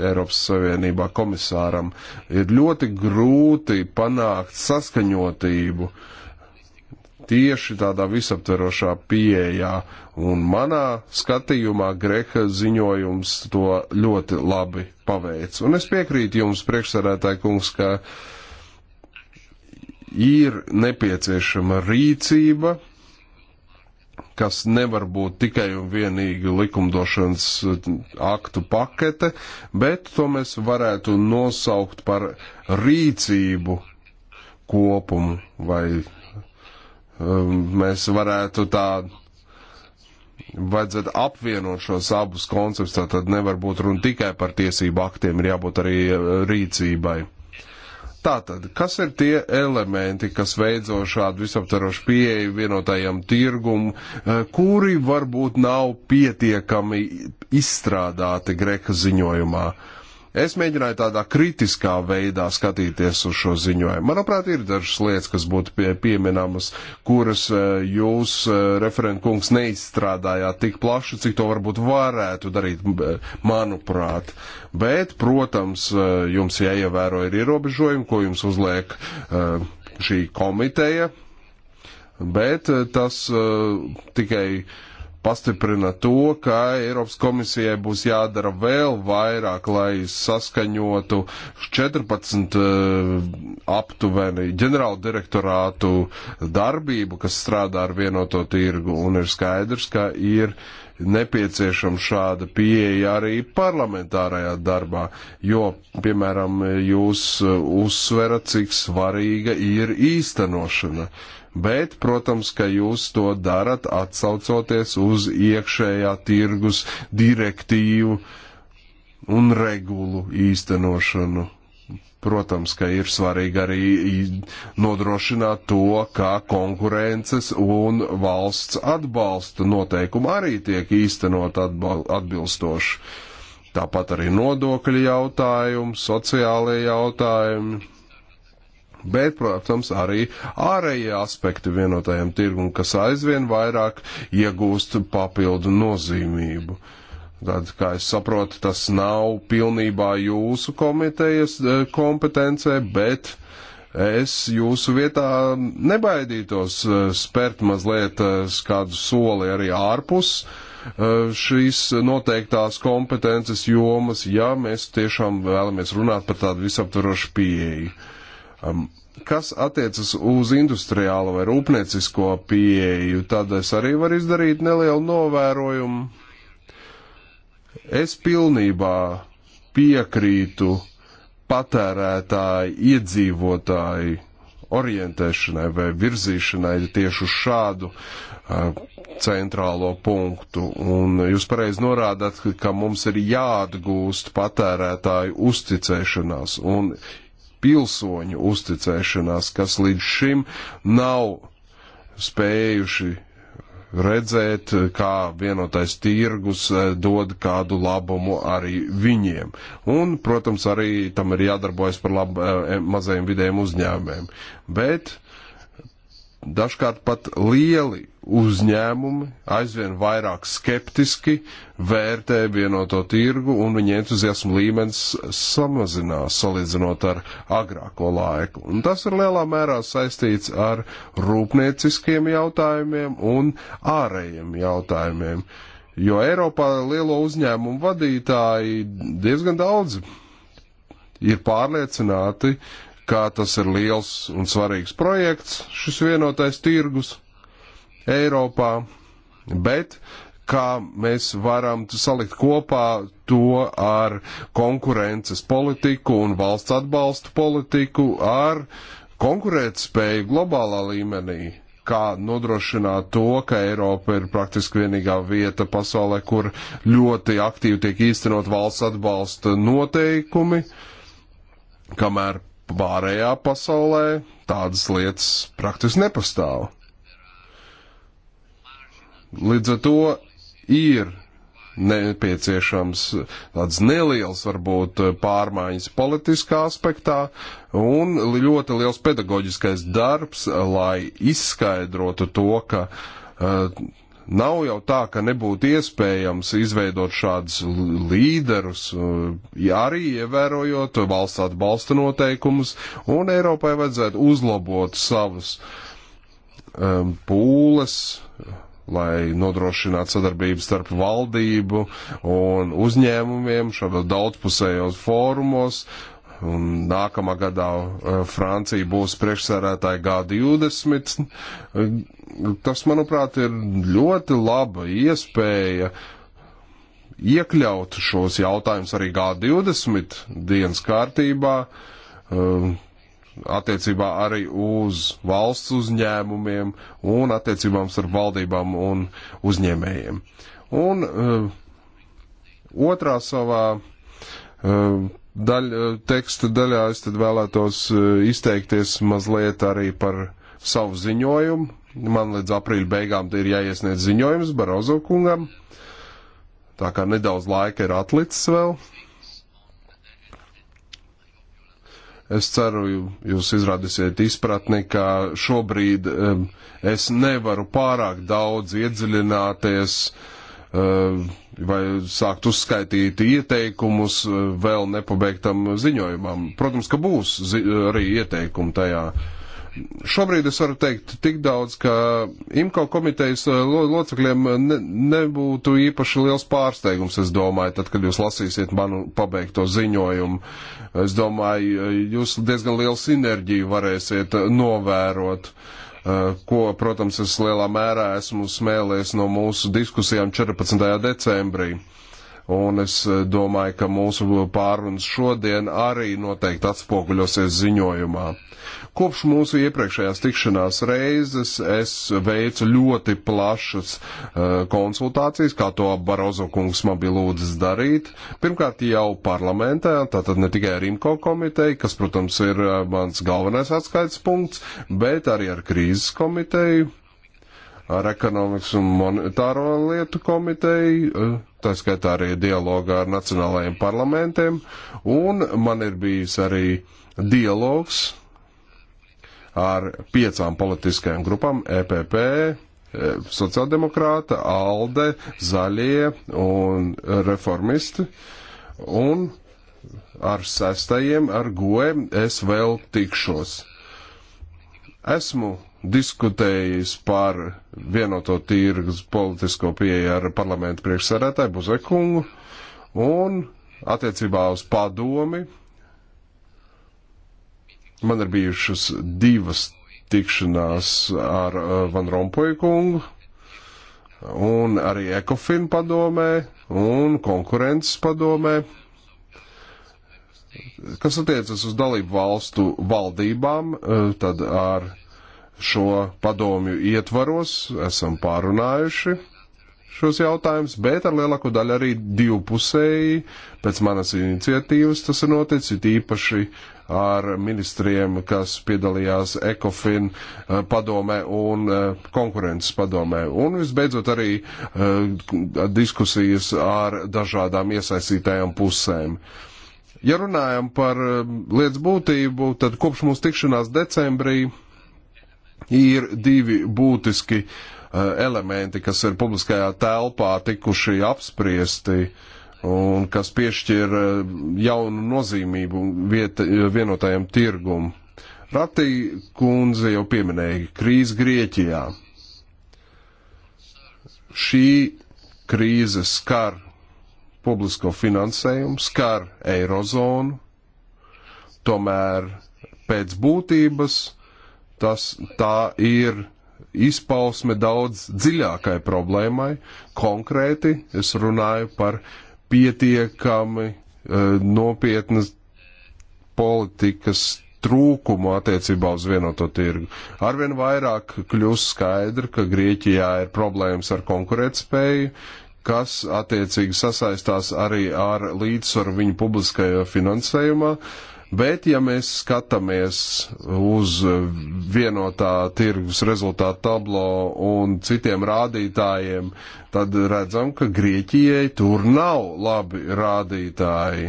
Eiropas Savienībā komisāram, ir ļoti grūti panākt saskaņotību tieši tādā visaptverošā pieejā, un manā skatījumā Greha ziņojums to ļoti labi paveic. Un es piekrītu jums, priekšsarētāji kungs, ka ir nepieciešama rīcība, kas nevar būt tikai un vienīgi likumdošanas eh, aktu pakete, bet to mēs varētu nosaukt par rīcību kopumu, vai um, mēs varētu tā vajadzētu apvienot šos abus konceptus, tad nevar būt runa tikai par tiesību aktiem, ir jābūt arī eh, rīcībai. Tātad, kas ir tie elementi, kas veido šādu visaptvarošu pieeju vienotajam tirgumu, eh, kuri varbūt nav pietiekami izstrādāti Greka ziņojumā? Uh, Es mēģināju tādā kritiskā veidā skatīties uz šo ziņojumu. Manuprāt, ir dažas lietas, kas būtu pie, pieminamas, kuras eh, jūs, eh, referentkungs, neizstrādājāt tik plaši, cik to varbūt varētu darīt, eh, manuprāt. Bet, protams, jums jāievēro ir ierobežojumi, ko jums uzliek šī komiteja, bet tas tikai pastiprina to, ka Eiropas komisijai būs jādara vēl vairāk, lai saskaņotu 14 eh, aptuveni ģenerālu direktorātu darbību, kas strādā ar vienoto tirgu, un ir skaidrs, ka ir uh, nepieciešama šāda pieeja arī parlamentārajā darbā, jo, piemēram, jūs uh, uzsverat, cik svarīga ir īstenošana. Bet, protams, ka jūs to darat atsaucoties uz iekšējā tirgus direktīvu un regulu īstenošanu Protams, ka ir svarīgi arī nodrošināt to, ka konkurences un valsts atbalsta noteikumi arī tiek īstenot atbilstoši. Tāpat arī nodokļu jautājumi, sociālajie jautājumi, bet, protams, arī ārējie aspekti vienotajam tirgum, kas aizvien vairāk iegūst papildu nozīmību. Uh, Tad, kā es saprotu, tas nav pilnībā jūsu komitejas eh, kompetencē, bet es jūsu vietā nebaidītos eh, spērt mazliet eh, kādu soli arī ārpus šīs noteiktās kompetences jomas, ja mēs tiešām vēlamies runāt par tādu visaptvarošu pieeju. Kas attiecas uz industriālo vai rūpniecisko pieeju, tad es arī varu izdarīt nelielu novērojumu Es pilnībā piekrītu patērētāji, iedzīvotāji orientēšanai vai virzīšanai tieši uz šādu uh, centrālo punktu. Un jūs pareizi norādāt, ka mums ir jāatgūst patērētāju uzticēšanās un pilsoņu uzticēšanās, kas līdz šim nav spējuši redzēt, kā vienotais tirgus eh, dod kādu labumu arī viņiem. Un, protams, arī tam ir jādarbojas par labu eh, mazajiem vidējiem uzņēmumiem. Bet dažkārt pat lieli uzņēmumi aizvien vairāk skeptiski vērtē vienoto tirgu un viņa entuziasma līmenis samazinās salīdzinot ar agrāko laiku. Un tas ir lielā mērā saistīts ar rūpnieciskiem jautājumiem un ārējiem jautājumiem, jo Eiropā lielo uzņēmumu vadītāji diezgan daudz ir pārliecināti, kā tas ir liels un svarīgs projekts, šis vienotais tirgus Eiropā, bet kā mēs varam salikt kopā to ar konkurences politiku un valsts atbalstu politiku, ar konkurētspēju globālā līmenī, kā nodrošināt to, ka Eiropa ir praktiski vienīgā vieta pasaulē, kur ļoti aktīvi tiek īstenot valsts atbalsta noteikumi, kamēr pārējā pasaulē tādas lietas praktiski nepastāv. Līdz ar to ir nepieciešams tāds neliels, varbūt, pārmaiņas politiskā aspektā un ļoti liels pedagoģiskais darbs, lai izskaidrotu to, ka uh, nav jau tā, ka nebūtu iespējams izveidot šādus līderus, ja eh, arī ievērojot valsts atbalsta noteikumus, un Eiropai vajadzētu uzlabot savus um, eh, pūles, lai nodrošinātu sadarbību starp valdību un uzņēmumiem šādos daudzpusējos fórumos. Un nākamā gadā eh, Francija būs priekšsērētāja G20. Eh, tas, manuprāt, ir ļoti laba iespēja iekļaut šos jautājumus arī G20 dienas kārtībā. Uh, attiecībā arī uz valsts uzņēmumiem un attiecībām starp valdībām un uzņēmējiem. Un uh, otrā savā uh, daļ, teksta daļā es tad vēlētos uh, izteikties mazliet arī par savu ziņojumu. Man līdz aprīļa beigām ir jāiesniedz ziņojums Barozo kungam, tā kā nedaudz laika ir atlicis vēl. Es ceru, jūs izrādīsiet izpratni, ka šobrīd um, es nevaru pārāk daudz iedziļināties um, vai sākt uzskaitīt ieteikumus vēl nepabeigtam ziņojumam. Protams, ka būs zi arī ieteikumi tajā. Uh, Šobrīd es varu teikt tik daudz, ka IMCO komitejas eh, locekļiem ne, nebūtu īpaši liels pārsteigums, es domāju, tad, kad jūs lasīsiet manu pabeigto ziņojumu. Es domāju, jūs diezgan lielu sinerģiju varēsiet eh, novērot eh, ko, protams, es lielā mērā esmu smēlējis no mūsu diskusijām 14. decembrī. Un es domāju, ka mūsu pārunas šodien arī noteikti atspoguļosies ziņojumā. Kopš mūsu iepriekšējās tikšanās reizes es veicu ļoti plašas eh, konsultācijas, kā to Barozo kungs man bija lūdzis darīt. Pirmkārt jau parlamentā, tātad ne tikai ar IMCO komiteju, kas, protams, ir eh, mans galvenais atskaits punkts, bet arī ar krīzes komiteju ar ekonomikas un monetāro lietu komiteju, eh, tā skaitā arī dialogā ar nacionālajiem parlamentiem, un man ir bijis arī dialogs ar piecām politiskajām grupām - EPP, e, sociāldemokrāta, ALDE, zaļie un reformisti. Un ar sestajiem, ar goem es vēl tikšos. Esmu diskutējis par vienoto tīrgus politisko pieeju ar parlamentu priekšsarētāju Buzekungu un attiecībā uz padomi Man ir bijušas divas tikšanās ar uh, Van Rompuy kungu un arī Ekofin padomē un konkurences padomē. Kas attiecas uz dalību valstu valdībām, uh, tad ar šo padomju ietvaros esam pārunājuši šos jautājumus, bet ar lielāko daļu arī divpusēji pēc manas iniciatīvas tas ir noticis īpaši ar ministriem, kas piedalījās ECOFIN eh, padomē un eh, konkurences padomē. Un visbeidzot arī eh, diskusijas ar dažādām iesaistītajām pusēm. Ja runājam par lietas būtību, tad kopš mūsu tikšanās decembrī ir divi būtiski elementi, kas ir publiskajā telpā tikuši apspriesti uh, un kas piešķir eh, jaunu nozīmību vieta, eh, vienotajam tirgum. Ratī kundze jau pieminēja krīzi Grieķijā. Šī krīze skar publisko finansējumu, skar eirozonu, tomēr pēc būtības tas tā ir izpausme daudz dziļākai problēmai. Konkrēti es runāju par pietiekami eh, nopietnas politikas trūkumu attiecībā uz vienoto tirgu. Arvien vairāk kļūst skaidra, ka Grieķijā ir problēmas ar konkurētspēju, kas attiecīgi sasaistās arī ar līdzsvaru viņu publiskajā finansējumā. Uh, Bet, ja mēs skatāmies uz vienotā tirgus rezultātu tablo un citiem rādītājiem, tad redzam, ka Grieķijai tur nav labi rādītāji.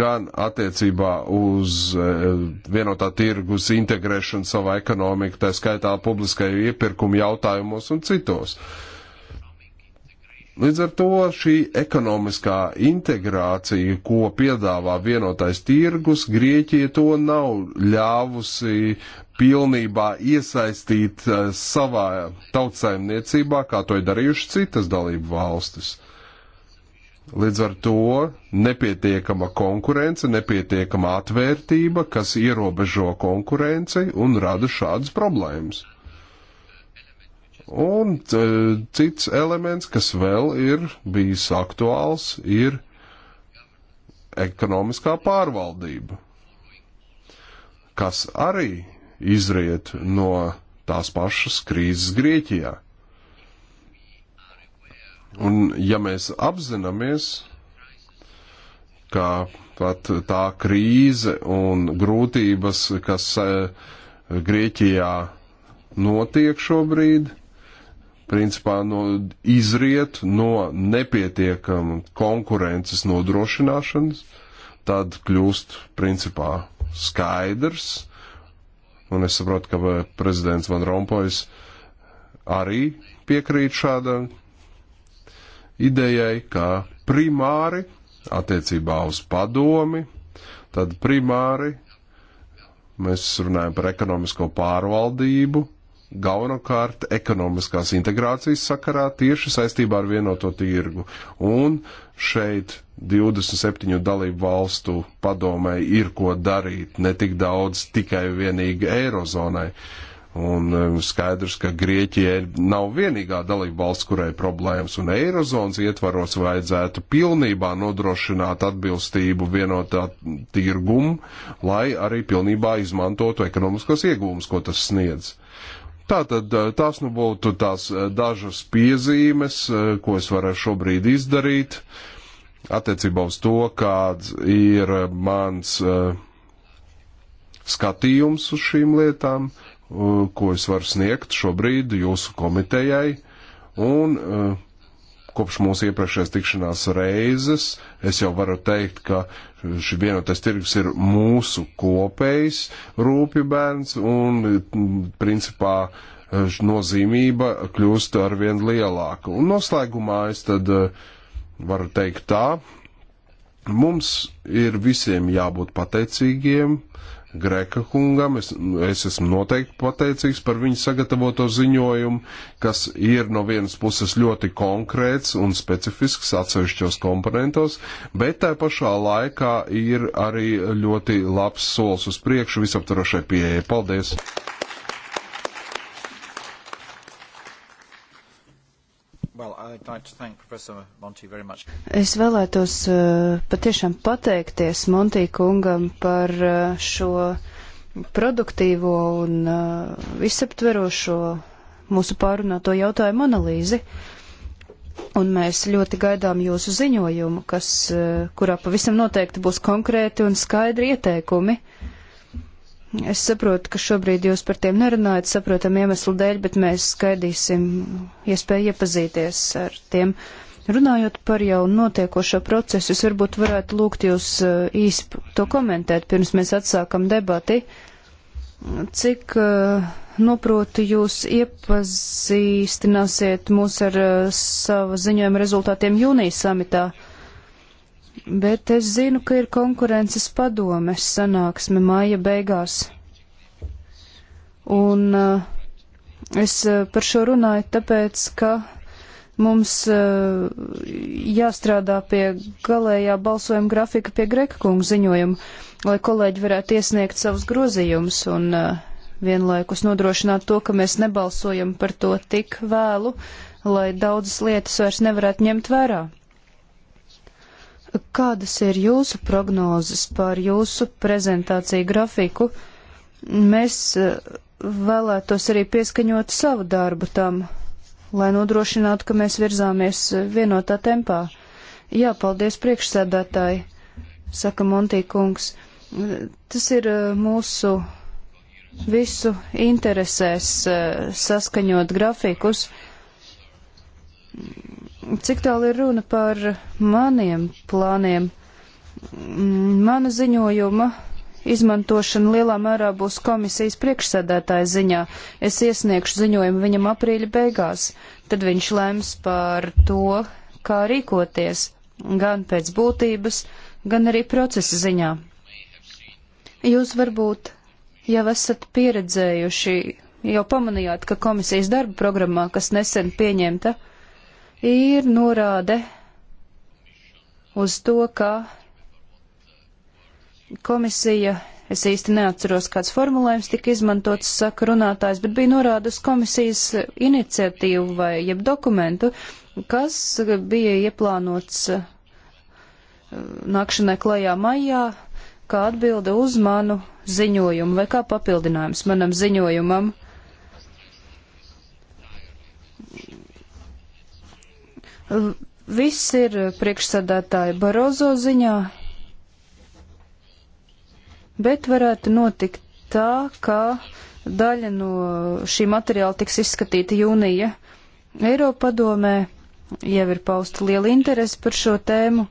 Gan attiecībā uz e, vienotā tirgus integrēšanu savā ekonomikā, tā skaitā publiskajā iepirkuma jautājumos un citos. Uh, Līdz ar to šī ekonomiskā integrācija, ko piedāvā vienotais tirgus, Grieķija to nav ļāvusi pilnībā iesaistīt eh, savā tautsaimniecībā, kā to ir darījuši citas dalību valstis. Līdz ar to nepietiekama konkurence, nepietiekama atvērtība, kas ierobežo konkurenci un rada šādas problēmas. Un e, cits elements, kas vēl ir bijis aktuāls, ir ekonomiskā pārvaldība, kas arī izriet no tās pašas krīzes Grieķijā. Un ja mēs apzināmies, ka pat tā krīze un grūtības, kas e, Grieķijā notiek šobrīd, principā no, izriet no nepietiekama konkurences nodrošināšanas, tad kļūst principā skaidrs, un es saprotu, ka eh, prezidents Van Rompojas arī piekrīt šādam idejai, ka primāri attiecībā uz padomi, tad primāri mēs runājam par ekonomisko pārvaldību, galvenokārt ekonomiskās integrācijas sakarā tieši saistībā ar vienoto tirgu. Un šeit 27 dalību valstu padomē ir ko darīt, ne tik daudz tikai vienīgi Eirozonai. Un um, skaidrs, ka Grieķija nav vienīgā dalība valsts, kurai problēmas, un Eirozonas ietvaros vajadzētu pilnībā nodrošināt atbilstību vienotā tirgumu, lai arī pilnībā izmantotu ekonomiskos iegūmus, ko tas sniedz. Tātad tās nu būtu tās dažas piezīmes, ko es varu šobrīd izdarīt attiecībā uz to, kāds ir mans skatījums uz šīm lietām, ko es varu sniegt šobrīd jūsu komitejai. Un kopš mūsu iepriekšējās tikšanās reizes es jau varu teikt, ka šī vienotais tirgus ir mūsu kopējs rūpju bērns un principā nozīmība kļūst arvien lielāka. Un noslēgumā es tad eh, varu teikt tā, mums ir visiem jābūt pateicīgiem Greka kungam. Es, es esmu noteikti pateicīgs par viņu sagatavoto ziņojumu, kas ir no vienas puses ļoti konkrēts un specifisks atsevišķos komponentos, bet tā pašā laikā ir arī ļoti labs solis uz priekšu visaptvarošai pieeja. Paldies! Well, like es vēlētos uh, patiešām pateikties Montī kungam par uh, šo produktīvo un uh, visaptverošo mūsu pārunāto jautājumu analīzi. Un mēs ļoti gaidām jūsu ziņojumu, kas, kurā pavisam noteikti būs konkrēti un skaidri ieteikumi. Uh, Es saprotu, ka šobrīd jūs par tiem nerunājat, saprotam iemeslu dēļ, bet mēs skaidīsim iespēju iepazīties ar tiem. Runājot par jau notiekošo procesu, es varbūt varētu lūgt jūs eh, īsi to komentēt, pirms mēs atsākam debati. Cik eh, noprotu jūs iepazīstināsiet mūs ar eh, sava ziņojuma rezultātiem jūnijas samitā? bet es zinu, ka ir konkurences padomes sanāksme māja beigās. Un uh, es eh, par šo runāju tāpēc, ka mums uh, jāstrādā pie galējā balsojuma grafika pie Greka kungu ziņojuma, lai kolēģi varētu iesniegt savus grozījumus un uh, vienlaikus nodrošināt to, ka mēs nebalsojam par to tik vēlu, lai daudzas lietas vairs nevarētu ņemt vērā. Kādas ir jūsu prognozes par jūsu prezentāciju grafiku? Mēs eh, vēlētos arī pieskaņot savu darbu tam, lai nodrošinātu, ka mēs virzāmies vienotā tempā. Jā, paldies priekšsēdētāji, saka Montī kungs. Tas ir eh, mūsu visu interesēs eh, saskaņot grafikus cik tālu ir runa par maniem plāniem, mana ziņojuma izmantošana lielā mērā būs komisijas priekšsēdētāja ziņā. Es iesniegšu ziņojumu viņam aprīļa beigās, tad viņš lems par to, kā rīkoties, gan pēc būtības, gan arī procesa ziņā. Jūs varbūt jau esat pieredzējuši, jau pamanījāt, ka komisijas darba programmā, kas nesen pieņemta, uh, ir norāde uz to, ka komisija, es īsti neatceros, kāds formulējums tika izmantots, saka runātājs, bet bija norāda uz komisijas iniciatīvu vai jeb dokumentu, kas bija ieplānots eh, nākšanai klajā maijā, kā atbilde uz manu ziņojumu vai kā papildinājums manam ziņojumam. Viss ir priekšsādātāja Barozo ziņā, bet varētu notikt tā, ka daļa no šī materiāla tiks izskatīta jūnija Eiropadomē, jau ir pausta liela interese par šo tēmu,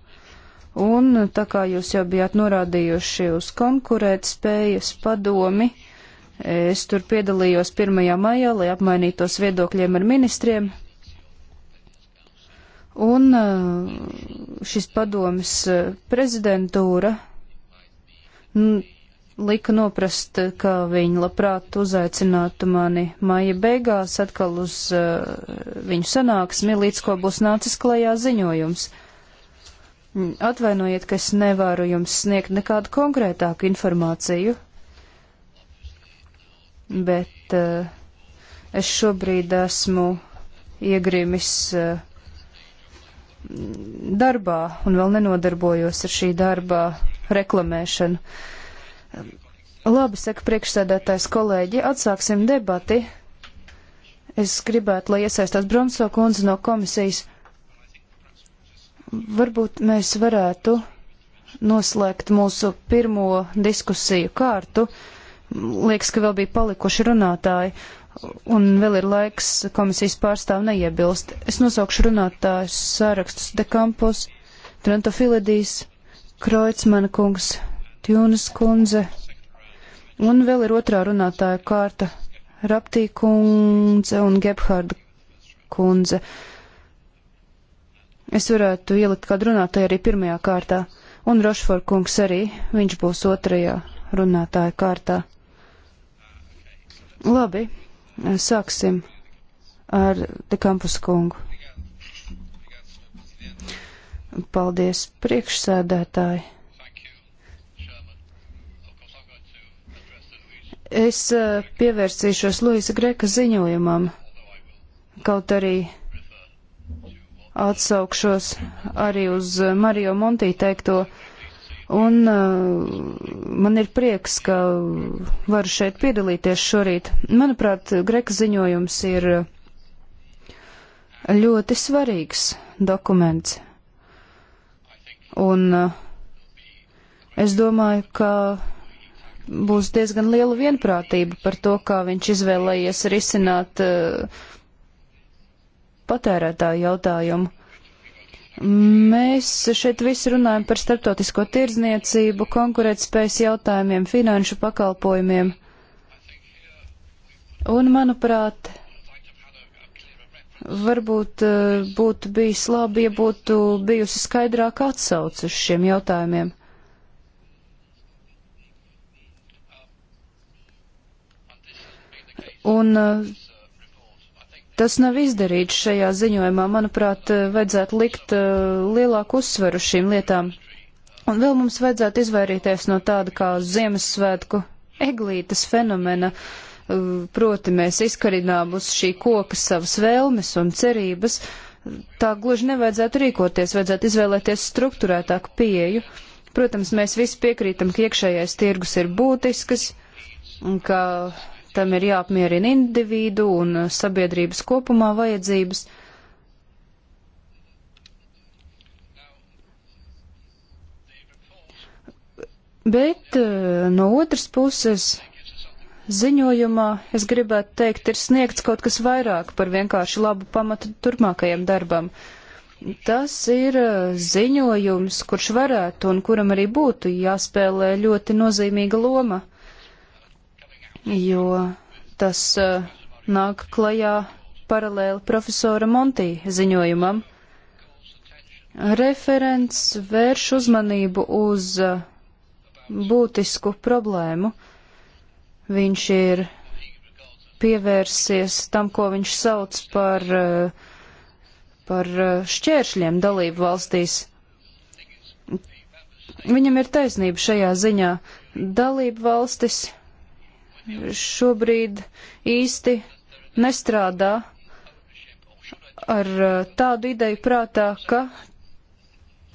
un tā kā jūs jau bijāt norādījuši uz konkurēt spējas padomi, es tur piedalījos 1. maijā, lai apmainītos viedokļiem ar ministriem. Un eh, šis padomis eh, prezidentūra lika noprast, eh, ka viņi labprāt uzaicinātu mani maija beigās atkal uz viņu sanāksmi, līdz ko būs nācis klajā ziņojums. Mm, atvainojiet, ka es nevaru jums sniegt nekādu konkrētāku informāciju, bet es šobrīd esmu iegrimis uh, darbā un vēl nenodarbojos ar šī darba reklamēšanu. Labi, saka priekšsēdētājs kolēģi, atsāksim debati. Es gribētu, lai iesaistās Bromso kundze no komisijas. Varbūt mēs varētu noslēgt mūsu pirmo diskusiju kārtu. Liekas, ka vēl bija palikuši runātāji un vēl ir laiks komisijas pārstāv neiebilst. Es nosaukšu runātājus sārakstus Dekampus, Trento Filidīs, Kroicmana kungs, Tjūnas kundze, un vēl ir otrā runātāja kārta Raptī kundze un Gebhārda kundze. Es varētu ielikt kādu runātāju arī pirmajā kārtā, un Rošfor kungs arī, viņš būs otrajā runātāja kārtā. Labi. Sāksim ar Dekampus kungu. Paldies, priekšsēdētāji. es uh, pievērsīšos Luisa Greka ziņojumam, kaut arī atsaukšos arī uz uh, Mario Monti teikto, Un uh, man ir prieks, ka varu šeit piedalīties šorīt. Manuprāt, Greka ziņojums ir ļoti svarīgs dokuments. Un uh, es domāju, ka būs diezgan liela vienprātība par to, kā viņš izvēlējies risināt uh, patērētāju jautājumu. Mēs šeit visi runājam par starptautisko tirdzniecību, konkurētspējas jautājumiem, finanšu pakalpojumiem. Un, manuprāt, varbūt eh, būtu bijis labi, ja būtu bijusi skaidrāka atsauce uz šiem jautājumiem. Un eh, Tas nav izdarīts šajā ziņojumā. Manuprāt, eh, vajadzētu likt eh, lielāku uzsveru šīm lietām. Un vēl mums vajadzētu izvairīties no tāda kā Ziemassvētku eglītes fenomena. Eh, proti mēs izkarinām uz šī koka savas vēlmes un cerības. Tā gluži nevajadzētu rīkoties, vajadzētu izvēlēties struktūrētāku pieeju. Protams, mēs visi piekrītam, ka iekšējais tirgus ir būtisks un ka tam ir jāapmierina individu un sabiedrības kopumā vajadzības. Bet eh, no otras puses ziņojumā, es gribētu teikt, ir sniegts kaut kas vairāk par vienkārši labu pamatu turpmākajam darbam. Tas ir eh, ziņojums, kurš varētu un kuram arī būtu jāspēlē ļoti nozīmīga loma jo tas uh, nāk klajā paralēli profesora Montī ziņojumam. Referents vērš uzmanību uz uh, būtisku problēmu. Viņš ir pievērsies tam, ko viņš sauc par, eh, par šķēršļiem dalību valstīs. Viņam ir taisnība šajā ziņā. Dalību valstis šobrīd īsti nestrādā ar uh, tādu ideju prātā, ka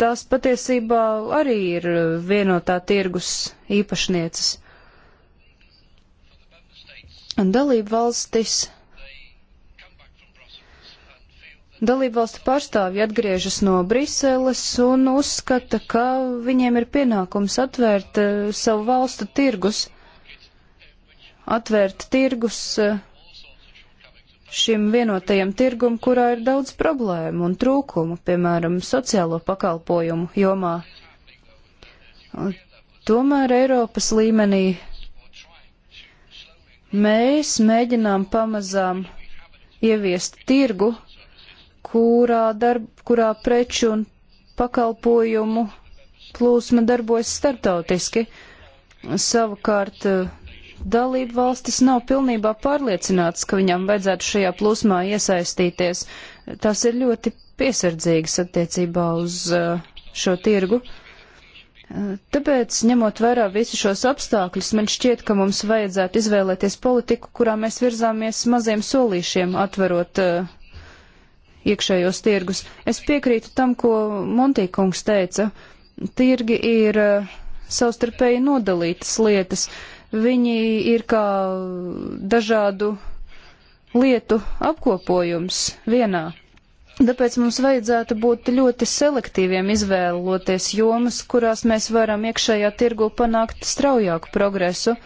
tās patiesībā arī ir vienotā tirgus īpašnieces. Un dalību valstis. Dalību valstu pārstāvji atgriežas no Briseles un uzskata, ka viņiem ir pienākums atvērt uh, savu valstu tirgus atvērt tirgus eh, šim vienotajam tirgum, kurā ir daudz problēmu un trūkumu, piemēram, sociālo pakalpojumu jomā. Un tomēr Eiropas līmenī mēs mēģinām pamazām ieviest tirgu, kurā, darb, kurā preču un pakalpojumu plūsma darbojas startautiski. Savukārt eh, Dalību valstis nav pilnībā pārliecinātas, ka viņām vajadzētu šajā plūsmā iesaistīties. Tās ir ļoti piesardzīgas attiecībā uz eh, šo tirgu. Eh, tāpēc, ņemot vērā visus šos apstākļus, man šķiet, ka mums vajadzētu izvēlēties politiku, kurā mēs virzāmies maziem solīšiem, atverot uh, iekšējos tirgus. Es piekrītu tam, ko Montīkungs teica. Tirgi ir uh, savstarpēji nodalītas lietas. Viņi ir kā dažādu lietu apkopojums vienā. Tāpēc mums vajadzētu būt ļoti selektīviem izvēloties jomas, kurās mēs varam iekšējā tirgu panākt straujāku progresu,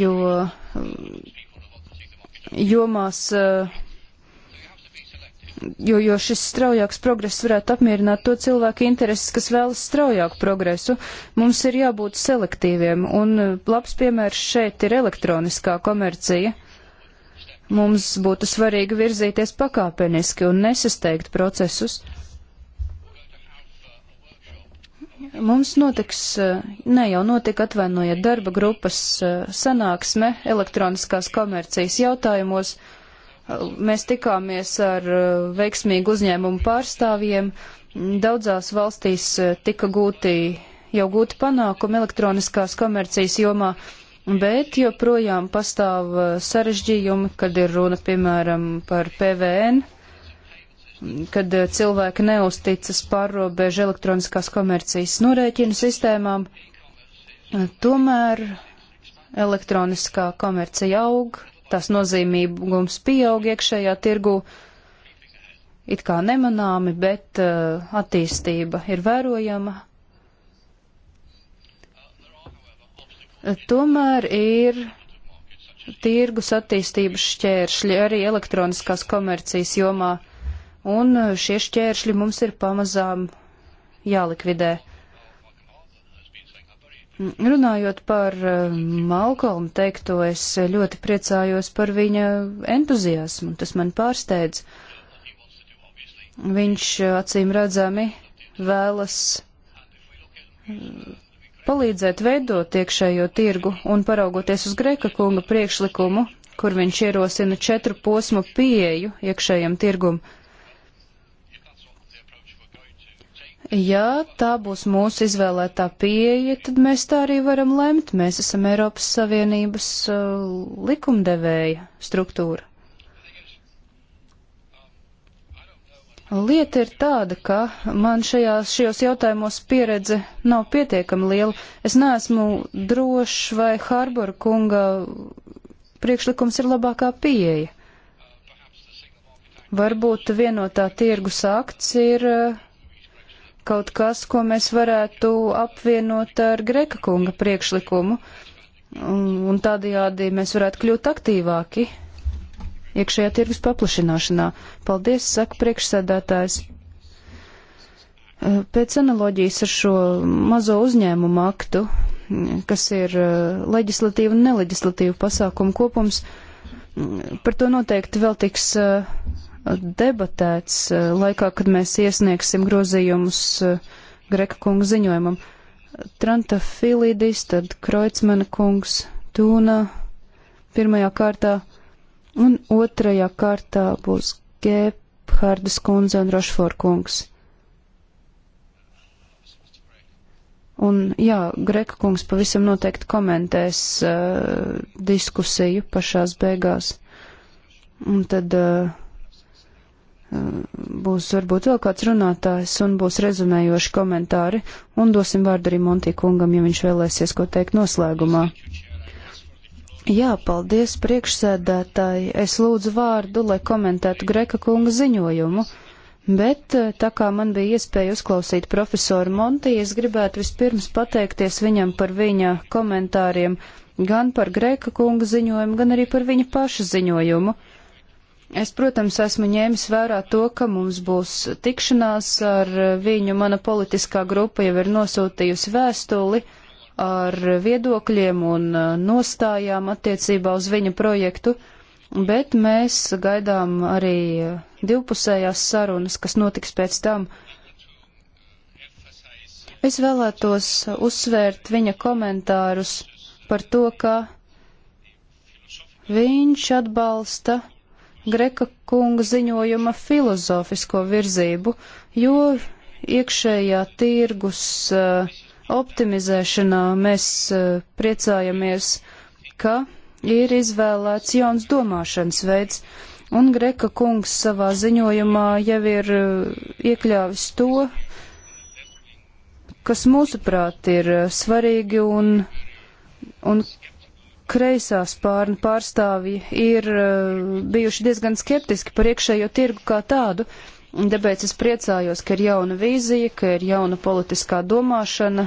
jo mm, jomās uh, jo, jo šis straujāks progress varētu apmierināt to cilvēku intereses, kas vēlas straujāku progresu. Mums ir jābūt selektīviem, un eh, labs piemērs šeit ir elektroniskā komercija. Mums būtu svarīgi virzīties pakāpeniski un nesasteigt procesus. Mums notiks, eh, ne jau notika atvainojiet darba grupas eh, sanāksme elektroniskās komercijas jautājumos. Mēs tikāmies ar uh, veiksmīgu uzņēmumu pārstāvjiem. Daudzās valstīs uh, tika gūti jau gūti panākumi elektroniskās komercijas jomā, bet joprojām pastāv uh, sarežģījumi, kad ir runa, piemēram, par PVN, kad cilvēki neusticas pārrobežu elektroniskās komercijas norēķinu sistēmām. Tomēr elektroniskā komercija aug, tās nozīmīgums pieaug iekšējā tirgu, it kā nemanāmi, bet uh, attīstība ir vērojama. Tomēr ir tirgus attīstības šķēršļi arī elektroniskās komercijas jomā, un šie šķēršļi mums ir pamazām jālikvidē. Runājot par eh, Malkolmu teikto, es ļoti priecājos par viņa entuziasmu, tas man pārsteidz. Viņš eh, acīm redzami vēlas eh, palīdzēt veidot iekšējo tirgu un paraugoties uz Greka kunga priekšlikumu, kur viņš ierosina četru posmu pieeju iekšējam tirgumam Ja tā būs mūsu izvēlētā pieeja, tad mēs tā arī varam lemt. Mēs esam Eiropas Savienības uh, likumdevēja struktūra. Lieta ir tāda, ka man šajās, šajos jautājumos pieredze nav pietiekami liela. Es neesmu drošs, vai Harbora kunga priekšlikums ir labākā pieeja. Varbūt vienotā tirgus akts ir uh, kaut kas, ko mēs varētu apvienot ar Greka kunga priekšlikumu, un, un tādajādi mēs varētu kļūt aktīvāki iekšējā tirgus paplašināšanā. Paldies, saka priekšsēdētājs. Eh, pēc analoģijas ar šo mazo uzņēmumu aktu, kas ir eh, leģislatīva un neleģislatīva pasākuma kopums, mm, par to noteikti vēl tiks eh, debatēts eh, laikā, kad mēs iesniegsim grozījumus eh, Greka kunga ziņojumam. Tranta Filidis, tad Kreutzmana kungs, Tūna pirmajā kārtā un otrajā kārtā būs Gebhardas kundze un Rošfor kungs. Un, jā, Greka kungs pavisam noteikti komentēs uh, diskusiju pašās beigās. Un tad uh, būs varbūt vēl kāds runātājs un būs rezumējoši komentāri, un dosim vārdu arī Montī kungam, ja viņš vēlēsies ko teikt noslēgumā. Jā, paldies priekšsēdētāji. Es lūdzu vārdu, lai komentētu Greka kunga ziņojumu, bet eh, tā kā man bija iespēja uzklausīt profesoru Montī, es gribētu vispirms pateikties viņam par viņa komentāriem gan par Greka kunga ziņojumu, gan arī par viņa paša ziņojumu. Es, protams, esmu ņēmis vērā to, ka mums būs tikšanās ar viņu. Mana politiskā grupa jau ir nosūtījusi vēstuli ar viedokļiem un uh, nostājām attiecībā uz viņa projektu, bet mēs gaidām arī uh, divpusējās sarunas, kas notiks pēc tam. Es vēlētos uzsvērt viņa komentārus par to, ka viņš atbalsta Greka kunga ziņojuma filozofisko virzību, jo iekšējā tirgus uh, optimizēšanā mēs uh, priecājamies, ka ir izvēlēts jauns domāšanas veids, un Greka kungs savā ziņojumā jau ir uh, iekļāvis to, kas mūsuprāt ir svarīgi un, un kreisā spārna pārstāvji ir eh, bijuši diezgan skeptiski par iekšējo tirgu kā tādu, un tāpēc es priecājos, ka ir jauna vīzija, ka ir jauna politiskā domāšana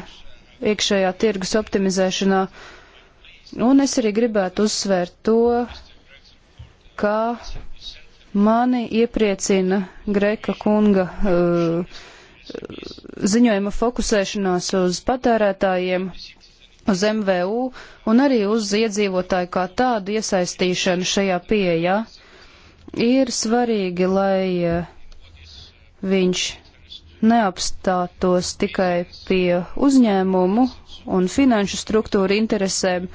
iekšējā tirgus optimizēšanā, un es arī gribētu uzsvērt to, kā mani iepriecina Greka kunga uh, ziņojuma fokusēšanās uz patērētājiem uz MVU un arī uz iedzīvotāju kā tādu iesaistīšanu šajā pieejā. Ir svarīgi, lai eh, viņš neapstātos tikai pie uzņēmumu un finanšu struktūra interesēm,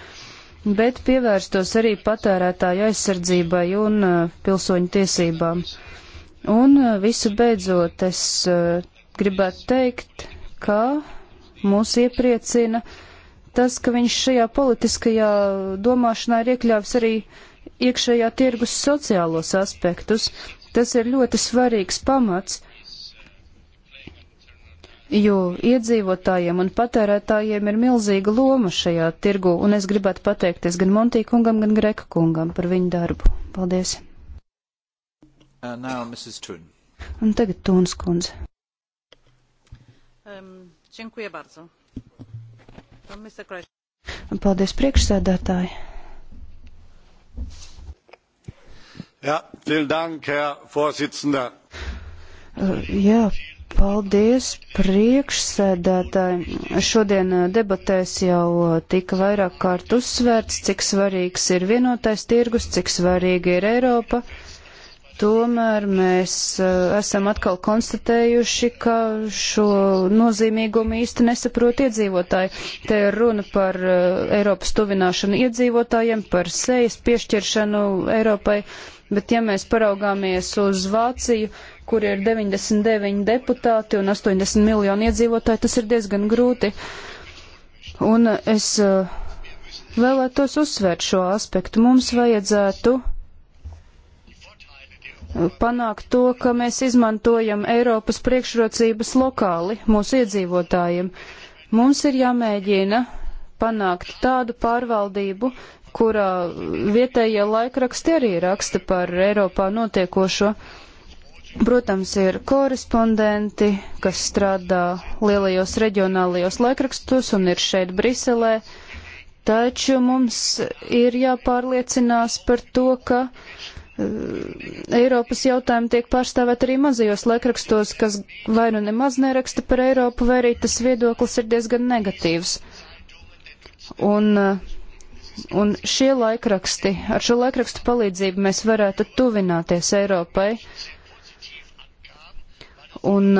bet pievērstos arī patērētāju aizsardzībai un eh, pilsoņu tiesībām. Un eh, visu beidzot es gribētu teikt, ka mūs iepriecina uh, tas, ka viņš šajā politiskajā domāšanā ir iekļāvis arī iekšējā tirgus sociālos aspektus. Tas ir ļoti svarīgs pamats, jo iedzīvotājiem un patērētājiem ir milzīga loma šajā tirgu, un es gribētu pateikties gan Montī kungam, gan Greka kungam par viņu darbu. Paldies! Uh, now, un tagad Tūns kundze. Um, dziękuję bardzo. Paldies, priekšsēdētāji. Jā, dank, uh, Jā, Paldies, priekšsēdētāji. Šodien uh, debatēs jau uh, tika vairāk kārt uzsvērts, cik svarīgs ir vienotais tirgus, cik svarīga ir Eiropa. Tomēr mēs eh, esam atkal konstatējuši, ka šo nozīmīgumu īsti nesaprot iedzīvotāji. Te ir runa par eh, Eiropas tuvināšanu iedzīvotājiem, par sejas piešķiršanu Eiropai, bet ja mēs paraugāmies uz Vāciju, kur ir 99 deputāti un 80 miljoni iedzīvotāji, tas ir diezgan grūti. Un es eh, vēlētos uzsvērt šo aspektu. Mums vajadzētu panākt to, ka mēs izmantojam Eiropas priekšrocības lokāli mūsu iedzīvotājiem. Mums ir jāmēģina panākt tādu pārvaldību, kurā vietējie laikraksti arī raksta par Eiropā notiekošo. Protams, ir korespondenti, kas strādā lielajos reģionālajos laikrakstos un ir šeit Briselē, taču mums ir jāpārliecinās par to, ka uh, Eiropas jautājumi tiek pārstāvēt arī mazajos laikrakstos, kas vai nu nemaz neraksta par Eiropu, vai arī tas viedoklis ir diezgan negatīvs. Un, un šie laikraksti, ar šo laikrakstu palīdzību mēs varētu tuvināties Eiropai. Un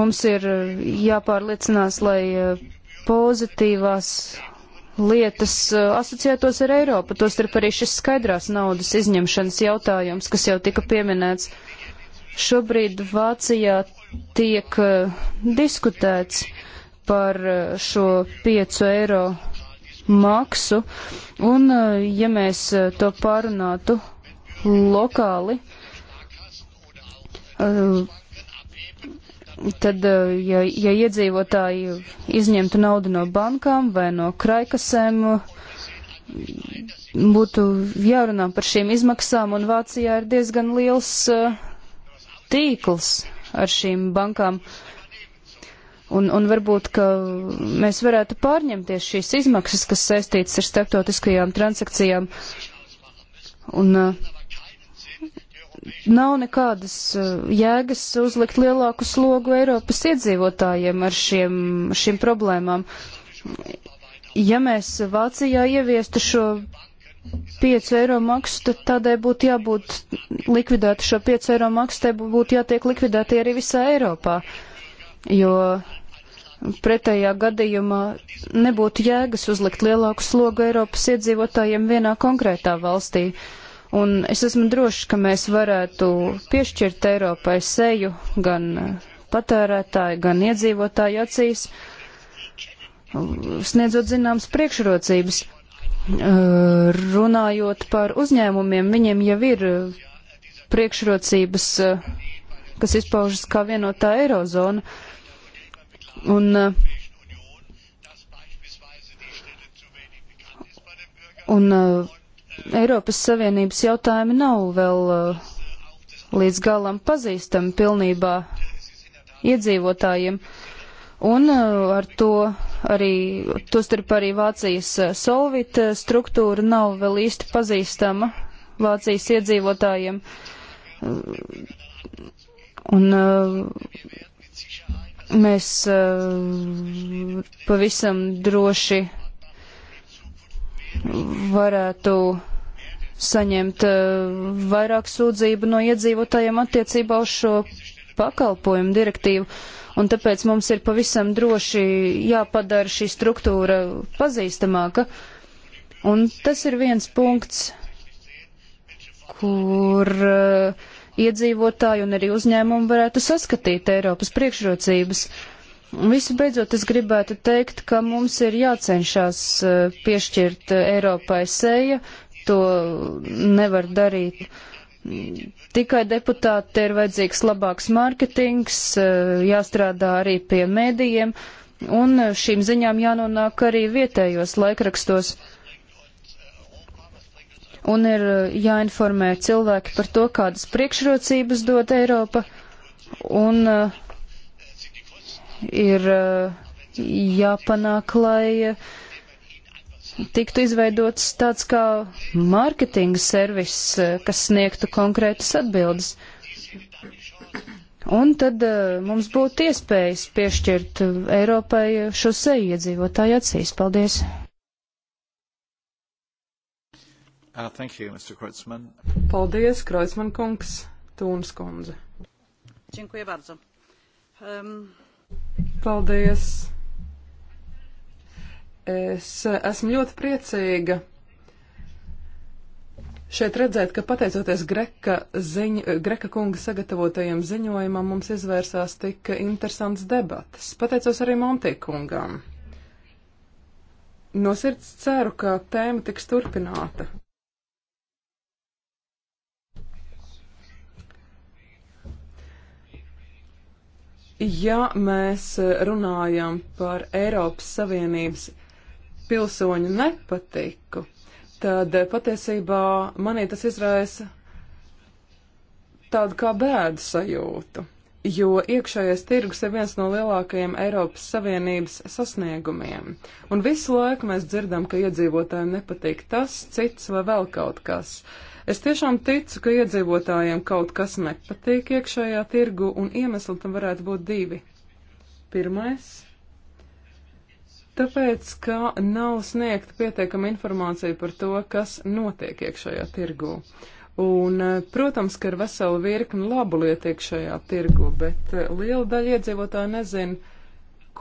mums ir jāpārliecinās, lai eh, pozitīvās lietas eh, asociētos ar Eiropu, tostarp arī šis skaidrās naudas izņemšanas jautājums, kas jau tika pieminēts. Šobrīd Vācijā tiek eh, diskutēts par eh, šo 5 eiro maksu, un ja mēs to pārunātu lokāli, tad, eh, ja, ja iedzīvotāji izņemtu naudu no bankām vai no kraikasēm, eh, būtu jārunā par šīm izmaksām, un Vācijā ir diezgan liels eh, tīkls ar šīm bankām. Un, un varbūt, ka mēs varētu pārņemties šīs izmaksas, kas saistītas ar starptautiskajām transakcijām. Un uh, nav nekādas eh, jēgas uzlikt lielāku slogu Eiropas iedzīvotājiem ar šiem, šiem problēmām. Ja mēs Vācijā ieviestu šo 5 eiro maksu, tad tādai būtu jābūt likvidēta šo 5 eiro maksu, tai būtu jātiek likvidēta arī visā Eiropā, jo pretējā gadījumā nebūtu jēgas uzlikt lielāku slogu Eiropas iedzīvotājiem vienā konkrētā valstī. Uh, Un es esmu drošs, ka mēs varētu piešķirt Eiropai seju gan patērētāju, gan iedzīvotāju acīs, sniedzot zināmas priekšrocības. Eh, runājot par uzņēmumiem, viņiem jau ir priekšrocības, eh, kas izpaužas kā vienotā eirozona. Un, eh, un Eiropas Savienības jautājumi nav vēl uh, līdz galam pazīstami pilnībā iedzīvotājiem. Un uh, ar to arī, tostarp arī Vācijas uh, solvit struktūra nav vēl īsti pazīstama Vācijas iedzīvotājiem. Un mēs pavisam droši varētu saņemt eh, vairāk sūdzību no iedzīvotājiem attiecībā uz šo pakalpojumu direktīvu, un tāpēc mums ir pavisam droši jāpadara šī struktūra pazīstamāka. Un tas ir viens punkts, kur uh, iedzīvotāji un arī uzņēmumi varētu saskatīt Eiropas priekšrocības. Uh, Visu beidzot, es gribētu teikt, ka mums ir jācenšas eh, piešķirt eh, Eiropai seja, to nevar darīt. Mm, tikai deputāti ir vajadzīgs labāks mārketings, eh, jāstrādā arī pie mēdījiem, un šīm ziņām jānonāk arī vietējos laikrakstos. Un ir jāinformē cilvēki par to, kādas priekšrocības dod Eiropa, un uh, ir uh, jāpanāk, lai uh, tiktu izveidots tāds kā mārketinga servis, uh, kas sniegtu konkrētas atbildes. Un tad mums būtu iespējas piešķirt Eiropai šo seju iedzīvotāju acīs. Paldies! Uh, thank you, Mr. Kreutzmann. Paldies, Kreutzmann kungs, Tūns kundze. Dziękuję bardzo. Um, Paldies! Es esmu ļoti priecīga šeit redzēt, ka pateicoties Greka, ziņ, Greka kunga sagatavotajam ziņojumam mums izvērsās tik interesants debatas. Pateicos arī Montie kungam. No sirds ceru, ka tēma tiks turpināta. Ja mēs e, runājam par Eiropas Savienības pilsoņu nepatiku, tad e, patiesībā manī tas izraisa tādu kā bēdu sajūtu, jo iekšējais tirgus ir viens no lielākajiem Eiropas Savienības sasniegumiem, un visu laiku mēs dzirdam, ka iedzīvotājiem nepatīk tas, cits vai vēl kaut kas. Uh, Es tiešām ticu, ka iedzīvotājiem kaut kas nepatīk iekšējā tirgu, un iemesli tam varētu būt divi. Pirmais - tāpēc, ka nav sniegta pietiekama informācija par to, kas notiek iekšējā tirgu. Un, eh, protams, ka ir vesela virkni labu lietu iekšējā tirgu, bet eh, liela daļa iedzīvotāju nezina,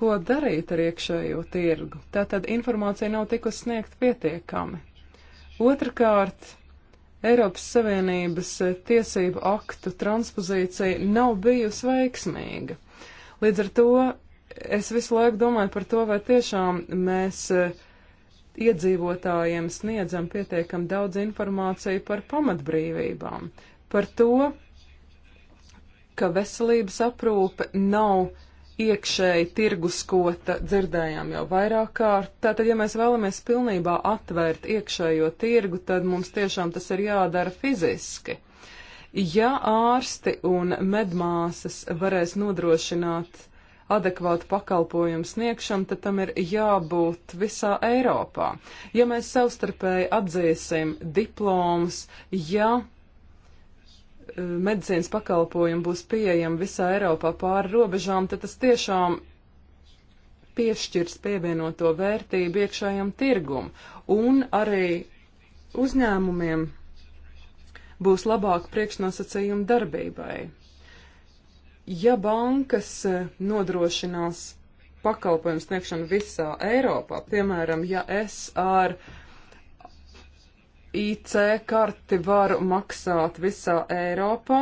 ko darīt ar iekšējo tirgu. Tātad informācija nav tikusi sniegta pietiekami. Otrakārt, Eiropas Savienības e, tiesību aktu transpozīcija nav bijusi veiksmīga. Līdz ar to es visu laiku domāju par to, vai tiešām mēs e, iedzīvotājiem sniedzam pietiekam daudz informāciju par pamatbrīvībām, par to, ka veselības aprūpe nav iekšēji tirgus, ko dzirdējām jau vairāk kārt. Tātad, ja mēs vēlamies pilnībā atvērt iekšējo tirgu, tad mums tiešām tas ir jādara fiziski. Ja ārsti un medmāsas varēs nodrošināt adekvātu pakalpojumu sniegšanu, tad tam ir jābūt visā Eiropā. Ja mēs savstarpēji atzīsim diplomus, ja medicīnas pakalpojumi būs pieejami visā Eiropā pāri robežām, tad tas tiešām piešķirs pievienoto vērtību iekšējam tirgum un arī uzņēmumiem būs labāka priekšnosacījuma darbībai. Ja bankas e, nodrošinās pakalpojumu sniegšanu visā Eiropā, piemēram, ja es ar uh, IC karti varu maksāt visā Eiropā.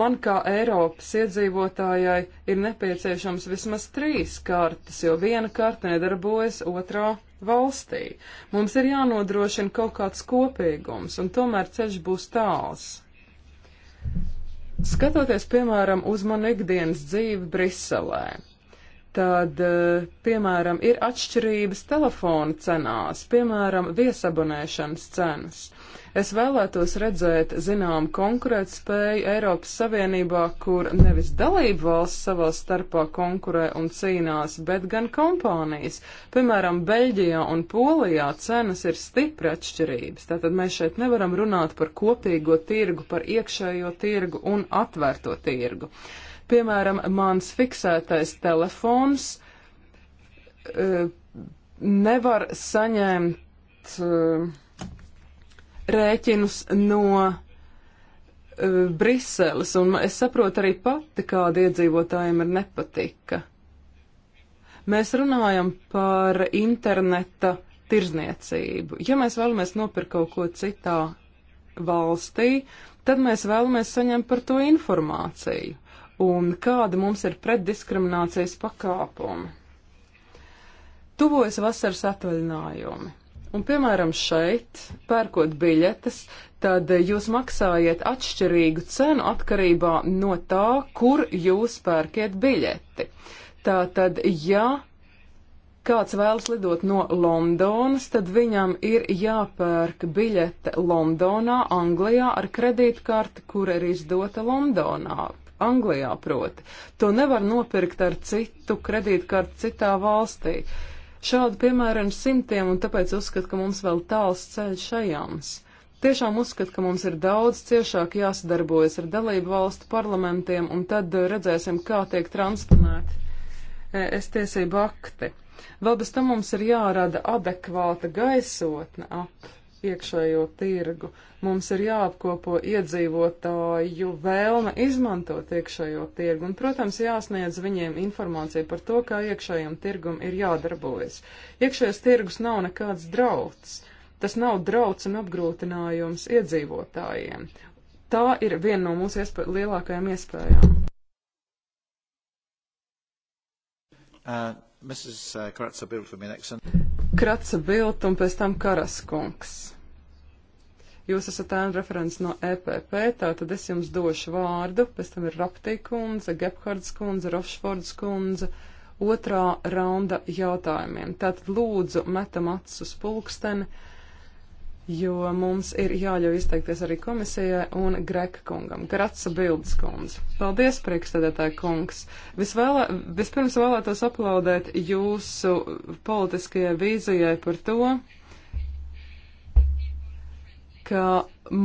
Man kā Eiropas iedzīvotājai ir nepieciešams vismaz trīs kartes, jo viena karte nedarbojas otrā valstī. Mums ir jānodrošina kaut kāds kopīgums, un tomēr ceļš būs tāls. Skatoties, piemēram, uz manu ikdienas dzīvi Briselē, tad, eh, piemēram, ir atšķirības telefona cenās, piemēram, viesabonēšanas cenas. Es vēlētos redzēt zinām konkurētspēju Eiropas Savienībā, kur nevis dalību valsts savā starpā konkurē un cīnās, bet gan kompānijas. Piemēram, Beļģijā un Polijā cenas ir stipri atšķirības, tātad mēs šeit nevaram runāt par kopīgo tirgu, par iekšējo tirgu un atvērto tirgu. Piemēram, mans fiksētais telefons e, nevar saņemt e, rēķinus no e, Briseles, un es saprotu arī pati, kāda iedzīvotājiem ir nepatika. Mēs runājam par interneta tirzniecību. Ja mēs vēlamies nopirkt kaut ko citā valstī, tad mēs vēlamies saņemt par to informāciju un kāda mums ir pretdiskriminācijas pakāpuma. Tuvojas vasaras atvaļinājumi. Un, piemēram, šeit, pērkot biļetes, tad jūs maksājiet atšķirīgu cenu atkarībā no tā, kur jūs pērkiet biļeti. Tātad, ja kāds vēlas lidot no Londonas, tad viņam ir jāpērk biļete Londonā, Anglijā ar kredītkarti, kura ir izdota Londonā. Anglijā proti. To nevar nopirkt ar citu kredītkarti citā valstī. Šādu piemēru ir simtiem, un tāpēc uzskatu, ka mums vēl tāls ceļš ejams. Tiešām uzskatu, ka mums ir daudz ciešāk jāsadarbojas ar dalību valstu parlamentiem, un tad uh, redzēsim, kā tiek transponēti uh, es tiesību akti. Vēl bez tam mums ir jārada adekvāta gaisotne ap iekšējo tirgu. Mums ir jāapkopo iedzīvotāju vēlme izmantot iekšējo tirgu un, protams, jāsniedz viņiem informācija par to, kā iekšējam tirgum ir jādarbojas. Iekšējais tirgus nav nekāds drauds. Tas nav drauds un apgrūtinājums iedzīvotājiem. Tā ir viena no mūsu iespē lielākajām iespējām. Uh. Mrs. Uh, Kratsa Bilt for me next. Kratsa Bilt un pēc tam Karaskungs. Jūs esat ēnu referents no EPP, tātad es jums došu vārdu, pēc tam ir Raptī kundze, Gebhards kundze, Rošfords kundze, otrā raunda jautājumiem. Tātad lūdzu metam acis uz pulksteni jo mums ir jāļauj izteikties arī komisijai un Greka kungam. Gratsa Bildes kundz. Paldies, priekšstādētāji kungs. Visvēlē, vispirms vēlētos aplaudēt jūsu politiskajai vīzijai par to, ka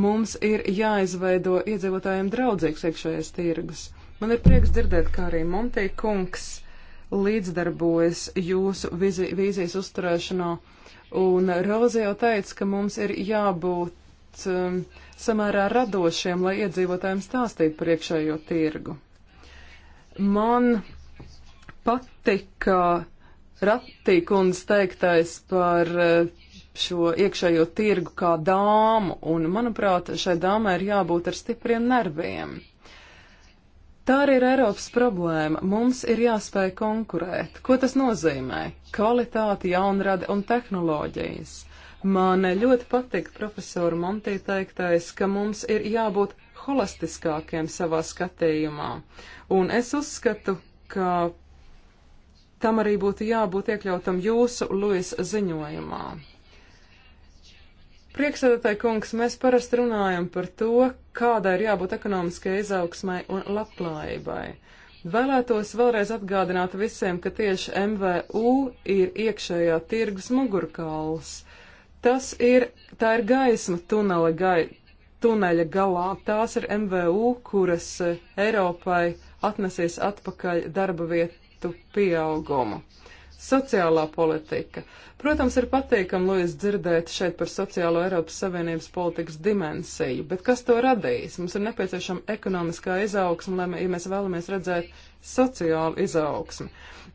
mums ir jāizveido iedzīvotājiem draudzīgs iekšējais tirgus. Man ir prieks dzirdēt, kā arī Montī kungs līdzdarbojas jūsu vīzijas uzturēšanā. No Un Roza jau teica, ka mums ir jābūt um, samērā radošiem, lai iedzīvotājiem stāstītu par iekšējo tirgu. Man patika Ratīkundze teiktais par uh, šo iekšējo tirgu kā dāmu, un manuprāt, šai dāmai ir jābūt ar stipriem nerviem. Tā arī ir Eiropas problēma. Mums ir jāspēj konkurēt. Ko tas nozīmē? Kvalitāte, jaunrada un tehnoloģijas. Man ļoti patīk profesora Montī teiktais, ka mums ir jābūt holistiskākiem savā skatījumā. Un es uzskatu, ka tam arī būtu jābūt iekļautam jūsu Luis ziņojumā. Prieksēdētāji kungs, mēs parasti runājam par to, kāda ir jābūt ekonomiskai izaugsmai un labklājībai. Vēlētos vēlreiz atgādināt visiem, ka tieši MVU ir iekšējā tirgus mugurkauls. Tas ir, tā ir gaisma tunela, gai, tuneļa galā. Tās ir MVU, kuras eh, Eiropai atnesīs atpakaļ darba vietu pieaugumu. Sociālā politika. Protams, ir patīkami, Luis, dzirdēt šeit par sociālo Eiropas Savienības politikas dimensiju, bet kas to radīs? Mums ir nepieciešama ekonomiskā izaugsme, lai mē, ja mēs vēlamies redzēt sociālu izaugsmi.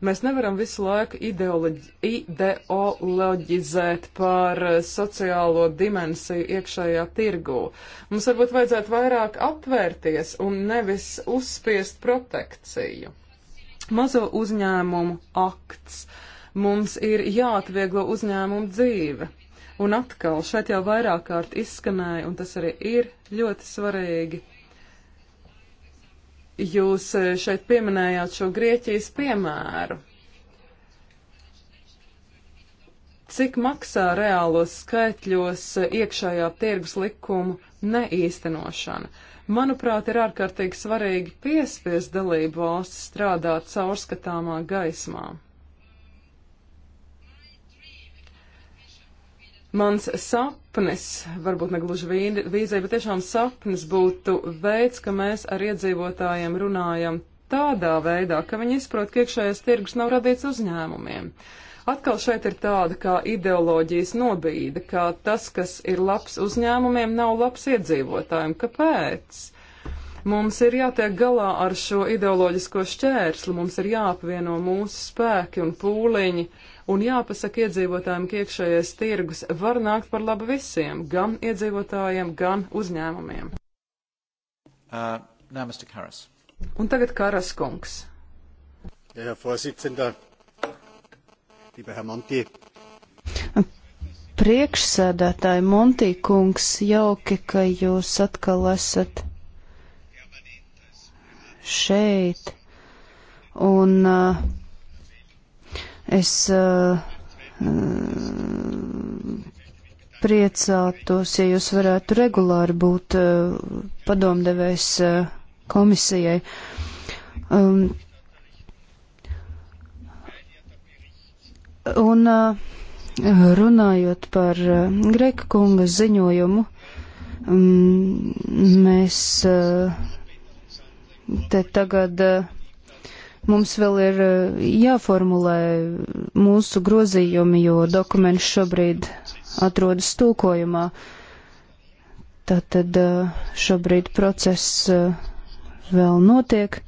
Mēs nevaram visu laiku ideoloģi, ideoloģizēt par eh, sociālo dimensiju iekšējā tirgū. Mums varbūt vajadzētu vairāk apvērties un nevis uzspiest protekciju. Mazo uzņēmumu akts. Mums ir jāatvieglo uzņēmumu dzīve. Un atkal, šeit jau vairāk kārt izskanēja, un tas arī ir ļoti svarīgi. Jūs eh, šeit pieminējāt šo Grieķijas piemēru. Cik maksā reālos skaitļos eh, iekšējā tirgus likumu neīstenošana? Uh, Manuprāt, ir ārkārtīgi svarīgi piespiest dalību valsts strādāt caurskatāmā gaismā. Mans sapnis, varbūt ne gluži vīzija, bet tiešām sapnis būtu veids, ka mēs ar iedzīvotājiem runājam tādā veidā, ka viņi izprot, ka iekšējais tirgus nav radīts uzņēmumiem. Uh, Atkal šeit ir tāda kā ideoloģijas nobīde, ka tas, kas ir labs uzņēmumiem, nav labs iedzīvotājiem. Kāpēc? Mums ir jātiek galā ar šo ideoloģisko šķērsli, mums ir jāapvieno mūsu spēki un pūliņi un jāpasaka iedzīvotājiem, ka iekšējais tirgus var nākt par labu visiem, gan iedzīvotājiem, gan uzņēmumiem. Uh, now, Un tagad Karas kungs. Ja, lieber Herr Monti. Priekšsēdētāji Monti kungs, jauki, ka jūs atkal esat šeit. Un uh, es uh, priecātos, ja jūs varētu regulāri būt uh, padomdevējs uh, komisijai. Um, Un eh, runājot par eh, Greka kunga ziņojumu, mm, mēs eh, te tagad mums vēl ir jāformulē mūsu grozījumi, jo dokuments šobrīd atrodas tūkojumā. Tātad šobrīd process vēl notiek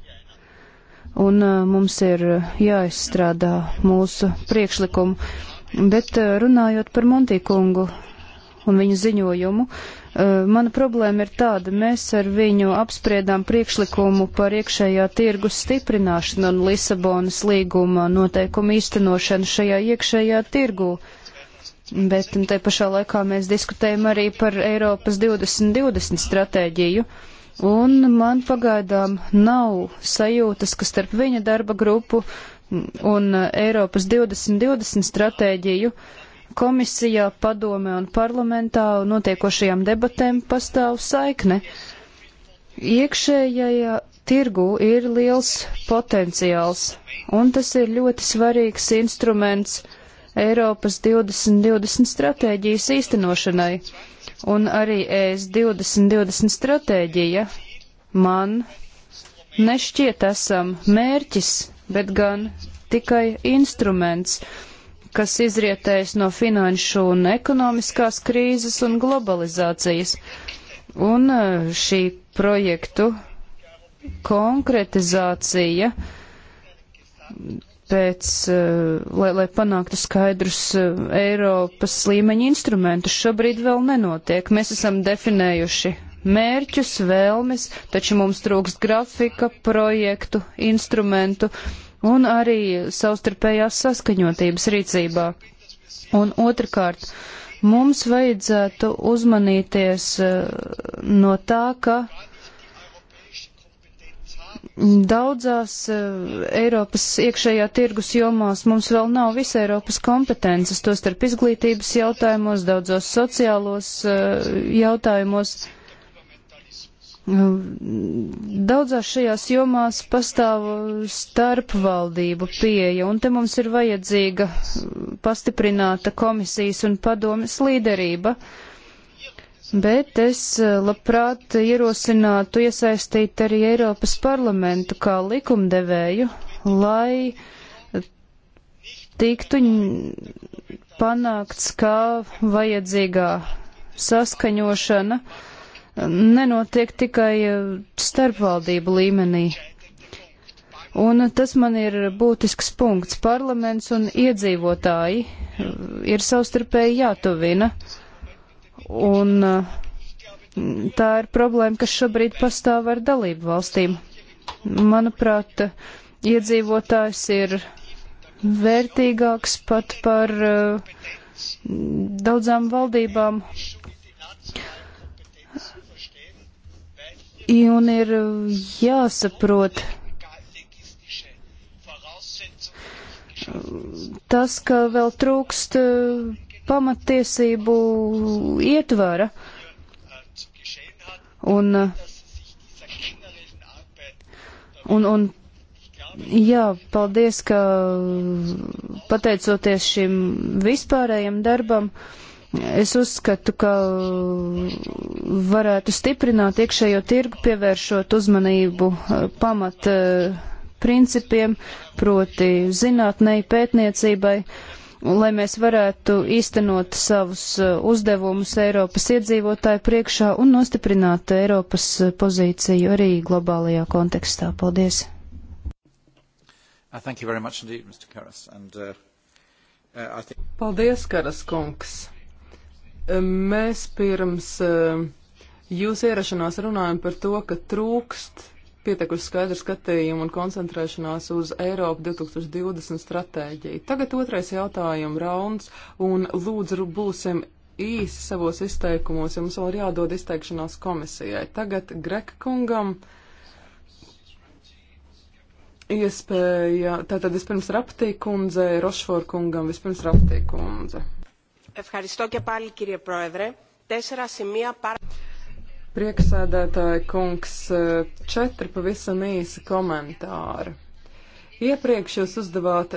un uh, mums ir uh, jāizstrādā mūsu priekšlikumu. Bet uh, runājot par Montīkungu un viņa ziņojumu, mana problēma ir tāda, mēs ar viņu apspriedām priekšlikumu par iekšējā tirgus stiprināšanu un Lisabonas līguma noteikumu īstenošanu šajā iekšējā tirgū. Bet te pašā laikā mēs diskutējam arī par Eiropas 2020 stratēģiju. Uh, un man pagaidām nav sajūtas, ka starp viņa darba grupu un uh, Eiropas 2020 stratēģiju komisijā, padomē un parlamentā un notiekošajām debatēm pastāv saikne. Iekšējajā tirgu ir liels potenciāls, un tas ir ļoti svarīgs instruments Eiropas 2020 stratēģijas īstenošanai un arī ES 2020 stratēģija man nešķiet esam mērķis, bet gan tikai instruments, kas izrietējas no finanšu un ekonomiskās krīzes un globalizācijas. Un eh, šī projektu konkretizācija pēc, eh, lai, lai panāktu skaidrus eh, Eiropas līmeņa instrumentus, šobrīd vēl nenotiek. Mēs esam definējuši mērķus, vēlmes, taču mums trūkst grafika, projektu, instrumentu un arī savstarpējās saskaņotības rīcībā. Un otrkārt, mums vajadzētu uzmanīties eh, no tā, ka Daudzās eh, Eiropas iekšējā tirgus jomās mums vēl nav visa Eiropas kompetences, to starp izglītības jautājumos, daudzos sociālos eh, jautājumos. Daudzās šajās jomās pastāv starpvaldību pieeja, un te mums ir vajadzīga pastiprināta komisijas un padomes līderība. Uh, bet es eh, labprāt ierosinātu iesaistīt arī Eiropas parlamentu kā likumdevēju, lai tiktu panākts kā vajadzīgā saskaņošana eh, nenotiek tikai eh, starpvaldību līmenī. Un tas man ir būtisks punkts. Parlaments un iedzīvotāji ir savstarpēji jātuvina. Uh, Un mm, tā ir problēma, kas šobrīd pastāv ar dalību valstīm. Manuprāt, iedzīvotājs ir vērtīgāks pat par mm, daudzām valdībām. Un ir jāsaprot tas, ka vēl trūkst pamatiesību ietvara. Un, un, un jā, paldies, ka pateicoties šim vispārējiem darbam, es uzskatu, ka varētu stiprināt iekšējo tirgu, pievēršot uzmanību eh, pamat eh, principiem, proti zinātnei, pētniecībai. Uh, lai mēs varētu īstenot savus uh, uzdevumus Eiropas iedzīvotāju priekšā un nostiprināt Eiropas uh, pozīciju arī globālajā kontekstā. Paldies! Uh, indeed, Karas. And, uh, uh, think... Paldies, Karas kungs! Um, mēs pirms uh, jūs ierašanās runājam par to, ka trūkst pietekuši skaidru skatījumu un koncentrēšanās uz Eiropu 2020 stratēģiju. Tagad otrais jautājums rauns un lūdzu būsim īsi savos izteikumos, ja mums vēl ir jādod izteikšanās komisijai. Tagad Greka kungam iespēja, tātad vispirms Raptī kundze, Rošfor kungam, vispirms Raptī kundze. Ευχαριστώ και πάλι κύριε Πρόεδρε. Τέσσερα σημεία πάρα... Prieksēdētāja kungs, četri pavisam īsi komentāri. Iepriekš jūs uzdevāt,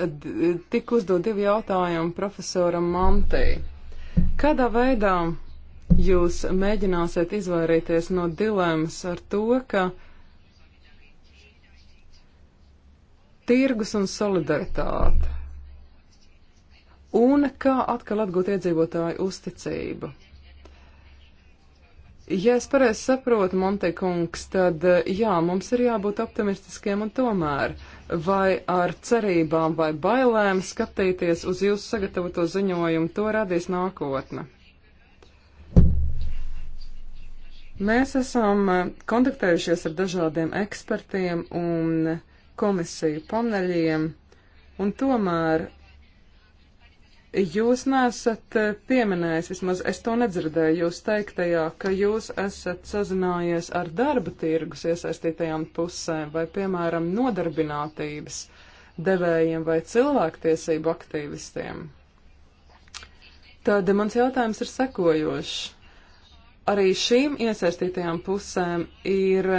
tik uzdot divi jautājumi profesoram Mantī. Kādā veidā jūs mēģināsiet izvairīties no dilemmas ar to, ka tirgus un solidaritāte. Un kā atkal atgūt iedzīvotāju uzticību? Ja es pareizi saprotu, Montekungs, tad eh, jā, mums ir jābūt optimistiskiem un tomēr vai ar cerībām vai bailēm skatīties uz jūsu sagatavoto ziņojumu, to radīs nākotne. Mēs esam eh, kontaktējušies ar dažādiem ekspertiem un komisiju paneļiem, un tomēr Jūs nesat eh, pieminējis, vismaz es to nedzirdēju jūs teiktajā, ka jūs esat sazinājies ar darba tirgus iesaistītajām pusēm vai, piemēram, nodarbinātības devējiem vai cilvēktiesību aktīvistiem. Tad mans jautājums ir sekojošs. Arī šīm iesaistītajām pusēm ir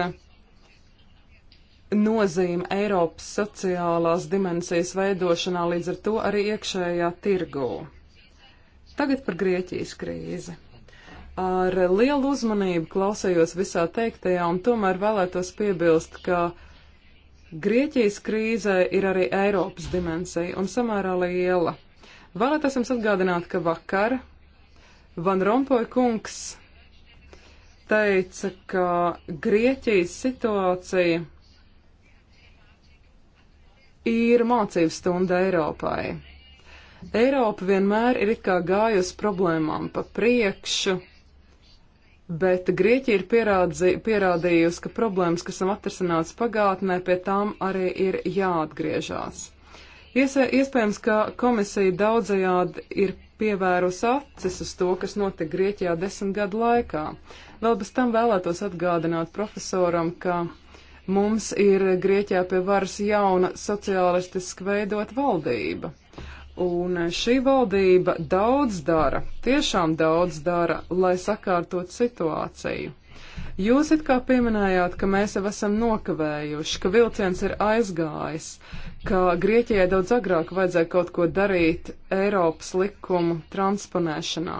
nozīme Eiropas sociālās dimensijas veidošanā, līdz ar to arī iekšējā tirgū. Tagad par Grieķijas krīzi. Ar lielu uzmanību klausējos visā teiktajā un tomēr vēlētos piebilst, ka Grieķijas krīzē ir arī Eiropas dimensija un samērā liela. Vēlētos jums atgādināt, ka vakar Van Rompuy kungs teica, ka Grieķijas situācija ir mācību stunda Eiropai. Eiropa vienmēr ir kā gājusi problēmām pa priekšu, bet Grieķija ir pierādzi, pierādījusi, ka problēmas, kas nav atrasināts pagātnē, pie tām arī ir jāatgriežās. Iesa, iespējams, ka komisija daudzajādi ir pievērusi acis uz to, kas notika Grieķijā desmit gadu laikā. Vēl bez tam vēlētos atgādināt profesoram, ka Mums ir Grieķijā pie varas jauna sociālistiski veidot valdība. Un šī valdība daudz dara, tiešām daudz dara, lai sakārtot situāciju. Jūs it kā pieminējāt, ka mēs jau esam nokavējuši, ka vilciens ir aizgājis, ka Grieķijai daudz agrāk vajadzēja kaut ko darīt Eiropas likumu transponēšanā.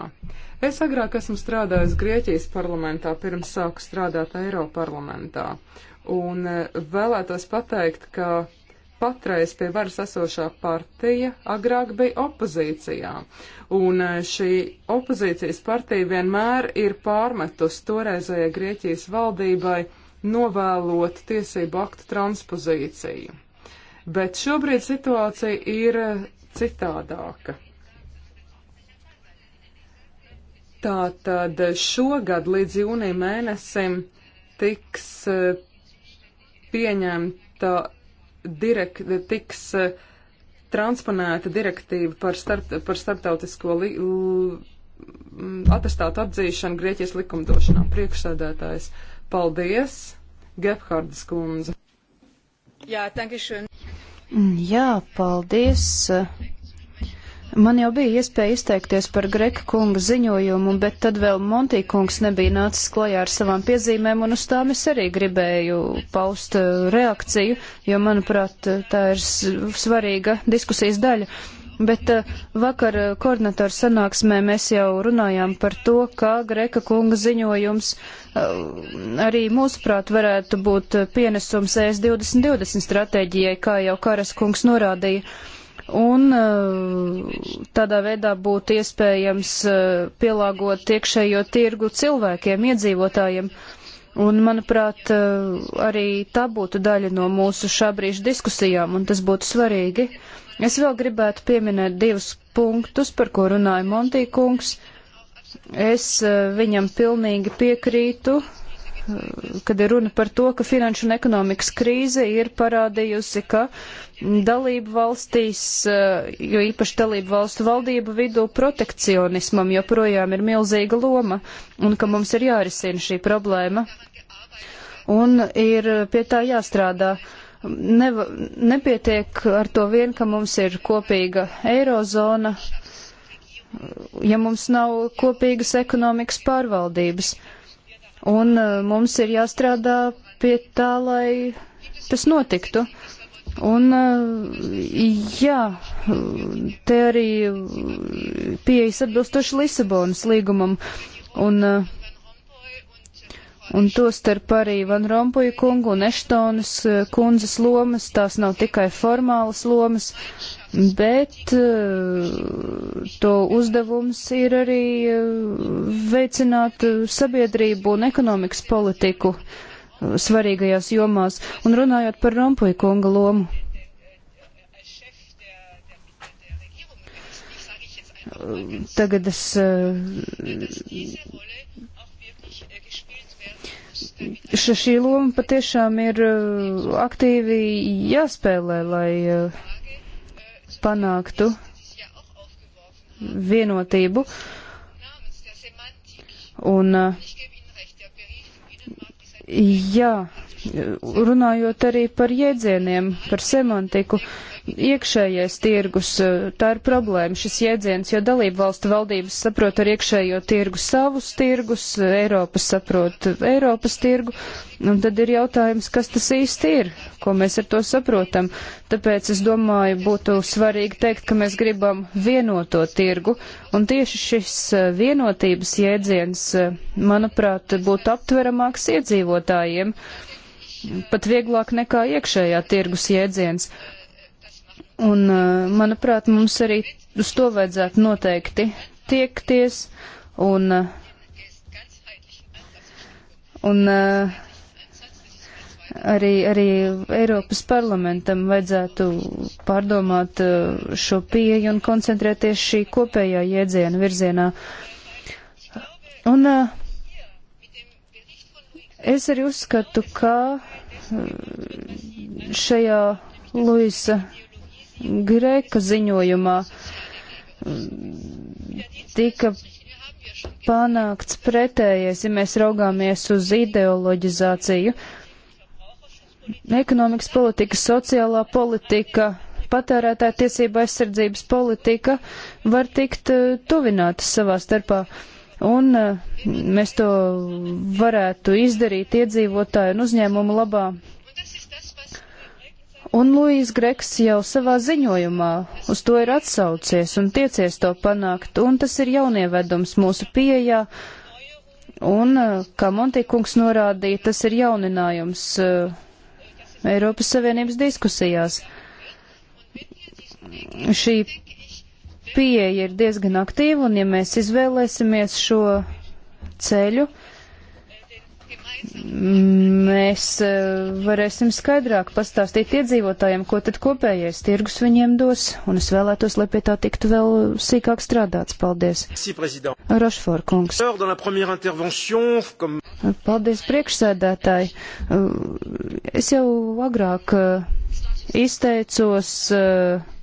Es agrāk esmu strādājusi Grieķijas parlamentā, pirms sāku strādāt Eiroparlamentā. parlamentā un eh, vēlētos pateikt, ka patreiz pie varas esošā partija agrāk bija opozīcijā, un eh, šī opozīcijas partija vienmēr ir pārmetus toreizējai Grieķijas valdībai novēlot tiesību aktu transpozīciju. Bet šobrīd situācija ir eh, citādāka. Tātad šogad līdz jūnija mēnesim tiks pieņemta direkt, tiks eh, transponēta direktīva par, starp, par starptautisko li, l, atestātu atzīšanu Grieķijas likumdošanā. Priekšsēdētājs, paldies, Gebhardas kundze. Jā, tankišun. Jā, paldies. Man jau bija iespēja izteikties par Greka kunga ziņojumu, bet tad vēl Montī kungs nebija nācis klajā ar savām piezīmēm, un uz tām es arī gribēju paust eh, reakciju, jo, manuprāt, tā ir svarīga diskusijas daļa. Bet eh, vakar eh, koordinatoru sanāksmē mēs jau runājām par to, kā Greka kunga ziņojums arī mūsuprāt varētu būt pienesums e ES 2020 stratēģijai, kā jau Karas kungs norādīja un eh, tādā veidā būtu iespējams eh, pielāgot iekšējo tirgu cilvēkiem, iedzīvotājiem. Un, manuprāt, eh, arī tā būtu daļa no mūsu šā brīža diskusijām, un tas būtu svarīgi. Es vēl gribētu pieminēt divus punktus, par ko runāja Montī kungs. Es viņam pilnīgi piekrītu, kad ir runa par to, ka finanšu un ekonomikas krīze ir parādījusi, ka dalību valstīs, jo īpaši dalību valstu valdību vidū protekcionismam joprojām ir milzīga loma un ka mums ir jārisina šī problēma un ir pie tā jāstrādā. Neva, nepietiek ar to vien, ka mums ir kopīga eirozona, ja mums nav kopīgas ekonomikas pārvaldības. Uh, Un uh, mums ir jāstrādā pie tā, lai tas notiktu. Un, uh, jā, te arī pieejas atbilstoši Lisabonas līgumam. Un, uh, un to starp arī Van Rompuja kungu un Eštonas kundzes lomas, tās nav tikai formālas lomas. Uh, bet eh, to uzdevums ir arī eh, veicināt eh, sabiedrību un ekonomikas politiku svarīgajās jomās. Un runājot par Rompuja kunga lomu. Tagad es šī loma patiešām ir aktīvi jāspēlē, lai panāktu vienotību. Un, jā, runājot arī par jēdzieniem, par semantiku. Uh, iekšējais tirgus, eh, tā ir problēma šis jēdziens, jo dalību valstu valdības saprot ar iekšējo tirgu savus tirgus, Eiropas saprot Eiropas tirgu, un tad ir jautājums, kas tas īsti ir, ko mēs ar to saprotam. Tāpēc es domāju, būtu svarīgi teikt, ka mēs gribam vienoto tirgu, un tieši šis eh, vienotības jēdziens, eh, manuprāt, būtu aptveramāks iedzīvotājiem pat vieglāk nekā iekšējā tirgus jēdziens. Un, eh, manuprāt, mums arī uz to vajadzētu noteikti tiekties un, eh, un eh, arī, arī Eiropas parlamentam vajadzētu pārdomāt šo pieeju un koncentrēties šī kopējā jēdziena virzienā. Un es arī uzskatu, ka šajā Luisa Greka ziņojumā mm, tika panākts pretējais, ja mēs raugāmies uz ideoloģizāciju. Ekonomikas politika, sociālā politika, patērētāja tiesība aizsardzības politika var tikt eh, tuvinātas savā starpā. Un eh, mēs to varētu izdarīt iedzīvotāju un uzņēmumu labā. Un Luīs Greks jau savā ziņojumā uz to ir atsaucies un tiecies to panākt, un tas ir jaunievedums mūsu pieejā. Un, uh, kā Montīkungs norādīja, tas ir jauninājums uh, Eiropas Savienības diskusijās. Šī pieeja ir diezgan aktīva, un ja mēs izvēlēsimies šo ceļu, mēs eh, varēsim skaidrāk pastāstīt iedzīvotājiem, ko tad kopējais tirgus viņiem dos, un es vēlētos, lai pie tā tiktu vēl sīkāk strādāts. Paldies. Rošfor kungs. Paldies priekšsēdētāji. Eh, es jau agrāk eh, izteicos. Uh,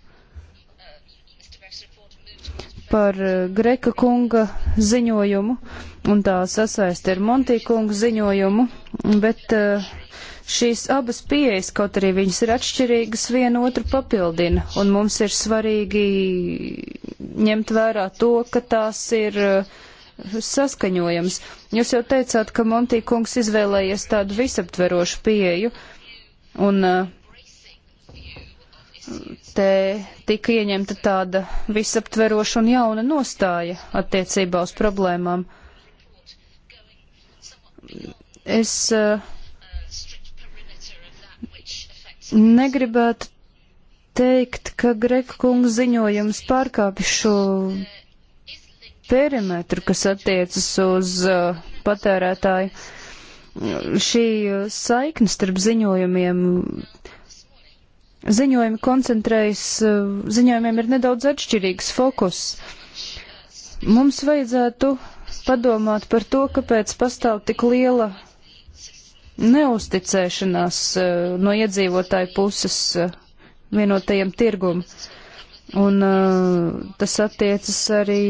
par eh, Greka kunga ziņojumu un tā sasaist ar Montī kunga ziņojumu, bet eh, šīs abas pieejas, kaut arī viņas ir atšķirīgas, viena otru papildina, un mums ir svarīgi ņemt vērā to, ka tās ir eh, saskaņojams. Jūs jau teicāt, ka Montī kungs izvēlējies tādu visaptverošu pieeju, un uh, te tika ieņemta tāda visaptveroša un jauna nostāja attiecībā uz problēmām. Es eh, negribētu teikt, ka Greka kungs ziņojums pārkāpj šo perimetru, kas attiecas uz eh, patērētāju. Šī eh, saikne starp ziņojumiem ziņojumi koncentrējas, eh, ziņojumiem ir nedaudz atšķirīgs fokus. Mums vajadzētu padomāt par to, kāpēc pastāv tik liela neusticēšanās eh, no iedzīvotāju puses eh, vienotajam tirgumam. Un uh, tas attiecas arī,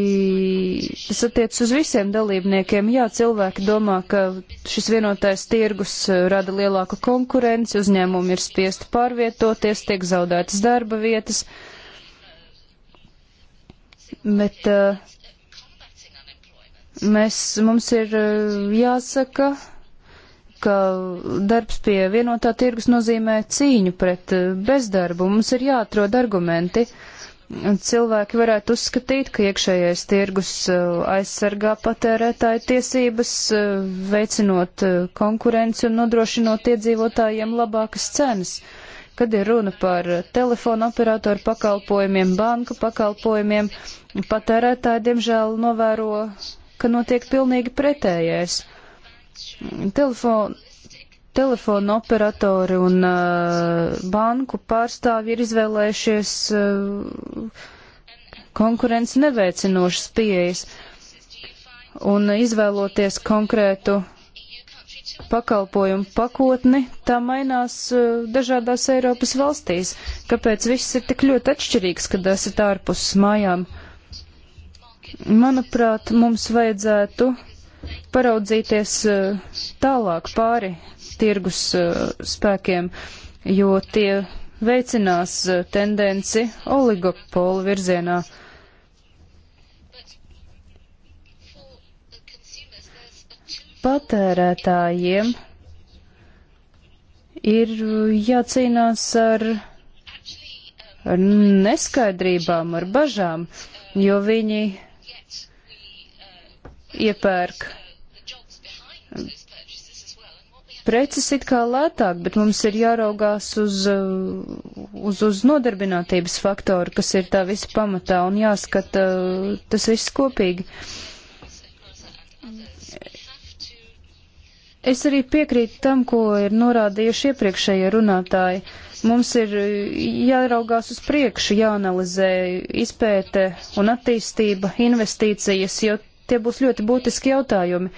tas attiecas uz visiem dalībniekiem. Jā, cilvēki domā, ka šis vienotais tirgus uh, rada lielāku konkurenci, uzņēmumi ir spiesti pārvietoties, tiek zaudētas darba vietas. Bet uh, mēs, mums ir uh, jāsaka, ka darbs pie vienotā tirgus nozīmē cīņu pret uh, bezdarbu. Mums ir jāatrod argumenti. Uh, cilvēki varētu uzskatīt, ka iekšējais tirgus uh, aizsargā patērētāju tiesības, uh, veicinot uh, konkurenci un nodrošinot iedzīvotājiem labākas cenas. Kad ir runa par telefonu operatoru pakalpojumiem, banku pakalpojumiem, patērētāji diemžēl novēro, ka notiek pilnīgi pretējais. Telefonu telefona operatori un uh, banku pārstāvji ir izvēlējušies uh, konkurences neveicinošas pieejas un izvēloties konkrētu pakalpojumu pakotni, tā mainās uh, dažādās Eiropas valstīs. Kāpēc viss ir tik ļoti atšķirīgs, kad esat ārpus mājām? Manuprāt, mums vajadzētu paraudzīties eh, tālāk pāri tirgus eh, spēkiem, jo tie veicinās eh, tendenci oligopolu virzienā. Patērētājiem ir jācīnās ar, ar neskaidrībām, ar bažām, jo viņi iepērk preces it kā lētāk, bet mums ir jāraugās uz, uz, uz nodarbinātības faktoru, kas ir tā visa pamatā, un jāskata tas viss kopīgi. Es arī piekrītu tam, ko ir norādījuši iepriekšējie runātāji. Mums ir jāraugās uz priekšu, jāanalizē izpēte un attīstība, investīcijas, jo Tie būs ļoti būtiski jautājumi.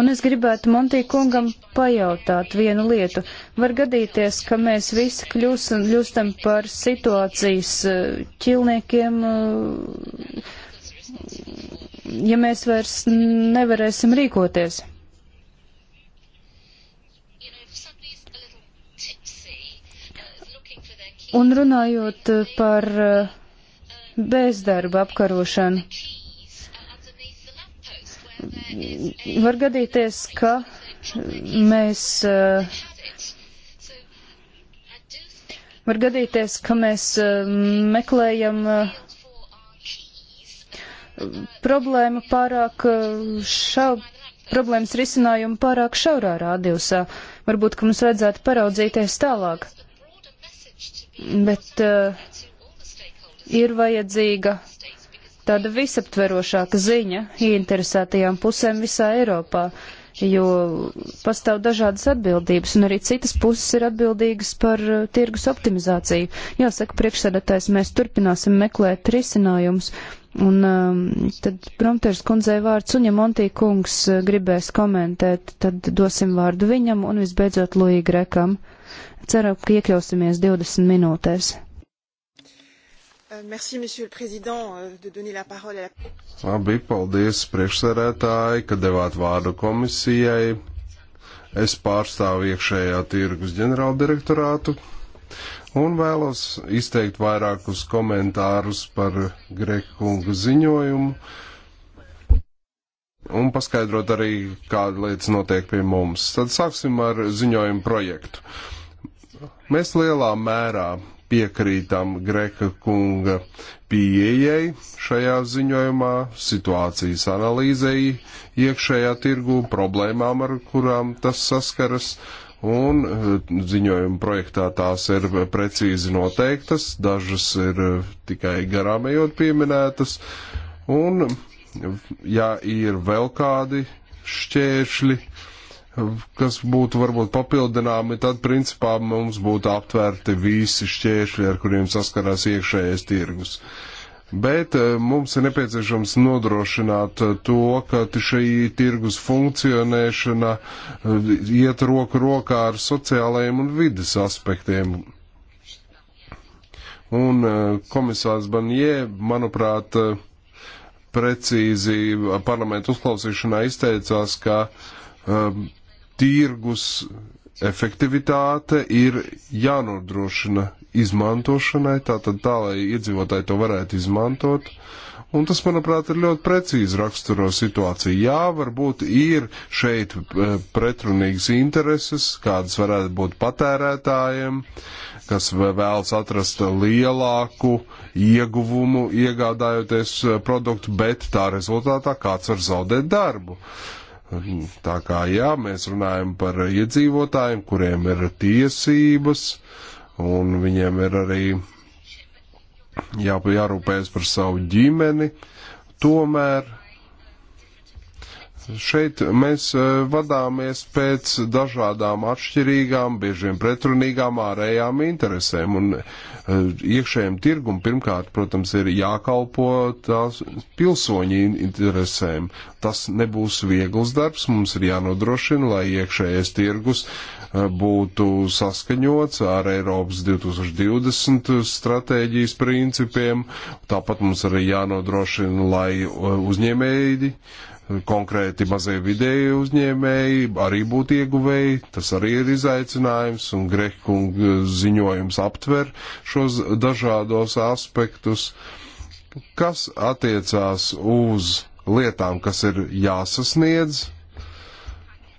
Un es gribētu Montī kungam pajautāt vienu lietu. Var gadīties, ka mēs visi kļūstam, kļūstam par situācijas eh, ķilniekiem, eh, ja mēs vairs nevarēsim rīkoties. Un runājot par eh, bezdarba apkarošanu var gadīties, ka mēs. Eh, var gadīties, ka mēs eh, meklējam eh, problēmu pārāk šau, problēmas risinājumu pārāk šaurā rādījusā. Varbūt, ka mums vajadzētu paraudzīties tālāk. Bet uh, ir vajadzīga tāda visaptverošāka ziņa ieinteresētajām pusēm visā Eiropā, jo pastāv dažādas atbildības, un arī citas puses ir atbildīgas par uh, tirgus optimizāciju. Jāsaka, priekšsēdētājs, mēs turpināsim meklēt risinājumus, un um, uh, tad Promters kundzei vārds, un ja Montī kungs uh, gribēs komentēt, tad dosim vārdu viņam, un visbeidzot Luī Grekam. Ceru, ka iekļausimies 20 minūtēs. Euh, merci, monsieur le président, euh, de donner la parole à la... Labi, paldies priekšsarētāji, ka devāt vārdu komisijai. Es pārstāvu iekšējā tirgus ģenerāldirektorātu un vēlos izteikt vairākus komentārus par Grekunga ziņojumu un paskaidrot arī, kāda lietas notiek pie mums. Tad sāksim ar ziņojumu projektu. Mēs lielā mērā piekrītam Greka kunga pieejai šajā ziņojumā, situācijas analīzei iekšējā tirgu, problēmām, ar kurām tas saskaras, un eh, ziņojuma projektā tās ir precīzi noteiktas, dažas ir eh, tikai garām ejot pieminētas, un ja ir vēl kādi šķēršļi, kas būtu varbūt papildināmi, tad principā mums būtu aptvērti visi šķēršļi, ar kuriem saskarās iekšējais tirgus. Bet eh, mums ir nepieciešams nodrošināt eh, to, ka šī tirgus funkcionēšana eh, iet roku rokā ar sociālajiem un vidas aspektiem. Un komisārs Banjē, manuprāt, precīzi parlamentu uzklausīšanā izteicās, ka um, tirgus efektivitāte ir jānodrošina izmantošanai, tātad tā, lai iedzīvotāji to varētu izmantot. Un tas, manuprāt, ir ļoti precīzi raksturo situāciju. Jā, varbūt ir šeit eh, pretrunīgas intereses, kādas varētu būt patērētājiem, kas vēlas atrast lielāku ieguvumu iegādājoties eh, produktu, bet tā rezultātā kāds var zaudēt darbu. Uh, Tā kā jā, mēs runājam par iedzīvotājiem, kuriem ir tiesības, un viņiem ir arī jā, jārūpējas par savu ģimeni. Tomēr Šeit mēs e, vadāmies pēc dažādām atšķirīgām, biežiem pretrunīgām ārējām interesēm, un e, iekšējiem tirgum pirmkārt, protams, ir jākalpo tās pilsoņu interesēm. Tas nebūs viegls darbs, mums ir jānodrošina, lai iekšējais tirgus e, būtu saskaņots ar Eiropas 2020 stratēģijas principiem, tāpat mums arī jānodrošina, lai uzņēmēji konkrēti mazie vidēji uzņēmēji arī būtu ieguvēji. Tas arī ir izaicinājums, un Grehkunga ziņojums aptver šos dažādos aspektus, kas attiecās uz lietām, kas ir jāsasniedz.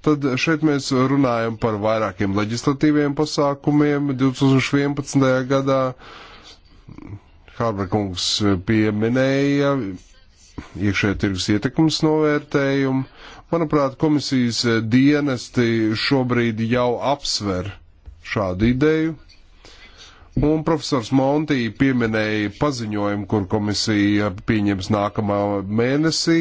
Tad šeit mēs runājam par vairākiem leģislatīviem pasākumiem 2011. gadā. Hārberkungs pieminēja iekšējā tirgus ietekmes novērtējumu. Manuprāt, komisijas dienesti šobrīd jau apsver šādu ideju. Un profesors Monti pieminēja paziņojumu, kur komisija pieņems nākamā mēnesī,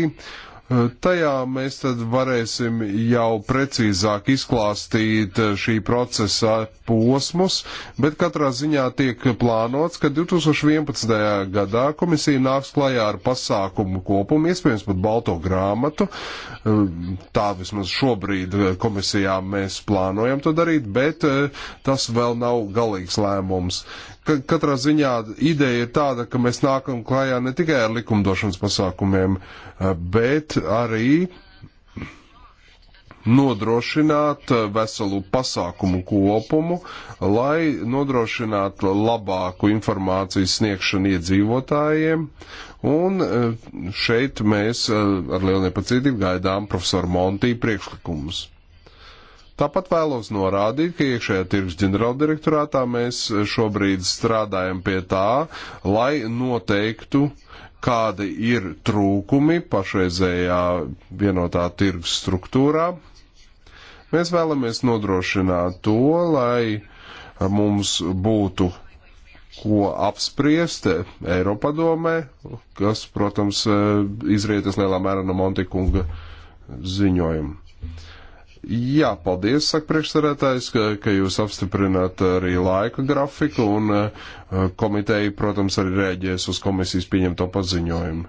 Tajā mēs tad varēsim jau precīzāk izklāstīt eh, šī procesa posmus, bet katrā ziņā tiek plānots, ka 2011. gadā komisija nāks klajā ar pasākumu kopumu, iespējams pat balto grāmatu. Eh, tā vismaz šobrīd eh, komisijā mēs plānojam to darīt, bet tas vēl nav galīgs lēmums ka katrā ziņā ideja ir tāda, ka mēs nākam klājā ne tikai ar likumdošanas pasākumiem, eh, bet arī nodrošināt eh, veselu pasākumu kopumu, lai nodrošinātu labāku informācijas sniegšanu iedzīvotājiem. Un eh, šeit mēs ar lielu nepacietību gaidām profesoru Montī priekšlikumus. Tāpat vēlos norādīt, ka iekšējā tirgus ģenerāldirektorātā mēs šobrīd strādājam pie tā, lai noteiktu, kādi ir trūkumi pašreizējā vienotā tirgus struktūrā. Mēs vēlamies nodrošināt to, lai mums būtu ko apspriest Eiropadomē, kas, protams, e, izrietas lielā mērā no Montikunga ziņojuma. Jā, paldies, saka priekšsarētājs, ka, ka jūs apstiprināt arī laika grafiku un eh, komiteja, protams, arī rēģēs uz komisijas pieņemto paziņojumu.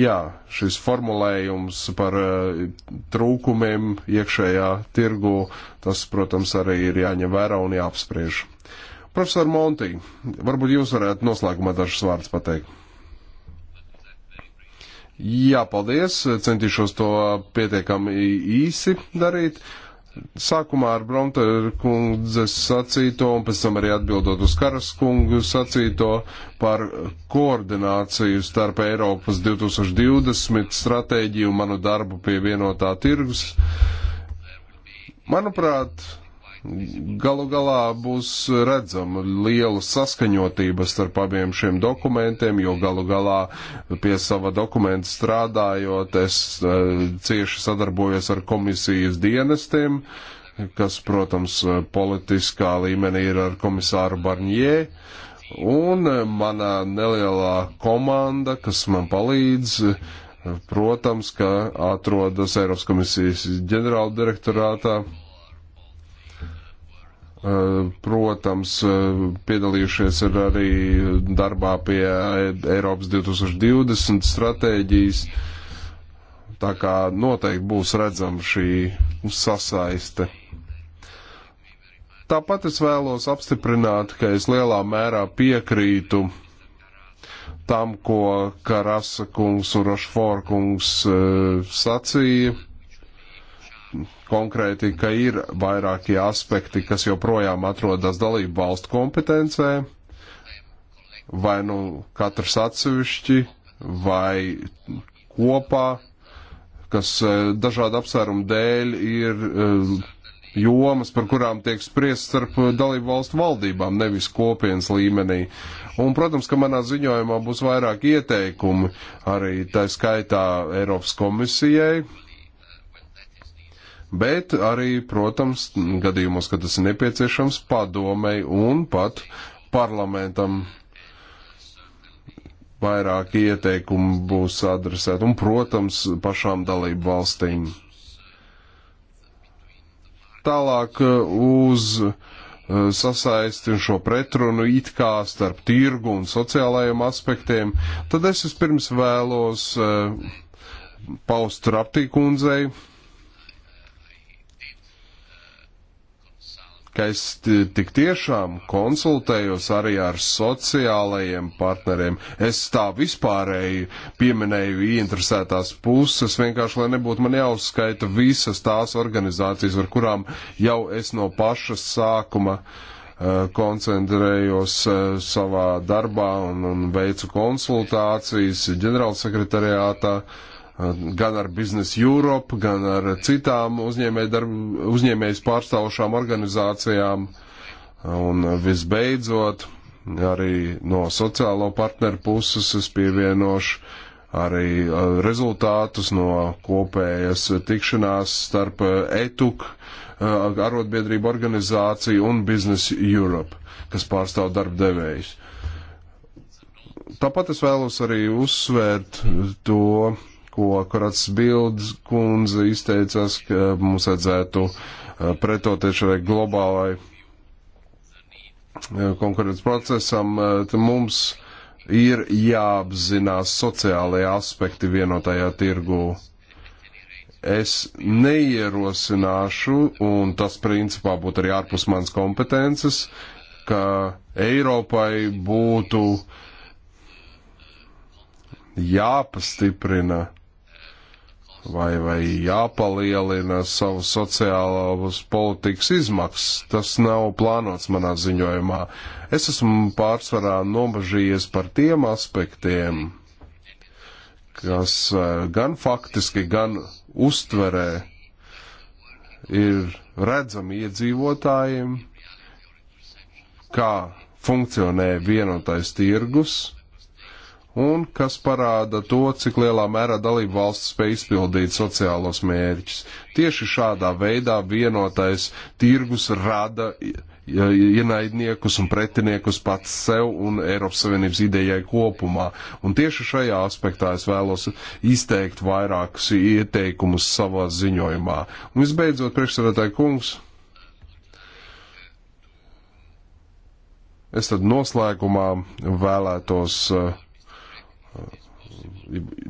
Jā, šis formulējums par eh, trūkumiem iekšējā tirgu, tas, protams, arī ir jāņem vērā un jāapspriež. Profesor Monti, varbūt jūs varētu noslēgumā dažus vārdus pateikt. Jā, paldies. Centīšos to pietiekami īsi darīt. Sākumā ar Bronte kundzes sacīto un pēc tam arī atbildot uz Karas kungu sacīto par koordināciju starp Eiropas 2020 stratēģiju un manu darbu pie vienotā tirgus. Manuprāt, Galu galā būs redzama liela saskaņotība starp abiem šiem dokumentiem, jo galu galā pie sava dokumenta strādājot, es eh, cieši sadarbojos ar komisijas dienestiem, kas, protams, politiskā līmenī ir ar komisāru Barņē. Un eh, mana nelielā komanda, kas man palīdz, eh, protams, ka atrodas Eiropas komisijas ģenerāldirektorātā. direktorātā Eh, protams, eh, piedalījušies ir arī darbā pie Eiropas 2020 stratēģijas, tā kā noteikti būs redzama šī sasaiste. Tāpat es vēlos apstiprināt, ka es lielā mērā piekrītu tam, ko Karasa kungs un Rošfor kungs eh, sacīja konkrēti, ka ir vairākie aspekti, kas joprojām atrodas dalību valstu kompetencē, vai nu katrs atsevišķi, vai kopā, kas e, dažādu apsvērumu dēļ ir e, jomas, par kurām tiek spriest starp dalību valstu valdībām, nevis kopienas līmenī. Un, protams, ka manā ziņojumā būs vairāk ieteikumu arī tā skaitā Eiropas komisijai, bet arī, protams, gadījumos, kad tas ir nepieciešams, padomei un pat parlamentam vairāk ieteikumu būs adresēt un, protams, pašām dalību valstīm. Tālāk uh, uz uh, sasaisti šo pretrunu it kā starp tirgu un sociālajiem aspektiem, tad es vispirms vēlos uh, paust Raptīkundzei, ka es tik tiešām konsultējos arī ar sociālajiem partneriem. Es tā vispārēji pieminēju ieinteresētās puses, vienkārši lai nebūtu man jāuzskaita visas tās organizācijas, ar kurām jau es no paša sākuma uh, koncentrējos uh, savā darbā un, un veicu konsultācijas ģenerālsekretariātā. Uh, Eh, gan ar Business Europe, gan ar citām uzņēmējas pārstāvošām organizācijām. Un visbeidzot, arī no sociālo partneru puses es pievienošu arī eh, rezultātus no kopējas tikšanās starp ETUK, eh, e arotbiedrību organizāciju un Business Europe, kas pārstāv darbdevējus. Tāpat es vēlos arī uzsvērt to, ko Karats Bildes kundze izteicās, ka mums vajadzētu eh, pretoties šai globālai eh, konkurences procesam, eh, tad mums ir jāapzinās sociālajie aspekti vienotajā tirgū. Es neierosināšu, un tas principā būtu arī ārpus manas kompetences, ka Eiropai būtu jāpastiprina vai, vai jāpalielina savu sociālos politikas izmaksas. Tas nav plānots manā ziņojumā. Es esmu pārsvarā nobažījies par tiem aspektiem, kas eh, gan faktiski, gan uztverē ir redzami iedzīvotājiem, kā funkcionē vienotais tirgus un kas parāda to, cik lielā mērā dalību valsts spēj izpildīt sociālos mērķus. Tieši šādā veidā vienotais tirgus rada ienaidniekus un pretiniekus pats sev un Eiropas Savienības idejai kopumā. Un tieši šajā aspektā es vēlos izteikt vairākus ieteikumus savā ziņojumā. Un visbeidzot, priekšsēdētāji kungs, es tad noslēgumā vēlētos uh,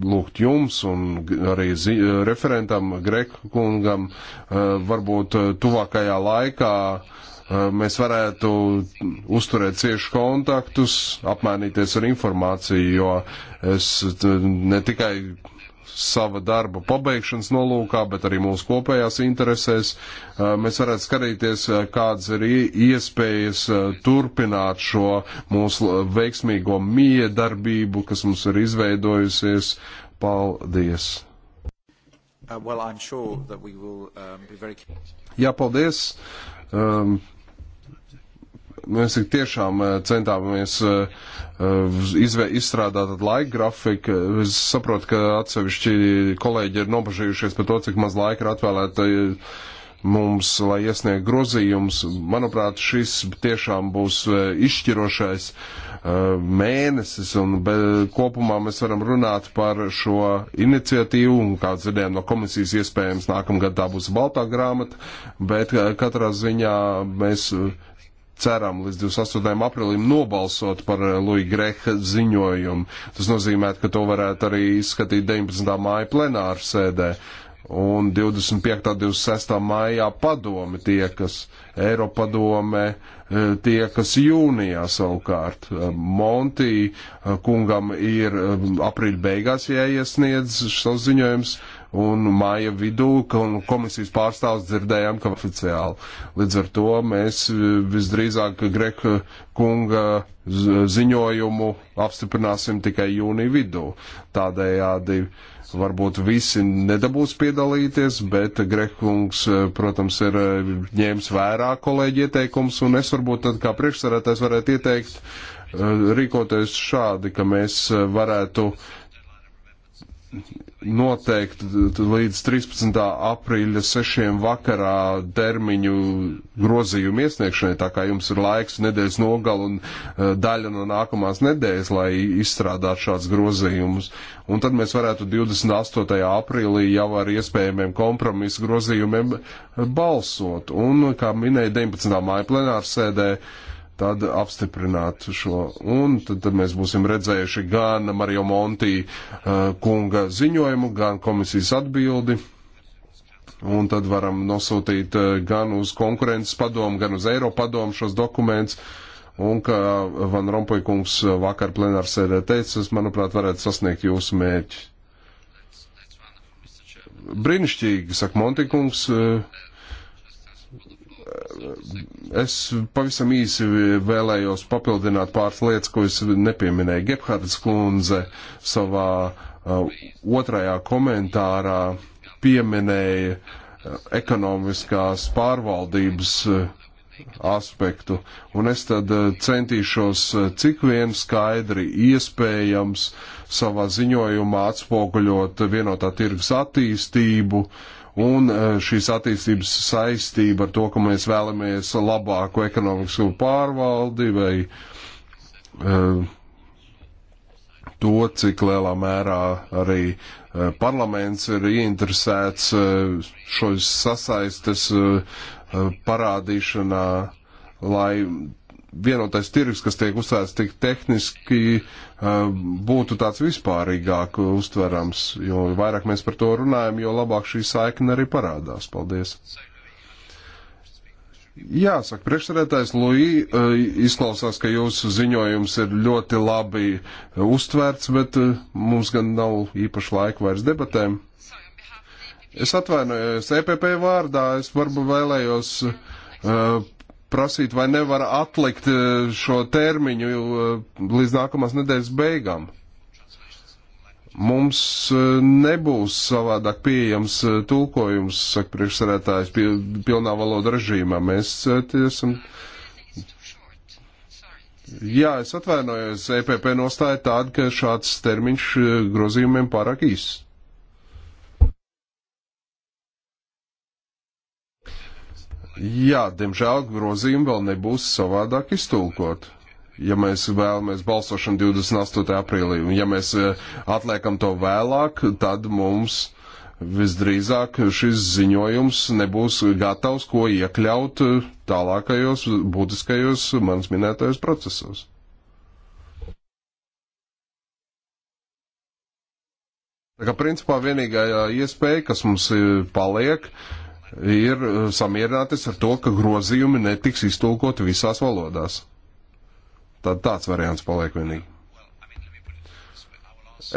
lūgt jums un arī zi, referentam Grekungam varbūt tuvākajā laikā mēs varētu uzturēt cieši kontaktus, apmainīties ar informāciju, jo es ne tikai sava darba pabeigšanas nolūkā, bet arī mūsu kopējās interesēs, uh, mēs varētu skatīties, uh, kādas ir iespējas uh, turpināt šo mūsu veiksmīgo miedarbību, kas mums ir izveidojusies. Paldies! Uh, well, sure we will, um, very... Jā, paldies! Um, mēs tiešām eh, centāmies eh, eh, izvē, izstrādāt laika grafiku. Es saprotu, ka atsevišķi kolēģi ir nobažījušies par to, cik maz laika ir atvēlēta mums, lai iesniegtu grozījumus. Manuprāt, šis tiešām būs izšķirošais mēnesis, un be, kopumā mēs varam runāt par šo iniciatīvu, un kā dzirdējām no komisijas, iespējams, nākamgad tā būs baltā grāmata, bet katrā ziņā mēs. Uh, ceram līdz 28. aprīlim nobalsot par eh, Luija Greha ziņojumu. Tas nozīmē, ka to varētu arī izskatīt 19. māja plenāru sēdē. Un 25. un 26. maijā padomi tie, kas Eiropadome, eh, tie, kas jūnijā savukārt. Eh, Monti kungam ir aprīļa beigās jāiesniedz savs ziņojums, un māja vidū komisijas pārstāvs dzirdējām, ka oficiāli. Līdz ar to mēs e, visdrīzāk Greka kunga ziņojumu apstiprināsim tikai jūnija vidū. Tādējādi varbūt visi nedabūs piedalīties, bet Greka kungs, e, protams, ir e, ņēmis vērā kolēģi ieteikums, un es varbūt tad kā priekšsarētājs varētu ieteikt rīkoties šādi, ka mēs varētu noteikt līdz 13. aprīļa 6. vakarā termiņu grozījumu iesniegšanai, tā kā jums ir laiks nedēļas nogal un e, daļa no nākamās nedēļas, lai izstrādātu šāds grozījumus. Un tad mēs varētu 28. aprīlī jau ar iespējamiem kompromisu grozījumiem balsot. Un, kā minēja 19. māja plenārsēdē, sēdē, tad apstiprināt šo. Un tad, tad mēs būsim redzējuši gan Mario Monti uh, kunga ziņojumu, gan komisijas atbildi. Un tad varam nosūtīt uh, gan uz konkurences padomu, gan uz Eiropadomu šos dokumentus. Un kā Van Rompuy kungs uh, vakar plenārs sēdē teica, es manuprāt varētu sasniegt jūsu mērķi. Brīnišķīgi, saka Montikungs. Uh, es pavisam īsi vēlējos papildināt pāris lietas, ko es nepieminēju. Gebhards Klunze savā uh, otrajā komentārā pieminēja uh, ekonomiskās pārvaldības uh, aspektu, un es tad uh, centīšos uh, cik vien skaidri iespējams savā ziņojumā atspoguļot vienotā tirgus attīstību, uh, un e, šīs attīstības saistība ar to, ka mēs vēlamies labāku ekonomisko pārvaldi vai uh, to, cik lielā mērā arī uh, parlaments ir ieinteresēts uh, šos sasaistes parādīšanā, lai vienotais tirgus, kas tiek uzsvērts tik tehniski, eh, būtu tāds vispārīgāk uztverams, jo vairāk mēs par to runājam, jo labāk šī saikne arī parādās. Paldies! Jā, saka priekšsēdētājs Luī, eh, izklausās, ka jūsu ziņojums ir ļoti labi eh, uztverts, bet mums gan nav īpaši laika vairs debatēm. Es atvainojos EPP vārdā, es varbūt vēlējos uh, prasīt, vai nevar atlikt e, šo termiņu e, līdz nākamās nedēļas beigām. Mums e, nebūs savādāk pieejams tulkojums, saka priekšsarētājs, pilnā valoda režīmā. Mēs esam. Jā, es atvainojos, EPP nostāja tāda, ka šāds termiņš grozījumiem pārāk īsts. Jā, diemžēl grozījumi vēl nebūs savādāk iztulkot. Ja mēs vēlamies balsošanu 28. aprīlī, un ja mēs eh, atliekam to vēlāk, tad mums visdrīzāk šis ziņojums nebūs gatavs, ko iekļaut eh, tālākajos būtiskajos manas minētajos procesos. Tā kā principā vienīgā eh, iespēja, kas mums paliek, ir ir eh, samierināties ar to, ka grozījumi netiks iztulkoti visās valodās. Tad tāds variants paliek vienīgi.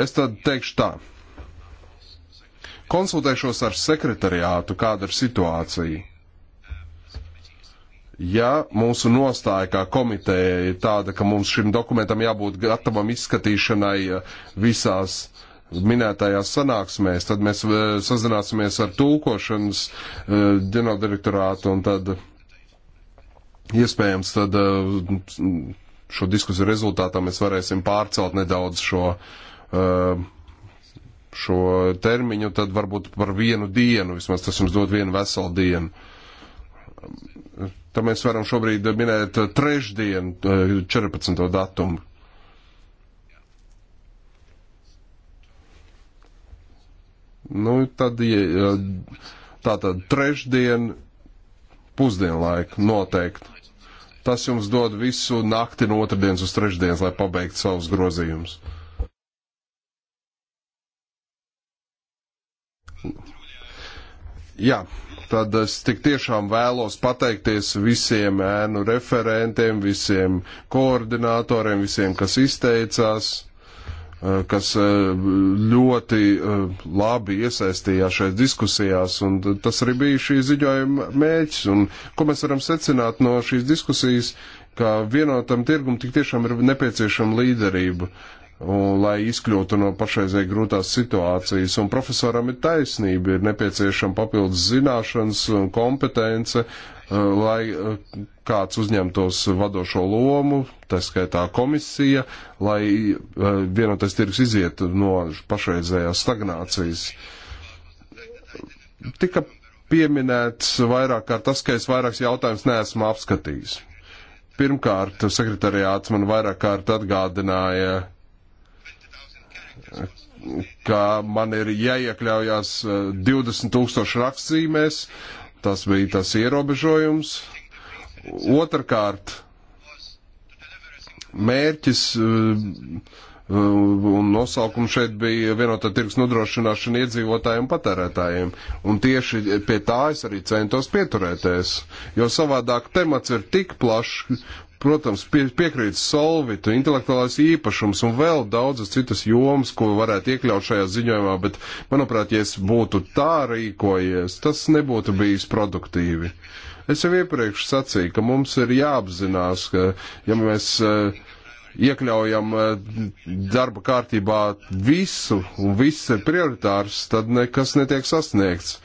Es tad teikšu tā. Konsultēšos ar sekretariātu, kāda ir situācija. Ja mūsu nostāja kā komiteja ir tāda, ka mums šim dokumentam jābūt gatavam izskatīšanai eh, visās uh, minētajās sanāksmēs, tad mēs eh, sazināsimies ar tūkošanas eh, ģenerāldirektorātu un tad iespējams tad eh, šo diskusiju rezultātā mēs varēsim pārcelt nedaudz šo, šo termiņu, tad varbūt par vienu dienu, vismaz tas jums dod vienu veselu dienu. Tā mēs varam šobrīd minēt trešdienu, 14. datumu. Nu, tad ja, tātad trešdien pusdienlaika noteikti. Tas jums dod visu nakti no otrdienas uz trešdienas, lai pabeigtu savus grozījumus. Jā, tad es tik tiešām vēlos pateikties visiem ēnu referentiem, visiem koordinatoriem, visiem, kas izteicās kas eh, ļoti eh, labi iesaistījās šajās diskusijās, un tas arī bija šī ziņojuma mēģis. Un, ko mēs varam secināt no šīs diskusijas, ka vienotam tirgum tik tiešām ir nepieciešama līderība un, lai izkļūtu no pašreizēji grūtās situācijas. Un profesoram ir taisnība, ir nepieciešama papildus zināšanas un kompetence, uh, lai uh, kāds uzņemtos vadošo lomu, tā skaitā komisija, lai uh, vienotais tirgus izietu no pašreizējās stagnācijas. Tika pieminēts vairāk kā tas, ka es vairākas jautājumas neesmu apskatījis. Pirmkārt, sekretariāts man vairāk kārt atgādināja ka man ir jāiekļaujās 20 eh, tūkstoši rakstzīmēs, tas bija tas ierobežojums. Otrakārt, mērķis eh, un nosaukums šeit bija vienotā tirgus nodrošināšana iedzīvotājiem un patērētājiem. Un tieši pie tā es arī centos pieturēties, jo savādāk temats ir tik plašs, Protams, pie, piekrīt solvitu, intelektuālais īpašums un vēl daudzas citas jomas, ko varētu iekļaut šajā ziņojumā, bet, manuprāt, ja es būtu tā rīkojies, tas nebūtu bijis produktīvi. Es jau iepriekš sacīju, ka mums ir jāapzinās, ka ja mēs eh, iekļaujam eh, darba kārtībā visu un viss ir prioritārs, tad nekas netiek sasniegts.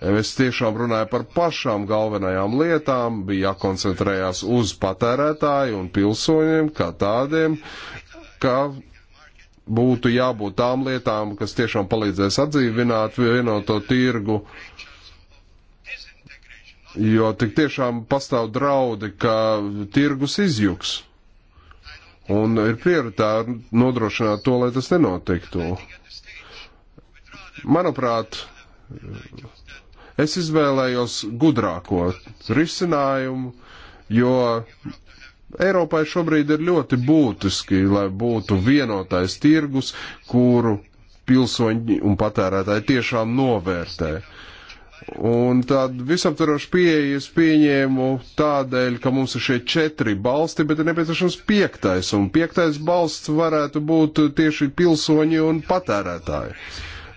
Es tiešām runāju par pašām galvenajām lietām, bija jākoncentrējās uz patērētāju un pilsoņiem kā tādiem, ka būtu jābūt tām lietām, kas tiešām palīdzēs atdzīvināt vienoto tirgu. Jo tik tiešām pastāv draudi, ka tirgus izjuks. Un ir prioritāri nodrošināt to, lai tas nenotiktu. Manuprāt, Es izvēlējos gudrāko risinājumu, jo Eiropai šobrīd ir ļoti būtiski, lai būtu vienotais tirgus, kuru pilsoņi un patērētāji tiešām novērtē. Un tādu visaptvarošu pieeju es pieņēmu tādēļ, ka mums ir šie četri balsti, bet ir nepieciešams piektais, un piektais balsts varētu būt tieši pilsoņi un patērētāji.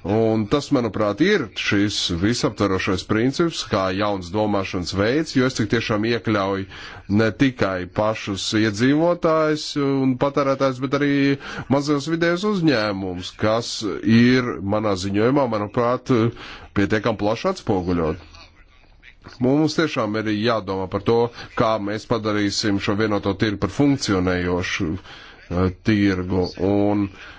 Un tas, manuprāt, ir šis visaptvarošais princips, kā jauns domāšanas veids, jo es tik tiešām iekļauju ne tikai pašus iedzīvotājus un patērētājus, bet arī mazos vidējos uzņēmums, kas ir manā ziņojumā, manuprāt, pietiekam plaši atspoguļot. Mums tiešām ir jādomā par to, kā mēs padarīsim šo vienoto tirgu par funkcionējošu uh, tirgu. Un, uh,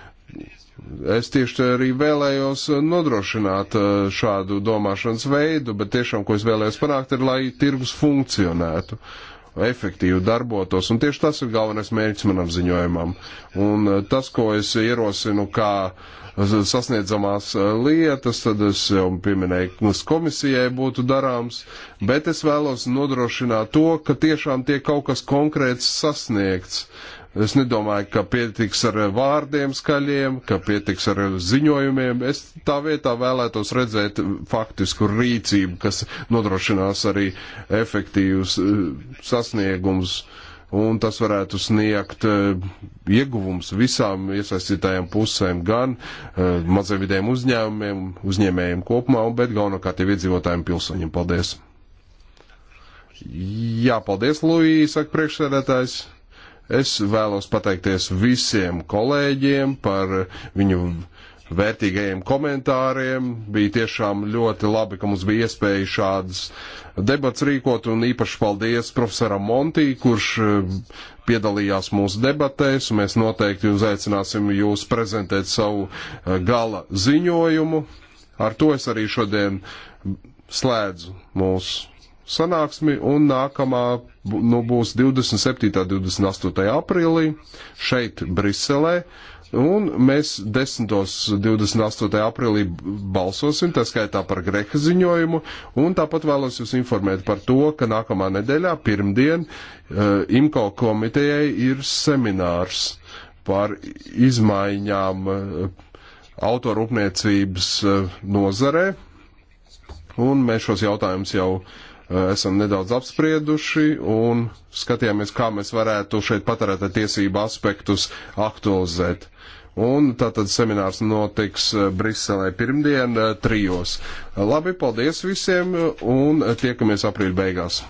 Es tieši arī vēlējos uh, nodrošināt uh, šādu domāšanas veidu, bet tiešām, ko es vēlējos panākt, ir, lai tirgus funkcionētu, efektīvi darbotos, un tieši tas ir galvenais mērķis manam ziņojumam. Un uh, tas, ko es ierosinu kā sasniedzamās lietas, tad es jau pieminēju, kas komisijai būtu darāms, bet es vēlos nodrošināt to, ka tiešām tiek kaut kas konkrēts sasniegts. Uh, Es nedomāju, ka pietiks ar vārdiem skaļiem, ka pietiks ar ziņojumiem. Es tā vietā vēlētos redzēt faktisku rīcību, kas nodrošinās arī efektīvus eh, sasniegumus, un tas varētu sniegt eh, ieguvums visām iesaistītājām pusēm, gan eh, maziem vidējiem uzņēmumiem, uzņēmējiem kopumā, bet galvenokārt jau iedzīvotājiem pilsoņiem. Paldies! Jā, paldies, Lūija, saka priekšsēdētājs. Es vēlos pateikties visiem kolēģiem par viņu vērtīgajiem komentāriem. Bija tiešām ļoti labi, ka mums bija iespēja šādas debats rīkot, un īpaši paldies profesoram Montī, kurš eh, piedalījās mūsu debatēs. Mēs noteikti jūs aicināsim jūs prezentēt savu eh, gala ziņojumu. Ar to es arī šodien slēdzu mūsu sanāksmi, un nākamā nu, būs 27. un 28. aprīlī šeit, Briselē. Un mēs 10. un 28. aprīlī balsosim, tā skaitā par Greha ziņojumu, un tāpat vēlos jūs informēt par to, ka nākamā nedēļā, pirmdien, uh, IMCO komitejai ir seminārs par izmaiņām uh, autorūpniecības uh, nozarē, un mēs šos jautājumus jau uh, Eh, esam nedaudz apsprieduši un skatījāmies, kā mēs varētu šeit patērētā tiesību aspektus aktualizēt. Un tātad seminārs notiks eh, Briselē pirmdien eh, trijos. Labi, paldies visiem un tiekamies aprīļa beigās.